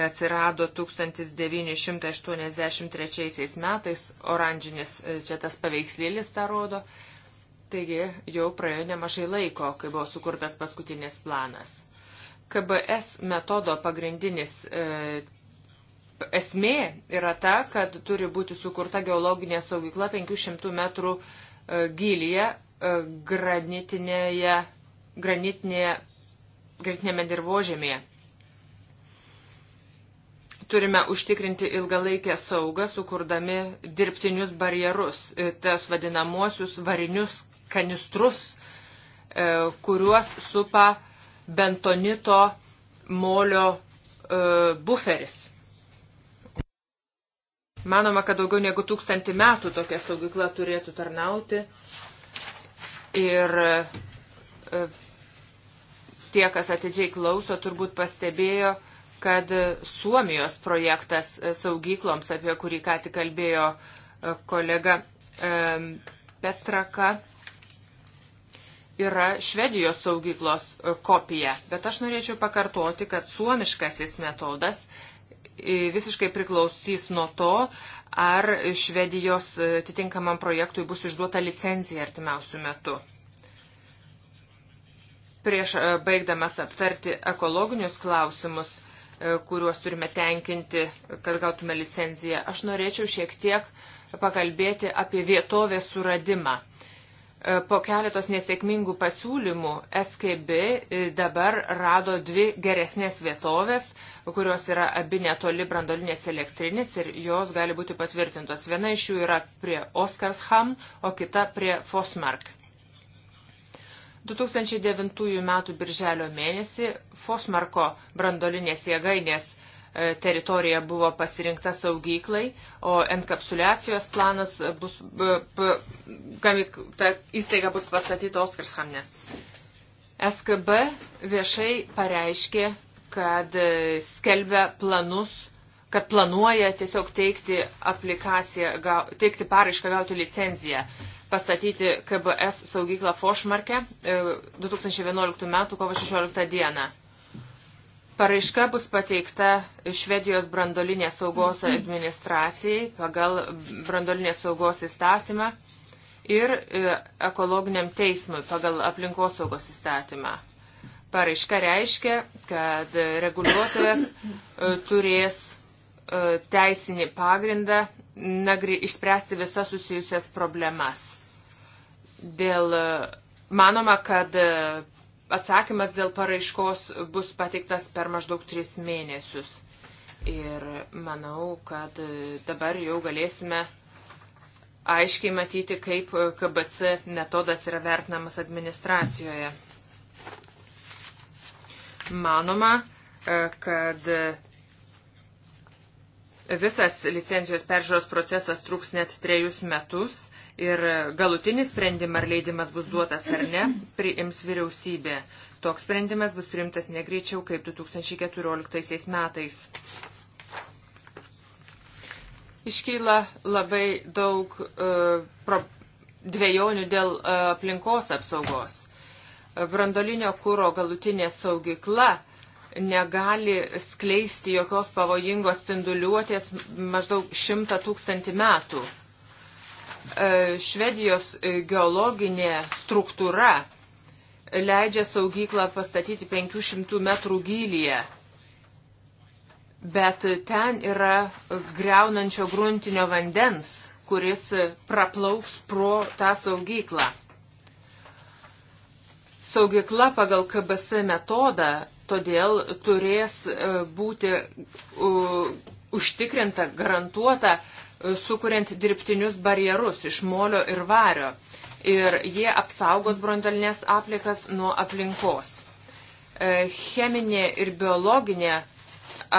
atsirado 1983 metais, oranžinis e, čia tas paveikslėlis tą rodo, Taigi jau praėjo nemažai laiko, kai buvo sukurtas paskutinis planas. KBS metodo pagrindinis e, esmė yra ta, kad turi būti sukurta geologinė saugykla 500 metrų e, gilyje e, granitinėje, granitinėje, granitinėme dirbožėmėje. Turime užtikrinti ilgalaikę saugą, sukurdami dirbtinius barjerus, e, tas vadinamosius varinius kanistrus, e, kuriuos supa bentonito molio e, buferis. Manoma, kad daugiau negu tūkstantį metų tokia saugykla turėtų tarnauti. Ir e, tie, kas atidžiai klauso, turbūt pastebėjo, kad Suomijos projektas saugykloms, apie kurį ką tik kalbėjo kolega Petraka, yra Švedijos saugyklos e, kopija. Bet aš norėčiau pakartoti, kad suomiškasis metodas e, visiškai priklausys nuo to, ar Švedijos e, atitinkamam projektui bus išduota licencija artimiausių metų. Prieš baigdamas aptarti ekologinius klausimus, kuriuos turime tenkinti, kad gautume licenciją, aš norėčiau šiek tiek pakalbėti apie vietovės suradimą. E, po keletos nesėkmingų pasiūlymų SKB e, dabar rado dvi geresnės vietovės, kurios yra abi netoli brandolinės elektrinės ir jos gali būti patvirtintos. Viena iš jų yra prie Oskarsham, o kita prie Fosmark. 2009 m. birželio mėnesį Fosmarko brandolinės jėgainės E, teritorija buvo pasirinkta saugyklai, o enkapsuliacijos planas bus, b, b, gamik, ta įstaiga bus pastatyta Oskarshamne. SKB viešai pareiškė, kad e, skelbia planus, kad planuoja tiesiog teikti aplikaciją, teikti paraišką gauti licenciją pastatyti KBS saugyklą Fošmarke 2011 e, m. kovo 16 d. Paraiška bus pateikta Švedijos brandolinės saugos mhm. administracijai pagal brandolinės saugos įstatymą ir e, ekologiniam teismui pagal aplinkosaugos įstatymą. Paraiška reiškia, kad reguliuotojas e, turės e, teisinį pagrindą nagri, išspręsti visas susijusias problemas. Dėl manoma, kad atsakymas dėl paraiškos bus pateiktas per maždaug tris mėnesius. Ir manau, kad dabar jau galėsime aiškiai matyti, kaip KBC metodas yra vertinamas administracijoje. Manoma, kad visas licencijos peržiūros procesas truks net trejus metus ir galutinis sprendimas, ar leidimas bus duotas ar ne, priims vyriausybė. Toks sprendimas bus priimtas negreičiau kaip 2014 metais. Iškyla labai daug uh, pro, dviejonių dėl uh, aplinkos apsaugos. E, brandolinio kūro galutinė saugykla uh, negali skleisti jokios pavojingos spinduliuotės maždaug šimtą tūkstantį metų. E, Švedijos e, geologinė struktūra leidžia saugyklą pastatyti 500 metrų gylyje. Bet ten yra greunančio gruntinio vandens, kuris praplauks pro tą saugyklą. Saugykla pagal KBS metodą todėl turės e, būti užtikrinta, garantuota sukuriant dirbtinius barjerus iš molio ir vario. Ir jie apsaugos brandalinės aplikas nuo aplinkos. E, cheminė ir biologinė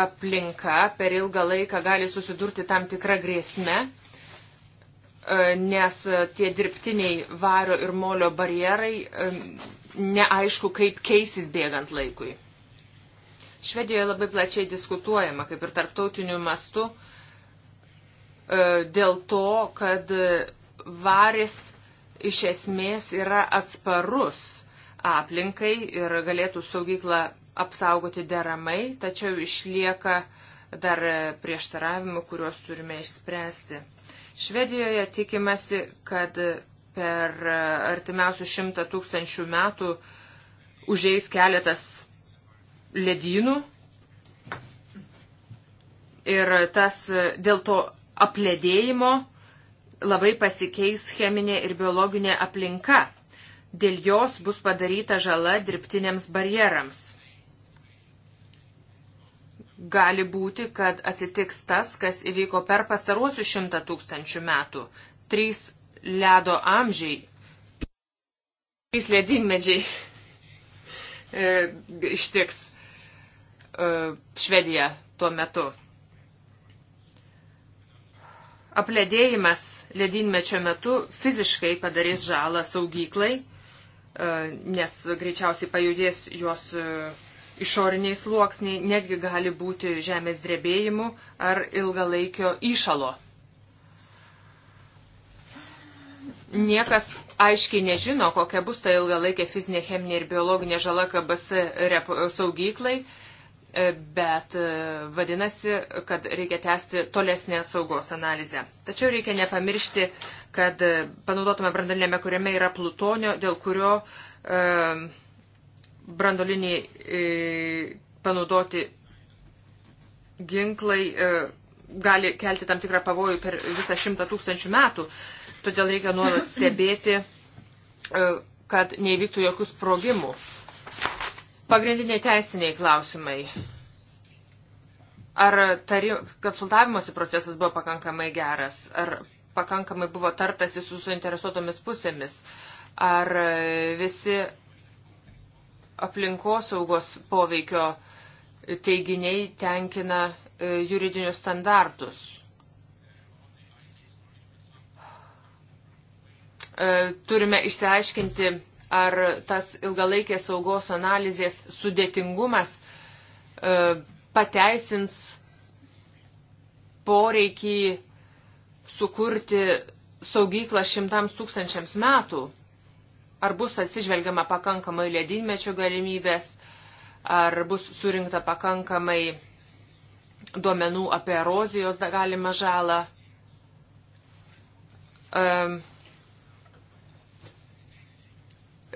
aplinka per ilgą laiką gali susidurti tam tikrą grėsmę, e, nes tie dirbtiniai vario ir molio barjerai e, neaišku, kaip keisis bėgant laikui. Švedijoje labai plačiai diskutuojama, kaip ir tarptautiniu mastu, uh, E, dėl to, kad varis iš esmės yra atsparus aplinkai ir galėtų saugyklą apsaugoti deramai, tačiau išlieka dar prieštaravimų, kuriuos turime išspręsti. Švedijoje tikimasi, kad per artimiausius šimtą tūkstančių metų užeis keletas ledynų ir tas dėl to apledėjimo labai pasikeis cheminė ir biologinė aplinka. Dėl jos bus padaryta žala dirbtiniams barjerams. Gali būti, kad atsitiks tas, kas įvyko per pastaruosius šimtą tūkstančių metų. Trys ledo amžiai, trys ledinmedžiai (laughs) e, ištiks e, Švediją tuo metu. Apledėjimas ledynmečio metu fiziškai padarys žalą saugyklai, e, nes greičiausiai pajudės jos e, išoriniai sluoksniai, netgi gali būti žemės drebėjimų ar ilgalaikio įšalo. Niekas aiškiai nežino, kokia bus ta ilgalaikė fizinė, cheminė ir biologinė žala KBS saugyklai bet e, vadinasi, kad reikia tęsti tolesnę saugos analizę. Tačiau reikia nepamiršti, kad e, panaudotume brandolinėme, kuriame yra plutonio, dėl kurio e, brandoliniai panaudoti ginklai gali kelti tam tikrą pavojų per visą šimtą tūkstančių metų. Todėl reikia nuolat stebėti, kad neįvyktų jokių sprogimų. Pagrindiniai teisiniai klausimai. Ar tari, konsultavimosi procesas buvo pakankamai geras? Ar pakankamai buvo tartasi su suinteresuotomis pusėmis? Ar visi aplinkosaugos poveikio teiginiai tenkina e, juridinius standartus? E, turime išsiaiškinti ar tas ilgalaikės saugos analizės sudėtingumas e, pateisins poreikį sukurti saugyklą šimtams tūkstančiams metų, ar bus atsižvelgiama pakankamai ledynmečio galimybės, ar bus surinkta pakankamai duomenų apie erozijos galimą žalą. E,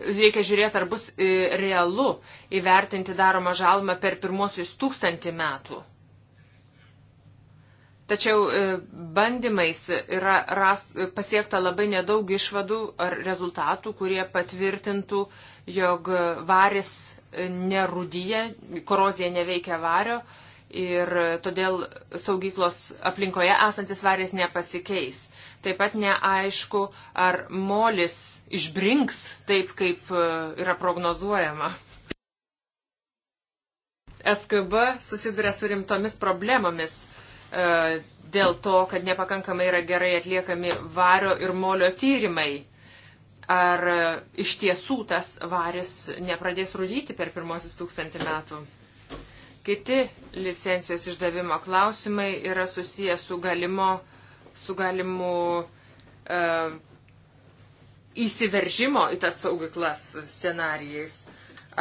reikia žiūrėti, ar bus e, realu įvertinti daromą žalumą per pirmosius tūkstantį metų. Tačiau e, bandymais yra ras, pasiekta labai nedaug išvadų ar rezultatų, kurie patvirtintų, jog varis e, nerudyja, korozija neveikia vario ir todėl saugyklos aplinkoje esantis varis nepasikeis. Taip pat neaišku, ar molis išbrinks taip, kaip e, yra prognozuojama. SKB susiduria su rimtomis problemomis e, dėl to, kad nepakankamai yra gerai atliekami vario ir molio tyrimai. Ar e, iš tiesų tas varis nepradės rūdyti per pirmosius tūkstantį metų? Kiti licencijos išdavimo klausimai yra susijęs su, galimo, su galimu e, įsiveržimo į tas saugyklas scenarijais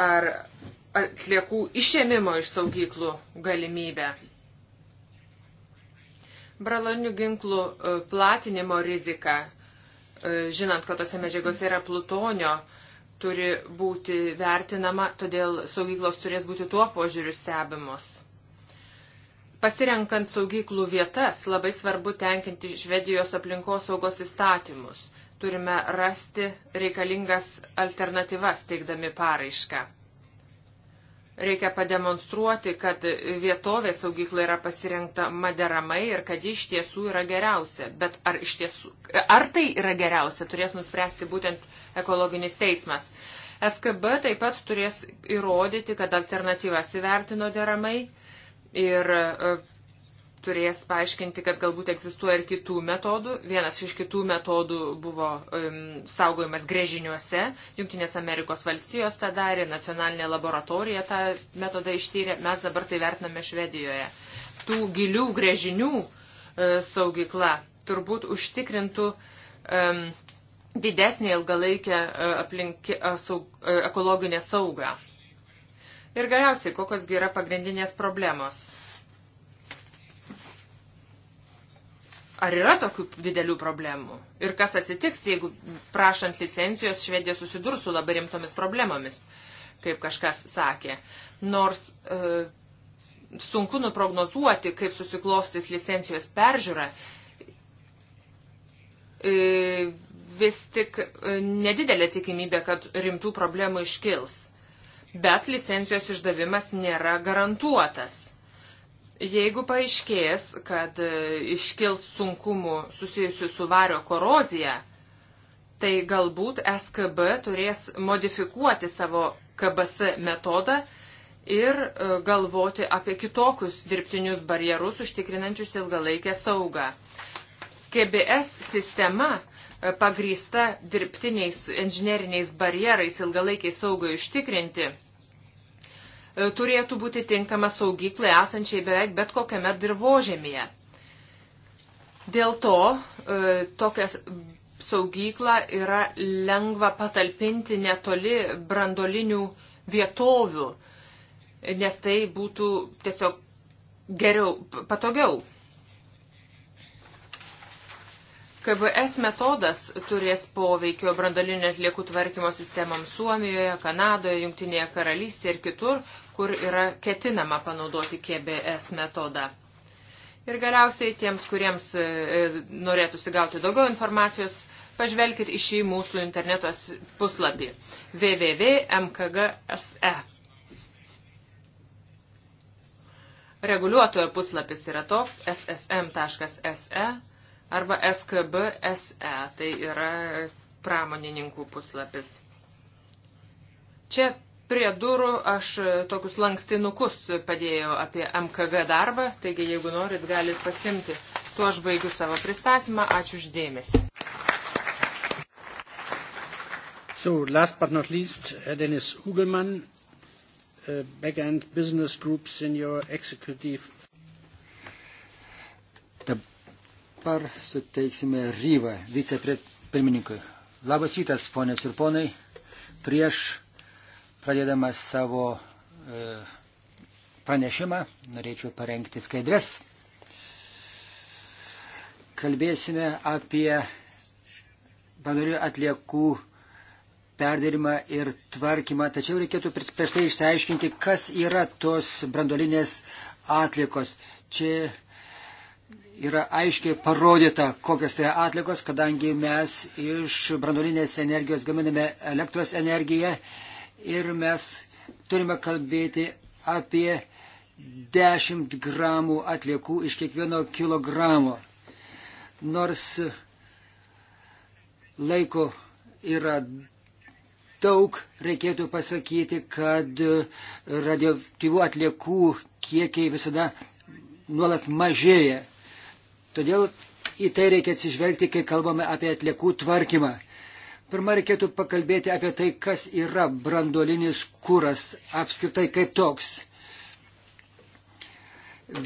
ar atliekų išėmimo iš saugyklų galimybę. Bralonių ginklų e, platinimo rizika, e, žinant, kad tose medžiagose yra plutonio, turi būti vertinama, todėl saugyklos turės būti tuo požiūriu stebimos. Pasirenkant saugyklų vietas, labai svarbu tenkinti Švedijos aplinkosaugos įstatymus turime rasti reikalingas alternatyvas teikdami paraišką. Reikia pademonstruoti, kad vietovė saugykla yra pasirinkta maderamai ir kad ji iš tiesų yra geriausia. Bet ar, tiesų, ar tai yra geriausia, turės nuspręsti būtent ekologinis teismas. SKB taip pat turės įrodyti, kad alternatyvas įvertino deramai ir e, turės paaiškinti, kad galbūt egzistuoja ir kitų metodų. Vienas iš kitų metodų buvo um, saugojimas grėžiniuose. Junktinės Amerikos valstijos tą darė, nacionalinė laboratorija tą metodą ištyrė. Mes dabar tai vertiname Švedijoje. Tų gilių grėžinių uh, saugykla turbūt užtikrintų um, didesnį ilgalaikę uh, e, aplink, uh, e, saug, uh, ekologinę saugą. Ir galiausiai, kokios yra pagrindinės problemos Ar yra tokių didelių problemų? Ir kas atsitiks, jeigu prašant licencijos Švedija susidurs su labai rimtomis problemomis, kaip kažkas sakė. Nors e, sunku nuprognozuoti, kaip susiklostys licencijos peržiūra, e, vis tik e, nedidelė tikimybė, kad rimtų problemų iškils. Bet licencijos išdavimas nėra garantuotas Jeigu paaiškės, kad e, iškils sunkumų susijusių su vario korozija, tai galbūt SKB turės modifikuoti savo KBS metodą ir e, galvoti apie kitokius dirbtinius barjerus užtikrinančius ilgalaikę saugą. KBS sistema e, pagrįsta dirbtiniais inžineriniais barjerais ilgalaikiai saugai užtikrinti E, turėtų būti tinkama saugyklai esančiai beveik bet kokiame dirbožėmėje. Dėl to e, tokią saugyklą yra lengva patalpinti netoli brandolinių vietovių, nes tai būtų tiesiog geriau, patogiau. KBS metodas turės poveikio brandalinio atliekų tvarkymo sistemams Suomijoje, Kanadoje, Junktinėje karalystėje ir kitur, kur yra ketinama panaudoti KBS metodą. Ir galiausiai tiems, kuriems e, e, norėtųsi gauti daugiau informacijos, pažvelkit į šį mūsų interneto puslapį www.mkgse. Reguliuotojo puslapis yra toks ssm.se arba skbse, tai yra pramonininkų puslapis. Čia Prie durų aš tokius lankstinukus padėjau apie MKG darbą, taigi jeigu norit, galit pasimti. Tuo aš baigiu savo pristatymą. Ačiū uždėmesi. So, last but not least, uh, Dennis Ugelmann, uh, Backend Business Group Senior Executive. Dabar suteiksime Ryvą, vicepirmininkui. Labas rytas, ponės ir ponai. Prieš Pradėdamas savo e, pranešimą, norėčiau parengti skaidres. Kalbėsime apie banalių atliekų perdirimą ir tvarkymą, tačiau reikėtų prieš tai išsiaiškinti, kas yra tos brandolinės atlikos. Čia yra aiškiai parodyta, kokios tai yra atlikos, kadangi mes iš brandolinės energijos gaminame elektros energiją ir mes turime kalbėti apie 10 gramų atliekų iš kiekvieno kilogramo. Nors laiko yra daug, reikėtų pasakyti, kad radioaktyvų atliekų kiekiai visada nuolat mažėja. Todėl į tai reikia atsižvelgti, kai kalbame apie atliekų tvarkymą. Pirma, reikėtų pakalbėti apie tai, kas yra brandolinis kuras apskritai kaip toks.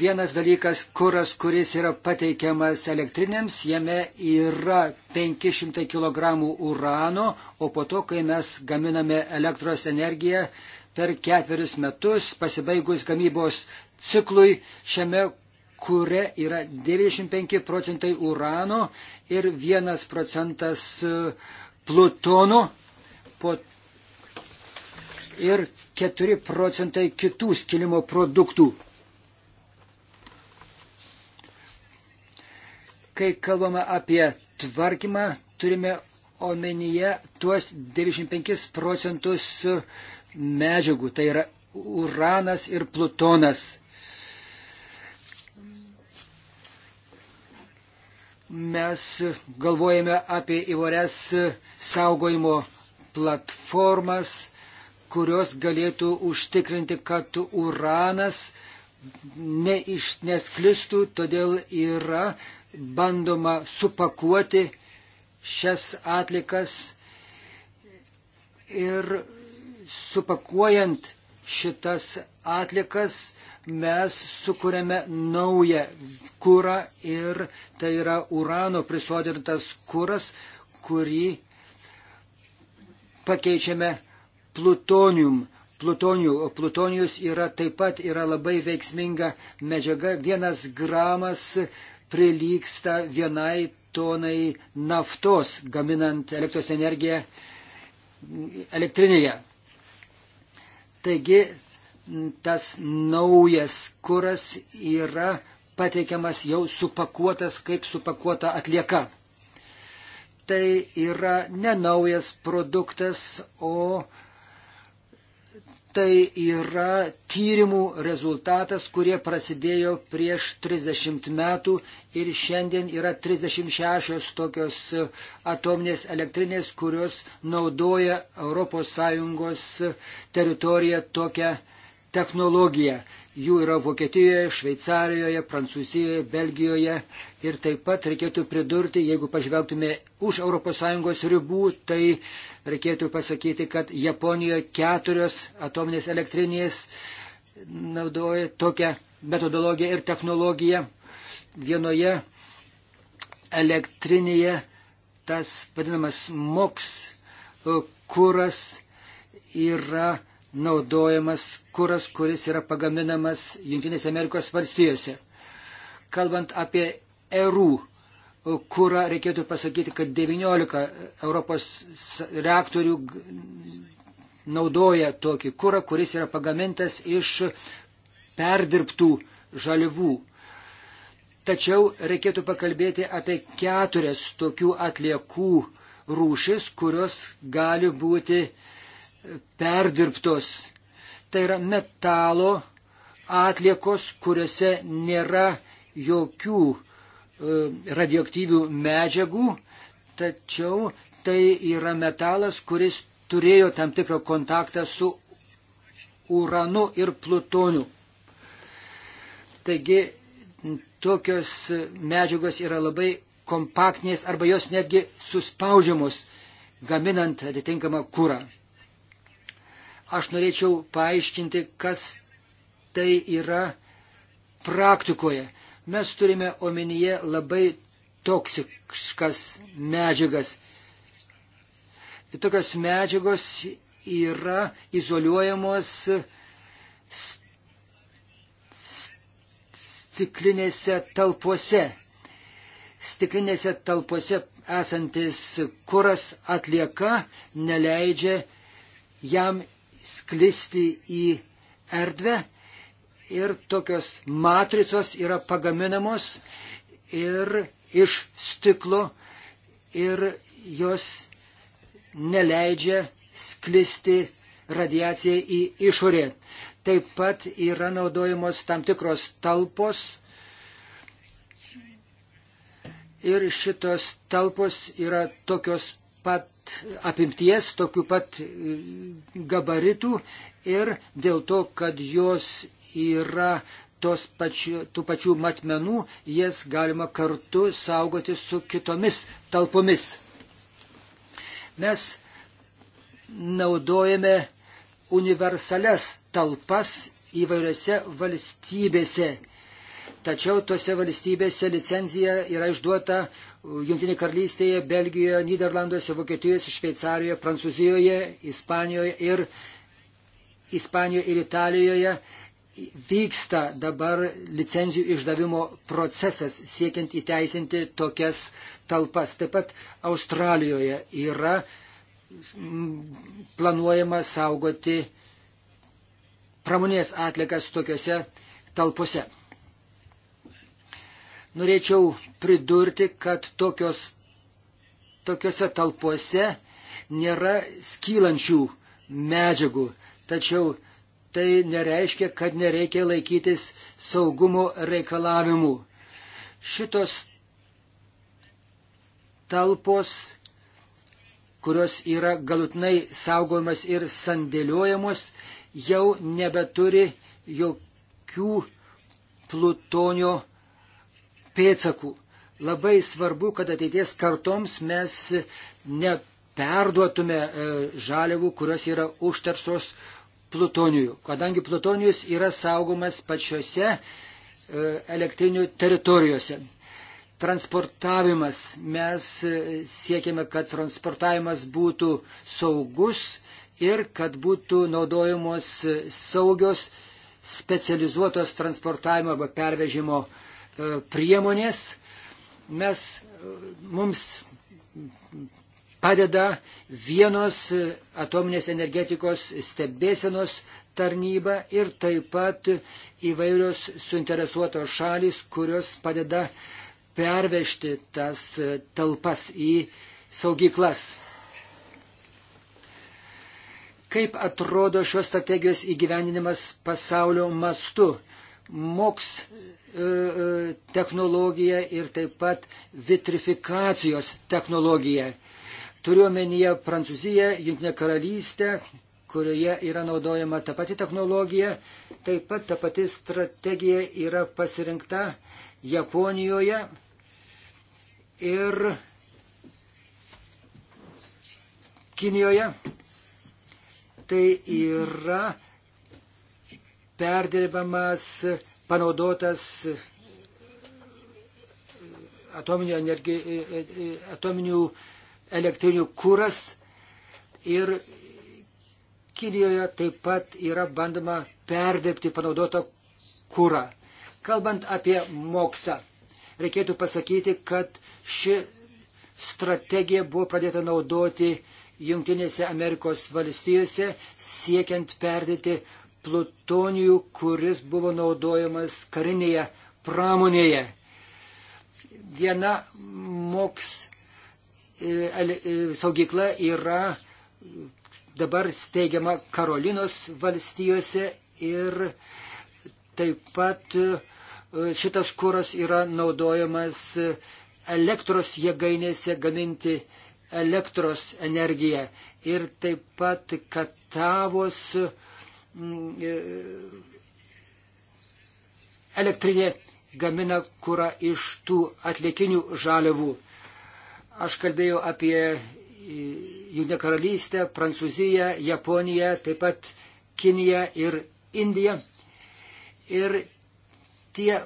Vienas dalykas - kuras, kuris yra pateikiamas elektrinėms, jame yra 500 kg urano, o po to, kai mes gaminame elektros energiją per ketverius metus, pasibaigus gamybos ciklui, šiame kuria yra 95 procentai urano ir 1 procentas uh, plutono po ir 4 procentai kitų skilimo produktų. Kai kalbame apie tvarkymą, turime omenyje tuos 95 procentus medžiagų, tai yra uranas ir plutonas. Mes galvojame apie įvairias saugojimo platformas, kurios galėtų užtikrinti, kad uranas ne iš, nesklistų, todėl yra bandoma supakuoti šias atlikas ir supakuojant šitas atlikas mes sukūrėme naują kūrą ir tai yra urano prisodintas kūras, kurį pakeičiame plutonium. Plutonijų. Plutonijus yra taip pat yra labai veiksminga medžiaga. Vienas gramas prilyksta vienai tonai naftos gaminant elektros energiją elektrinėje. Taigi tas naujas kuras yra pateikiamas jau supakuotas kaip supakuota atlieka tai yra ne naujas produktas, o tai yra tyrimų rezultatas, kurie prasidėjo prieš 30 metų ir šiandien yra 36 tokios atominės elektrinės, kurios naudoja ES teritoriją tokią technologiją. Jų yra Vokietijoje, Šveicarijoje, Prancūzijoje, Belgijoje ir taip pat reikėtų pridurti, jeigu pažvelgtume už ES ribų, tai reikėtų pasakyti, kad Japonijoje keturios atominės elektrinės naudoja tokią metodologiją ir technologiją. Vienoje elektrinėje tas vadinamas MOX kuras yra naudojamas kuras, kuris yra pagaminamas Junktinėse Amerikos valstijose. Kalbant apie erų kurą, reikėtų pasakyti, kad 19 Europos reaktorių naudoja tokį kurą, kuris yra pagamintas iš perdirbtų žalivų. Tačiau reikėtų pakalbėti apie keturias tokių atliekų rūšis, kurios gali būti uh, perdirbtos. Tai yra metalo atliekos, kuriuose nėra jokių e, radioaktyvių medžiagų, tačiau tai yra metalas, kuris turėjo tam tikrą kontaktą su uranu ir plutoniu. Taigi tokios medžiagos yra labai kompaktinės arba jos netgi suspaudžiamos gaminant atitinkamą kūrą. Aš norėčiau paaiškinti, kas tai yra praktikoje. Mes turime omenyje labai toksiškas medžiagas. Tokios medžiagos yra izoliuojamos stiklinėse talpose. Stiklinėse talpose esantis kuras atlieka neleidžia jam plisti į erdvę ir tokios matricos yra pagaminamos ir iš stiklo ir jos neleidžia sklisti radiacijai į išorę. Taip pat yra naudojamos tam tikros talpos ir šitos talpos yra tokios pat apimties, tokių pat e, gabaritų ir dėl to, kad jos yra tos pačių, tų pačių matmenų, jas galima kartu saugoti su kitomis talpomis. Mes naudojame universales talpas įvairiose valstybėse. Tačiau tose valstybėse licenzija yra išduota Junktinė karalystėje, Belgijoje, Niderlanduose, Vokietijoje, Šveicarijoje, Prancūzijoje, Ispanijoje ir Ispanijoje ir Italijoje vyksta dabar licenzijų išdavimo procesas siekiant įteisinti tokias talpas. Taip pat Australijoje yra planuojama saugoti pramonės atlikas tokiuose talpose. Norėčiau pridurti, kad tokios, tokiose talpose nėra skylančių medžiagų, tačiau tai nereiškia, kad nereikia laikytis saugumo reikalavimų. Šitos talpos, kurios yra galutinai saugomas ir sandėliuojamos, jau nebeturi jokių plutonio pėtsakų. Labai svarbu, kad ateities kartoms mes neperduotume e, žaliavų, kurios yra užterštos plutonijų, kadangi plutonijus yra saugomas pačiose e, elektrinių teritorijose. Transportavimas. Mes e, siekiame, kad transportavimas būtų saugus ir kad būtų naudojamos saugios specializuotos transportavimo arba pervežimo E, priemonės mes, e, mums padeda vienos e, atominės energetikos stebėsenos tarnyba ir taip pat įvairios suinteresuotos šalis, kurios padeda pervežti tas talpas į saugyklas. Kaip atrodo šios strategijos įgyvendinimas pasaulio mastu? Moks E, e, technologija ir taip pat vitrifikacijos technologija. Turiuomenyje Prancūziją, Junktinę karalystę, kurioje yra naudojama ta pati technologija, taip pat ta pati strategija yra pasirinkta Japonijoje ir Kinijoje. Tai yra perdirbamas panaudotas atominio energi, e- e- e- atominių elektrinių kūras ir Kinijoje taip pat yra bandoma perdirbti panaudotą kūrą. Kalbant apie moksą, reikėtų pasakyti, kad ši strategija buvo pradėta naudoti Junktinėse Amerikos valstijose siekiant perdėti plutonijų, kuris buvo naudojamas karinėje pramonėje. Viena moks e, e, saugykla yra dabar steigiama Karolinos valstijose ir taip pat e, šitas kuras yra naudojamas elektros jėgainėse gaminti elektros energiją. Ir taip pat Katavos uh, Mm, e, elektrinė gamina kurą iš tų atliekinių žaliavų. Aš kalbėjau apie e, Jungtinę karalystę, Prancūziją, Japoniją, taip pat Kiniją ir Indiją. Ir tie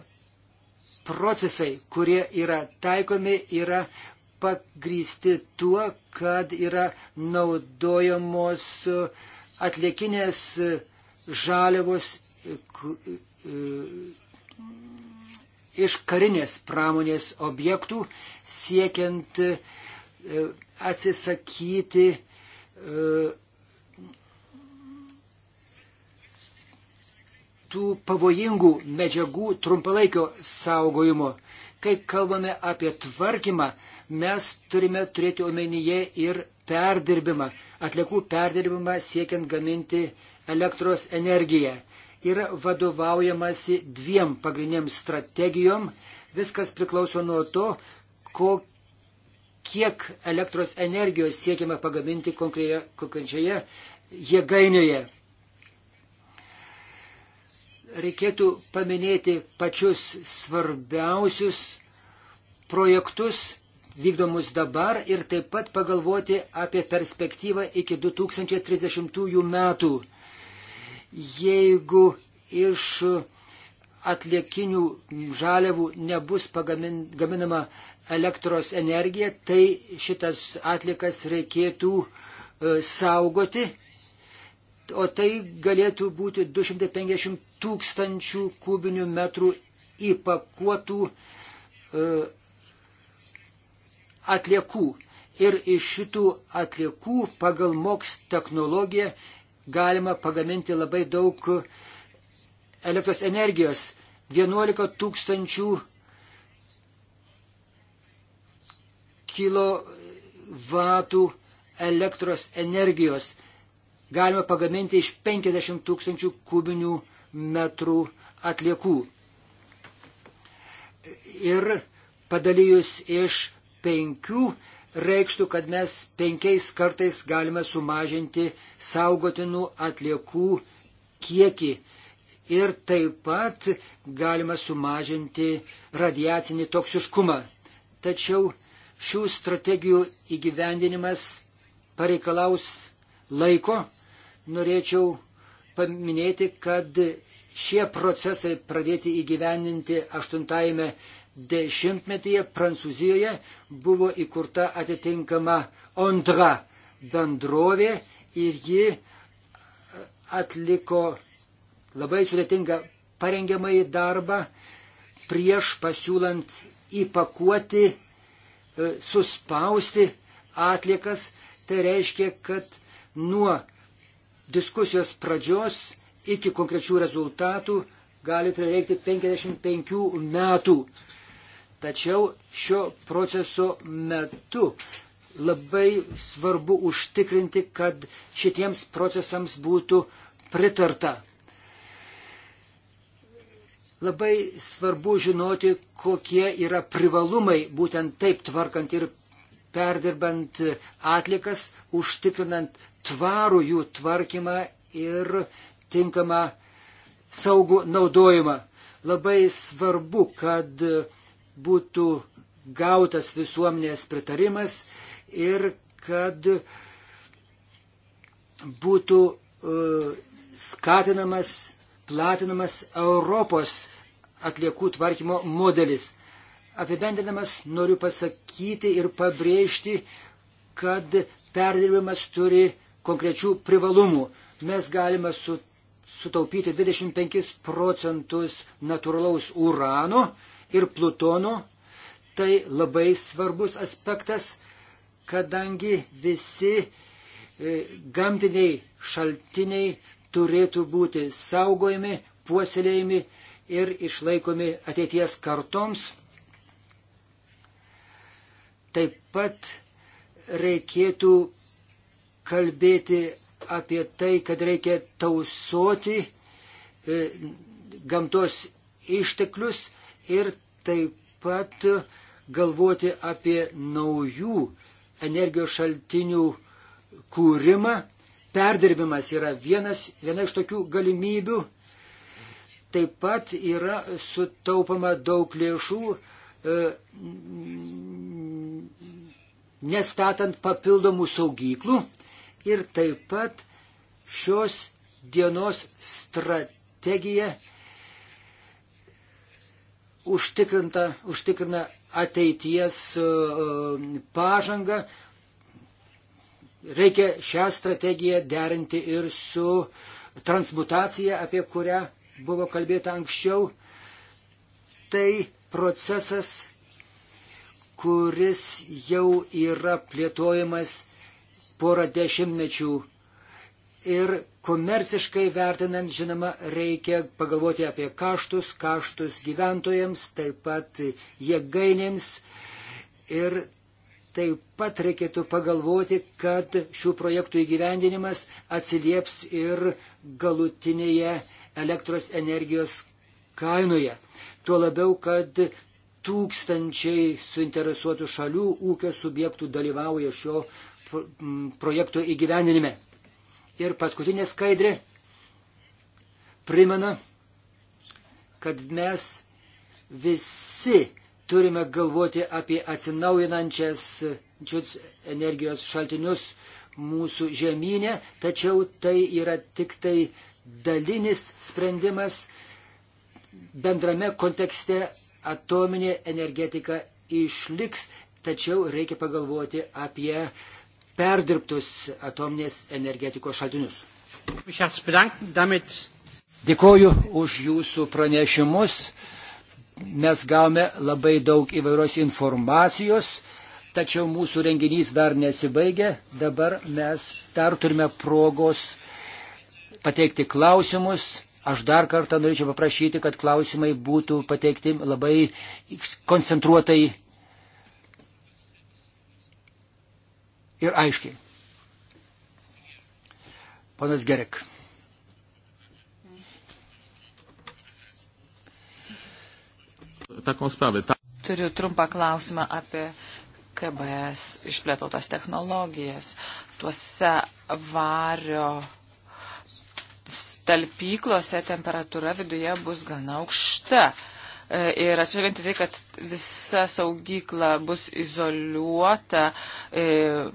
procesai, kurie yra taikomi, yra pagrysti tuo, kad yra naudojamos atliekinės uh, žaliavos e, iš karinės pramonės objektų, siekiant e, atsisakyti e, tų pavojingų medžiagų trumpalaikio saugojimo. Kai kalbame apie tvarkymą, mes turime turėti omenyje ir perdirbimą, atliekų perdirbimą siekiant gaminti elektros energiją. Yra vadovaujamasi dviem pagrindiniam strategijom. Viskas priklauso nuo to, ko, kiek elektros energijos siekiama pagaminti konkrečioje jėgainėje. Reikėtų paminėti pačius svarbiausius projektus vykdomus dabar ir taip pat pagalvoti apie perspektyvą iki 2030 metų jeigu iš atliekinių žaliavų nebus pagamin, gaminama elektros energija, tai šitas atlikas reikėtų e, saugoti, o tai galėtų būti 250 tūkstančių kubinių metrų įpakuotų e, atliekų. Ir iš šitų atliekų pagal moks technologiją galima pagaminti labai daug elektros energijos. 11 tūkstančių kilovatų elektros energijos galima pagaminti iš 50 tūkstančių kubinių metrų atliekų. Ir padalyjus iš penkių reikštų, kad mes penkiais kartais galime sumažinti saugotinų atliekų kiekį ir taip pat galima sumažinti radiacinį toksiškumą. Tačiau šių strategijų įgyvendinimas pareikalaus laiko. Norėčiau paminėti, kad šie procesai pradėti įgyvendinti aštuntajame dešimtmetyje Prancūzijoje buvo įkurta atitinkama Ondra bendrovė ir ji e, atliko labai sudėtingą parengiamąjį darbą prieš pasiūlant įpakuoti, e, suspausti atliekas. Tai reiškia, kad nuo diskusijos pradžios iki konkrečių rezultatų gali prireikti 55 metų. Tačiau šio proceso metu labai svarbu užtikrinti, kad šitiems procesams būtų pritarta. Labai svarbu žinoti, kokie yra privalumai būtent taip tvarkant ir perdirbant atlikas, užtikrinant tvarų jų tvarkymą ir tinkamą saugų naudojimą. Labai svarbu, kad būtų gautas visuomenės pritarimas ir kad būtų e, skatinamas, platinamas Europos atliekų tvarkymo modelis. Apibendinamas noriu pasakyti ir pabrėžti, kad perdirbimas turi konkrečių privalumų. Mes galime su, sutaupyti 25 procentus natūralaus urano, ir Plutono, tai labai svarbus aspektas, kadangi visi e, gamtiniai šaltiniai turėtų būti saugojami, puoselėjami ir išlaikomi ateities kartoms. Taip pat reikėtų kalbėti apie tai, kad reikia tausoti e, gamtos išteklius ir taip pat galvoti apie naujų energijos šaltinių kūrimą. Perdirbimas yra vienas, viena iš tokių galimybių. Taip pat yra sutaupama daug lėšų, e, nestatant papildomų saugyklų. Ir taip pat šios dienos strategija užtikrina ateities e, e, pažangą. Reikia šią strategiją derinti ir su transmutacija, apie kurią buvo kalbėta anksčiau. Tai procesas, kuris jau yra plėtojamas porą dešimtmečių ir Komerciškai vertinant, žinoma, reikia pagalvoti apie kaštus, kaštus gyventojams, taip pat jėgainėms ir taip pat reikėtų pagalvoti, kad šių projektų įgyvendinimas atsilieps ir galutinėje elektros energijos kainoje. Tuo labiau, kad tūkstančiai suinteresuotų šalių ūkio subjektų dalyvauja šio projekto įgyvendinime. Ir paskutinė skaidrė primena, kad mes visi turime galvoti apie atsinaujinančias energijos šaltinius mūsų žemynė, tačiau tai yra tik tai dalinis sprendimas bendrame kontekste atominė energetika išliks, tačiau reikia pagalvoti apie perdirbtus atominės energetikos šaltinius. Dėkoju už jūsų pranešimus. Mes gavome labai daug įvairios informacijos, tačiau mūsų renginys dar nesibaigė. Dabar mes dar turime progos pateikti klausimus. Aš dar kartą norėčiau paprašyti, kad klausimai būtų pateikti labai koncentruotai ir aiškiai. Panas Gerek. Taką sprawę. Ta... Turiu trumpą klausimą apie KBS išplėtotas technologijas. Tuose vario talpyklose temperatūra viduje bus gana aukšta. Uh, E, ir atsižvelgiant į tai, kad visa saugykla bus izoliuota, e,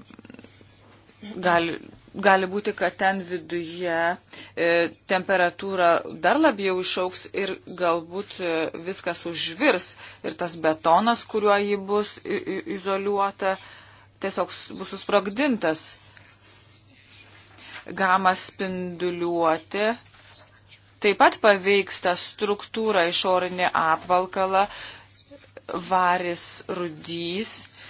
gali, gali būti, kad ten viduje e, temperatūra dar labiau išauks ir galbūt viskas užvirs ir tas betonas, kuriuo ji bus izoliuota, tiesiog bus susprogdintas. Gama spinduliuoti taip pat paveiks tą struktūrą išorinį apvalkalą, varis rudys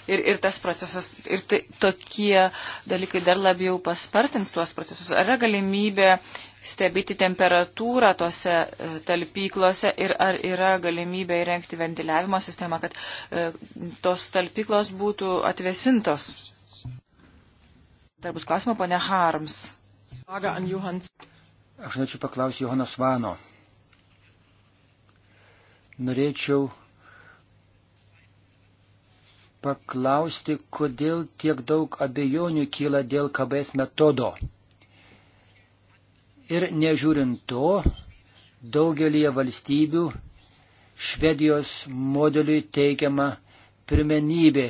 ir, ir tas procesas, ir tai, tokie dalykai dar labiau paspartins tuos procesus. Ar yra galimybė stebėti temperatūrą tose e, talpyklose ir ar yra galimybė įrengti ventiliavimo sistemą, kad e, tos talpyklos būtų atvesintos? Dar bus klausimo, ponia Harms. Johansen. Aš norėčiau paklausti Johanos Vano. Norėčiau paklausti, kodėl tiek daug abejonių kyla dėl kabės metodo. Ir nežiūrint to, daugelie valstybių Švedijos modeliui teikiama pirmenybė.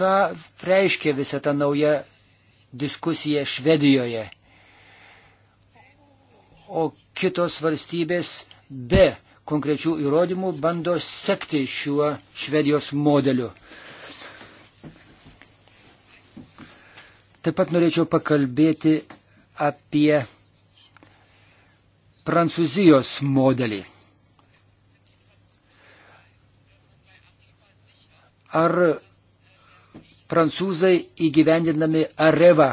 Ką reiškia visa ta nauja diskusija Švedijoje? o kitos valstybės be konkrečių įrodymų bando sekti šiuo Švedijos modeliu. Taip pat norėčiau pakalbėti apie Prancūzijos modelį. Ar prancūzai įgyvendinami Areva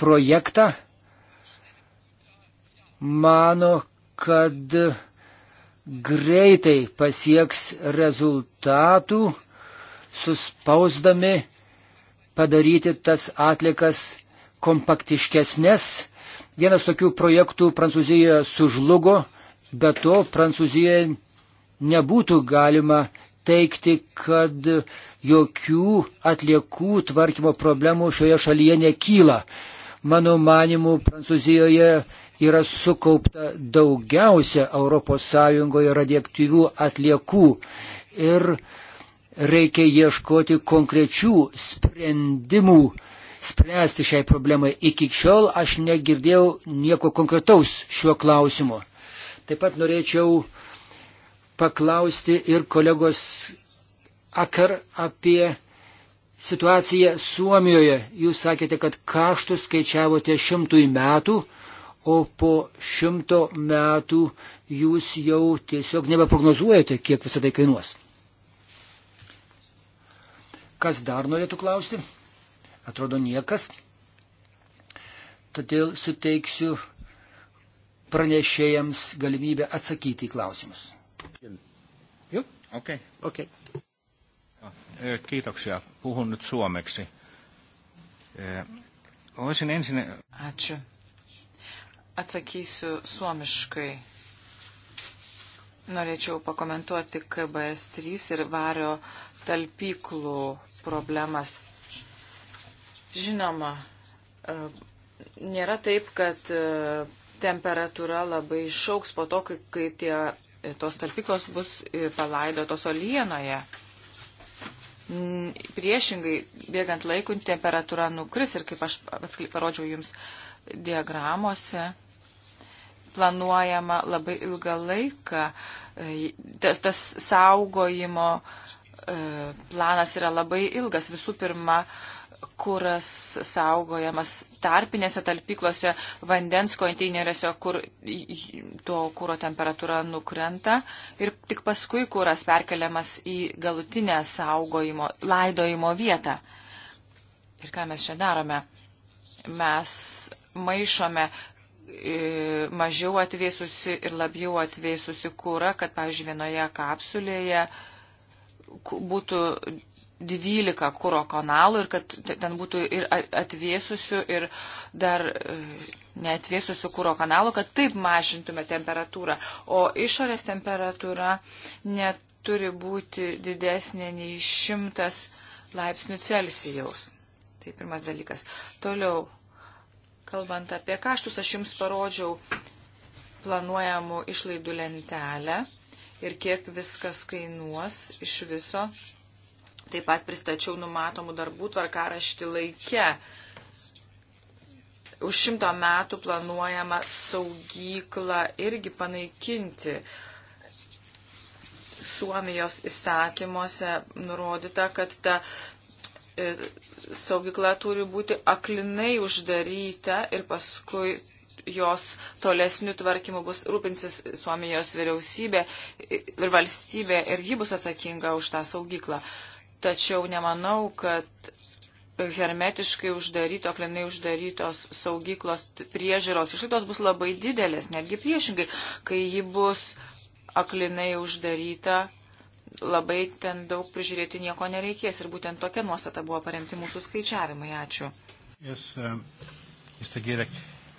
projektą mano, kad greitai pasieks rezultatų, suspausdami padaryti tas atlikas kompaktiškesnės. Vienas tokių projektų Prancūzijoje sužlugo, bet to Prancūzijoje nebūtų galima teikti, kad jokių atliekų tvarkymo problemų šioje šalyje nekyla. Mano manimu, Prancūzijoje yra sukaupta daugiausia ES radioaktyvių atliekų ir reikia ieškoti konkrečių sprendimų spręsti šiai problemai. Iki šiol aš negirdėjau nieko konkretaus šiuo klausimu. Taip pat norėčiau paklausti ir kolegos Akar apie situacija Suomijoje. Jūs sakėte, kad kaštus skaičiavote šimtui metų, o po šimto metų jūs jau tiesiog nebeprognozuojate, kiek visą tai kainuos. Kas dar norėtų klausti? Atrodo niekas. Todėl suteiksiu pranešėjams galimybę atsakyti į klausimus. Jau? Okay, okay. Eh, kiitoksia. Puhun nyt suomeksi. Voisin eh, ensin... Ačiū. Atsakysiu suomiškai. Norėčiau pakomentuoti KBS3 ir vario talpyklų problemas. Žinoma, eh, nėra taip, kad temperatūra labai šauks po to, kai tie, tos talpyklos bus palaidotos olienoje. Priešingai, bėgant laikui, temperatūra nukris ir kaip aš parodžiau jums diagramuose, planuojama labai ilgą laiką. E, tas, tas saugojimo e, planas yra labai ilgas. Visų pirma, kuras saugojamas tarpinėse talpyklose vandens konteineriuose, kur to kūro temperatūra nukrenta ir tik paskui kūras perkeliamas į galutinę saugojimo, laidojimo vietą. Ir ką mes čia darome? Mes maišome e, mažiau atvėsusi ir labiau atvėsusi kūrą, kad, pavyzdžiui, vienoje kapsulėje būtų 12 kūro kanalų ir kad ten būtų ir atvėsusių, ir dar e, neatvėsusių kūro kanalų, kad taip mažintume temperatūrą. O išorės temperatūra neturi būti didesnė nei 100 laipsnių Celsijaus. Tai pirmas dalykas. Toliau, kalbant apie kaštus, aš jums parodžiau planuojamų išlaidų lentelę ir kiek viskas kainuos iš viso Taip pat pristačiau numatomų darbų tvarkaraštį laike. Už šimto metų planuojama saugyklą irgi panaikinti. Suomijos įstatymuose nurodyta, kad ta e, saugykla turi būti aklinai uždaryta ir paskui jos tolesnių tvarkymų bus rūpinsis Suomijos vyriausybė ir valstybė ir ji bus atsakinga už tą saugyklą tačiau nemanau, kad hermetiškai uždaryto, klinai uždarytos saugyklos priežiūros išlaidos bus labai didelės, netgi priešingai, kai ji bus aklinai uždaryta, labai ten daug prižiūrėti nieko nereikės ir būtent tokia nuostata buvo paremti mūsų skaičiavimai. Ačiū. Yes, um,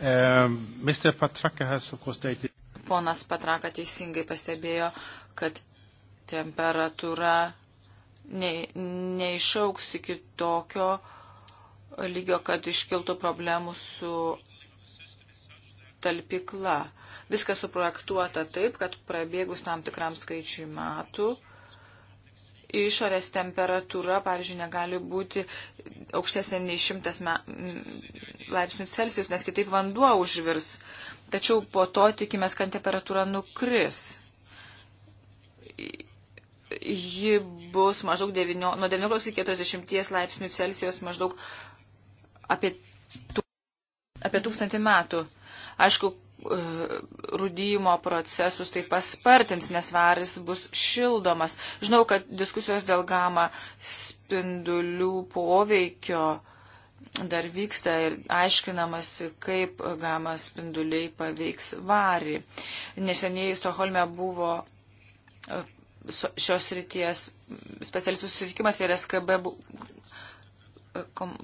um, Patraka has, stated... Ponas Patraka teisingai pastebėjo, kad temperatūra ne, neišauks iki tokio lygio, kad iškiltų problemų su talpikla. Viskas suprojektuota taip, kad prabėgus tam tikram skaičiui metų, išorės temperatūra, pavyzdžiui, negali būti aukštesnė nei 100 laipsnių Celsius, nes kitaip vanduo užvirs. Tačiau po to tikimės, kad temperatūra nukris ji bus maždaug 9, nuo 19 iki 40 laipsnių Celsijos maždaug apie, tūk, apie tūkstantį metų. Aišku, e, rūdymo procesus tai paspartins, nes varis bus šildomas. Žinau, kad diskusijos dėl gama spindulių poveikio dar vyksta ir aiškinamasi, kaip gama spinduliai paveiks varį. Neseniai Stoholme buvo šios ryties specialistų susitikimas ir SKB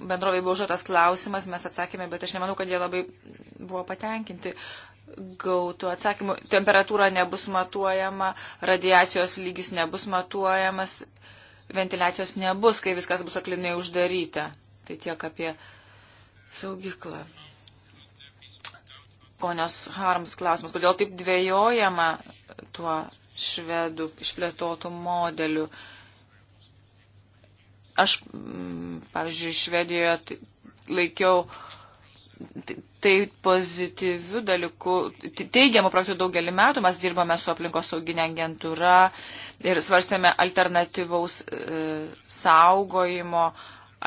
bendrovai buvo užduotas klausimas, mes atsakėme, bet aš nemanau, kad jie labai buvo patenkinti gautų atsakymų. Temperatūra nebus matuojama, radiacijos lygis nebus matuojamas, ventiliacijos nebus, kai viskas bus aklinai uždaryta. Tai tiek apie saugiklą. Ponios Harms klausimas, kodėl taip dvėjojama tuo švedų išplėtotų modelių. Aš, mm, pavyzdžiui, Švedijoje laikiau tai pozityvių dalykų, teigiamų projektų daugelį metų, mes dirbame su aplinkos sauginė agentūra ir svarstėme alternatyvaus e, saugojimo,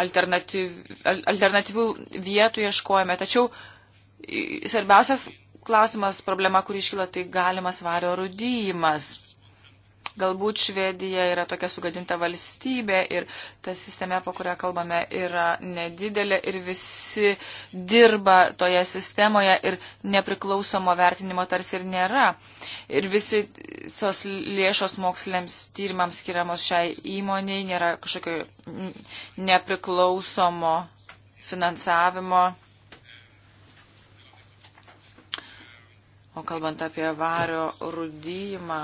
alternatyv, alternatyvių vietų ieškojame, tačiau svarbiausias klausimas, problema, kur iškilo, tai galimas vario rudyjimas. Galbūt Švedija yra tokia sugadinta valstybė ir ta sistema, po kurią kalbame, yra nedidelė ir visi dirba toje sistemoje ir nepriklausomo vertinimo tarsi ir nėra. Ir visi tos lėšos moksliniams tyrimams skiriamos šiai įmoniai nėra kažkokio nepriklausomo finansavimo O kalbant apie vario rūdyjimą,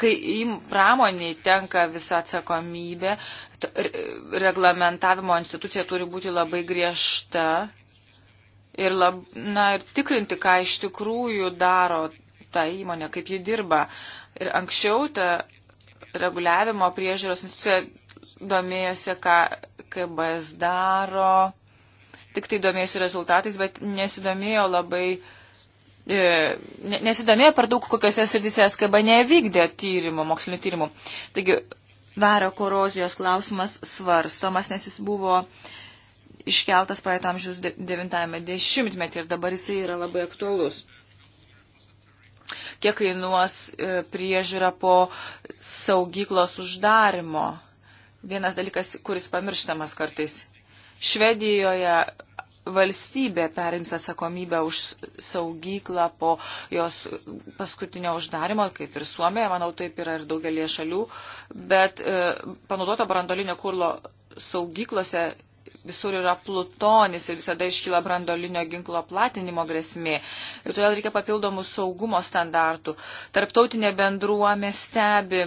kai pramoniai tenka visa atsakomybė, reglamentavimo institucija turi būti labai griežta ir, lab, na, ir tikrinti, ką iš tikrųjų daro ta įmonė, kaip ji dirba. Ir anksčiau ta reguliavimo priežiūros institucija domėjosi, ką KBS daro tik tai domėjusi rezultatais, bet nesidomėjo labai, e, nesidomėjo per daug kokiose srityse SKB nevykdė tyrimo, mokslinio tyrimų. Taigi, vario korozijos klausimas svarstomas, nes jis buvo iškeltas praeitą amžiaus 90-metį ir dabar jisai yra labai aktualus kiek kainuos e, priežiūra po saugyklos uždarimo. Vienas dalykas, kuris pamirštamas kartais. Švedijoje valstybė perims atsakomybę už saugyklą po jos paskutinio uždarimo, kaip ir Suomėje, manau, taip yra ir daugelie šalių, bet e, panaudoto brandolinio kurlo saugyklose visur yra plutonis ir visada iškyla brandolinio ginklo platinimo grėsmė. Ir todėl reikia papildomų saugumo standartų. Tarptautinė bendruomė stebi,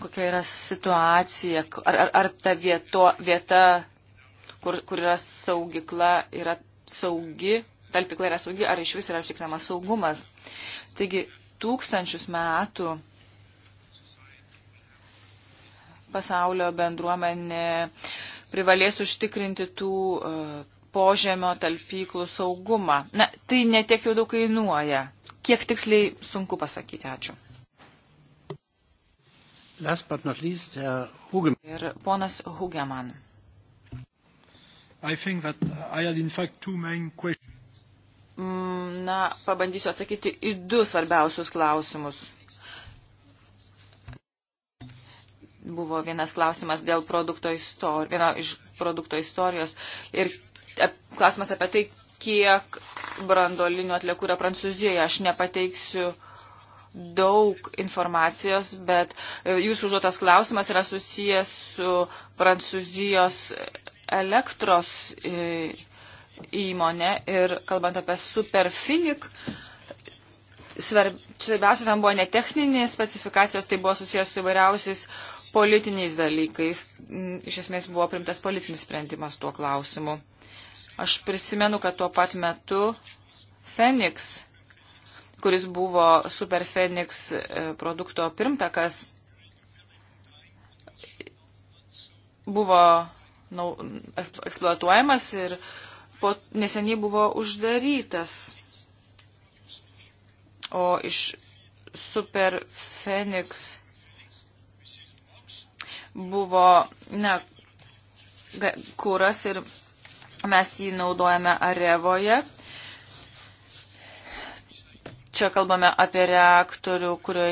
kokia yra situacija, ar, ar, ar ta vieto, vieta kur, kur yra saugikla, yra saugi, talpikla yra saugi, ar iš vis yra užtikrinamas saugumas. Taigi tūkstančius metų pasaulio bendruomenė privalės užtikrinti tų uh, požemio talpyklų saugumą. Na, tai netiek jau daug kainuoja. Kiek tiksliai sunku pasakyti, ačiū. Last but not least, uh, Hugeman. Ir ponas Hugeman. I think that I had in fact two main questions. Na, pabandysiu atsakyti į du svarbiausius klausimus. Buvo vienas klausimas dėl produkto istorijos, vieno iš produkto istorijos ir klausimas apie tai, kiek brandolinių atliekų yra Prancūzijoje. Aš nepateiksiu daug informacijos, bet e, jūsų užduotas klausimas yra susijęs su Prancūzijos elektros e, įmonę ir kalbant apie Superfinik, svarbiausia tam buvo ne techninės specifikacijos, tai buvo susijęs su įvairiausiais politiniais dalykais. Iš esmės buvo primtas politinis sprendimas tuo klausimu. Aš prisimenu, kad tuo pat metu Fenix, kuris buvo Super Fenix e, produkto pirmtakas, buvo nau, eksploatuojamas ir po, neseniai buvo uždarytas. O iš Super Phoenix buvo ne, kuras ir mes jį naudojame Arevoje. Čia kalbame apie reaktorių, kurio,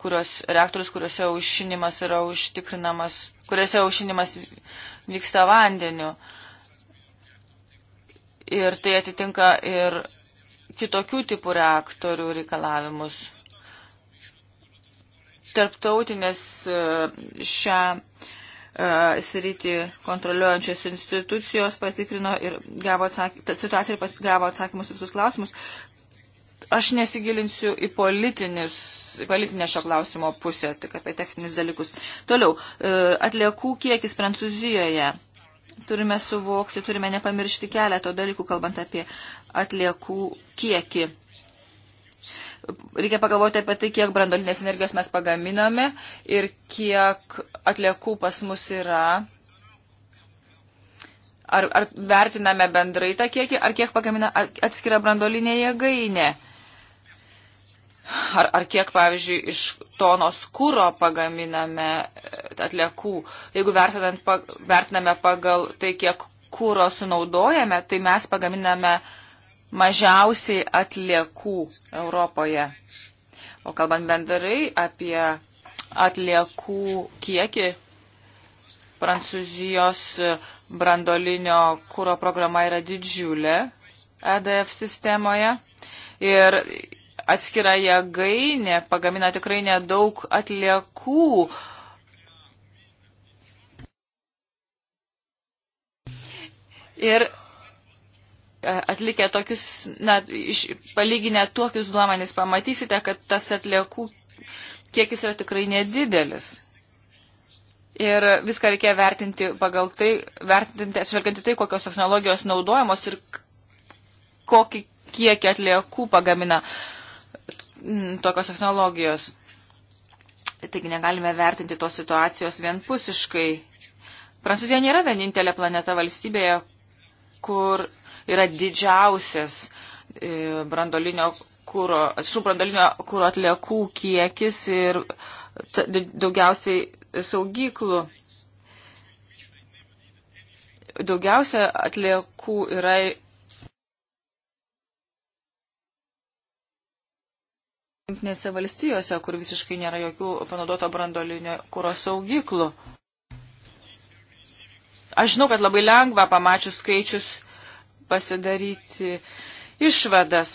kurios, reaktorius, kuriuose aušinimas yra užtikrinamas kuriuose aušinimas vyksta vandeniu. Ir tai atitinka ir kitokių tipų reaktorių reikalavimus. Tarptautinės e, šią e, sritį kontroliuojančios institucijos patikrino ir gavo atsakymus, situaciją ir gavo atsakymus į visus klausimus. Aš nesigilinsiu į politinius politinė šio klausimo pusė, tik apie techninius dalykus. Toliau, e, atliekų kiekis Prancūzijoje. Turime suvokti, turime nepamiršti keletą dalykų, kalbant apie atliekų kiekį. Reikia pagalvoti apie tai, kiek brandolinės energijos mes pagaminame ir kiek atliekų pas mus yra ar, ar vertiname bendrai tą kiekį, ar kiek pagamina atskira brandolinė jėgainė ar, ar kiek, pavyzdžiui, iš tonos kūro pagaminame e, atliekų. Jeigu vertiname pagal tai, kiek kūro sunaudojame, tai mes pagaminame mažiausiai atliekų Europoje. O kalbant bendrai apie atliekų kiekį, Prancūzijos e, brandolinio kūro programa yra didžiulė EDF sistemoje. Ir atskira jėgainė pagamina tikrai nedaug atliekų. Ir e, atlikę tokius, na, iš, palyginę tokius duomenys, pamatysite, kad tas atliekų kiekis yra tikrai nedidelis. Ir viską reikia vertinti pagal tai, vertinti, atsvelgianti tai, kokios technologijos naudojamos ir kokį kiekį atliekų pagamina. Uh, Mm, tokios technologijos. Taigi negalime vertinti tos situacijos vienpusiškai. Prancūzija nėra vienintelė planeta valstybėje, kur yra didžiausias e, brandolinio kūro, šių brandolinio kūro atliekų kiekis ir daugiausiai saugyklų. Daugiausia atliekų yra Junktinėse valstijose, kur visiškai nėra jokių panaudoto brandolinio kūro saugyklų. Aš žinau, kad labai lengva pamačius skaičius pasidaryti išvadas,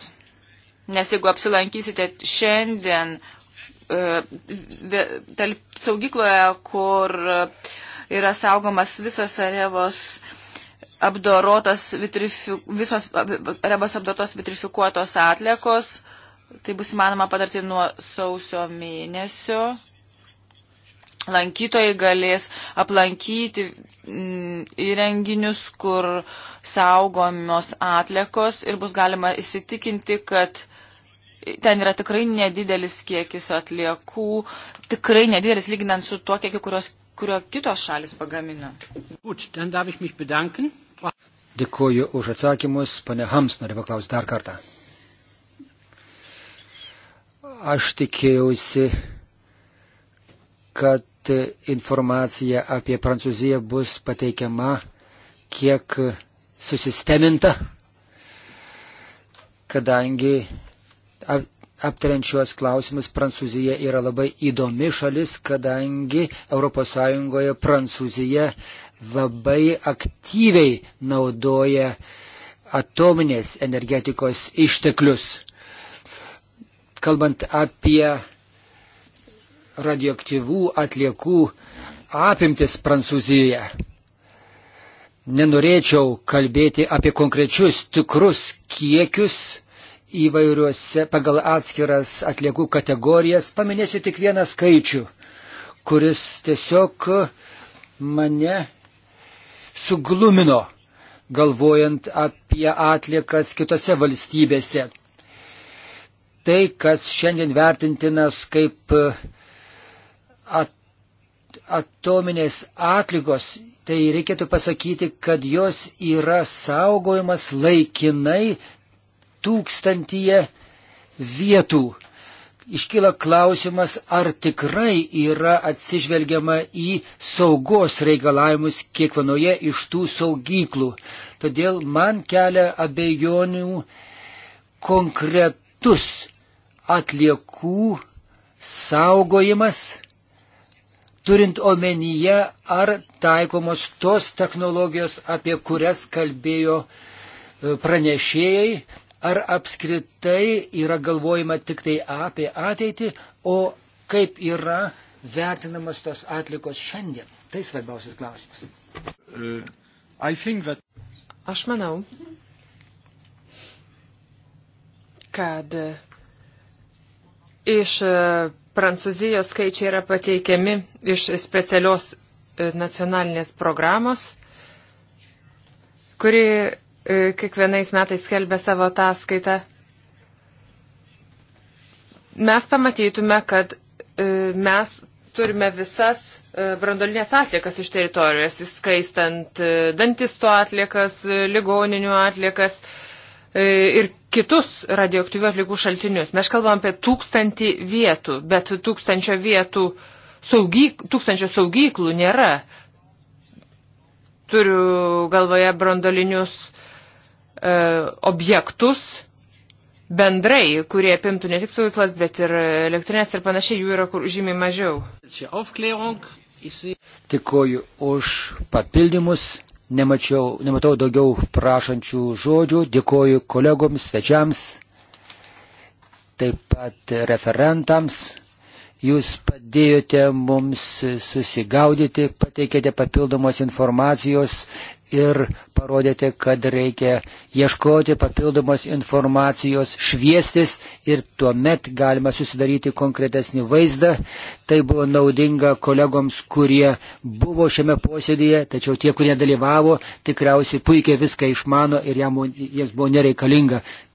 nes jeigu apsilankysite šiandien e, talp, saugykloje, kur yra saugomas visas arevos apdorotos, vitrifi, visos arevos apdorotos vitrifikuotos atliekos, Tai bus įmanoma padaryti nuo sausio mėnesio. Lankytojai galės aplankyti mm, įrenginius, kur saugomos atlikos ir bus galima įsitikinti, kad ten yra tikrai nedidelis kiekis atliekų, tikrai nedidelis lyginant su tuo kiekiu, kurios, kurio kitos šalis pagamina. Gut, Dėkuoju už atsakymus. Pane Hams, noriu paklausti dar kartą. Aš tikėjausi, kad informacija apie Prancūziją bus pateikiama kiek susisteminta, kadangi aptariančios klausimus Prancūzija yra labai įdomi šalis, kadangi ES Prancūzija labai aktyviai naudoja atominės energetikos išteklius kalbant apie radioaktyvų atliekų apimtis Prancūzijoje. Nenorėčiau kalbėti apie konkrečius tikrus kiekius įvairiuose pagal atskiras atliekų kategorijas. Paminėsiu tik vieną skaičių, kuris tiesiog mane suglumino, galvojant apie atliekas kitose valstybėse tai, kas šiandien vertintinas kaip e, at, atominės atlikos, tai reikėtų pasakyti, kad jos yra saugojimas laikinai tūkstantyje vietų. Iškyla klausimas, ar tikrai yra atsižvelgiama į saugos reikalavimus kiekvienoje iš tų saugyklų. Todėl man kelia abejonių konkretus atliekų saugojimas, turint omenyje, ar taikomos tos technologijos, apie kurias kalbėjo e, pranešėjai, ar apskritai yra galvojama tik tai apie ateitį, o kaip yra vertinamas tos atlikos šiandien. Tai svarbiausias klausimas. Uh, that... Aš manau, kad Iš e, Prancūzijos skaičiai yra pateikiami iš specialios e, nacionalinės programos, kuri e, kiekvienais metais skelbia savo ataskaitą. Mes pamatytume, kad mes turime visas brandolinės atliekas iš teritorijos, įskaistant dantisto atliekas, ligoninių atliekas, E, ir kitus radioaktyvių atlikų šaltinius. Mes kalbam apie tūkstantį vietų, bet tūkstančio vietų saugyk, tūkstančio saugyklų nėra. Turiu galvoje brandolinius e, objektus bendrai, kurie apimtų ne tik saugyklas, bet ir elektrinės ir panašiai, jų yra kur žymiai mažiau. Tikoju už papildymus Nemačiau, nematau daugiau prašančių žodžių. Dėkoju kolegoms, svečiams, taip pat referentams. Jūs padėjote mums susigaudyti, pateikėte papildomos informacijos ir parodėte, kad reikia ieškoti papildomos informacijos, šviestis ir tuomet galima susidaryti konkretesnį vaizdą. Tai buvo naudinga kolegoms, kurie buvo šiame posėdėje, tačiau tie, kurie dalyvavo, tikriausiai puikiai viską išmano ir jiems buvo nereikalinga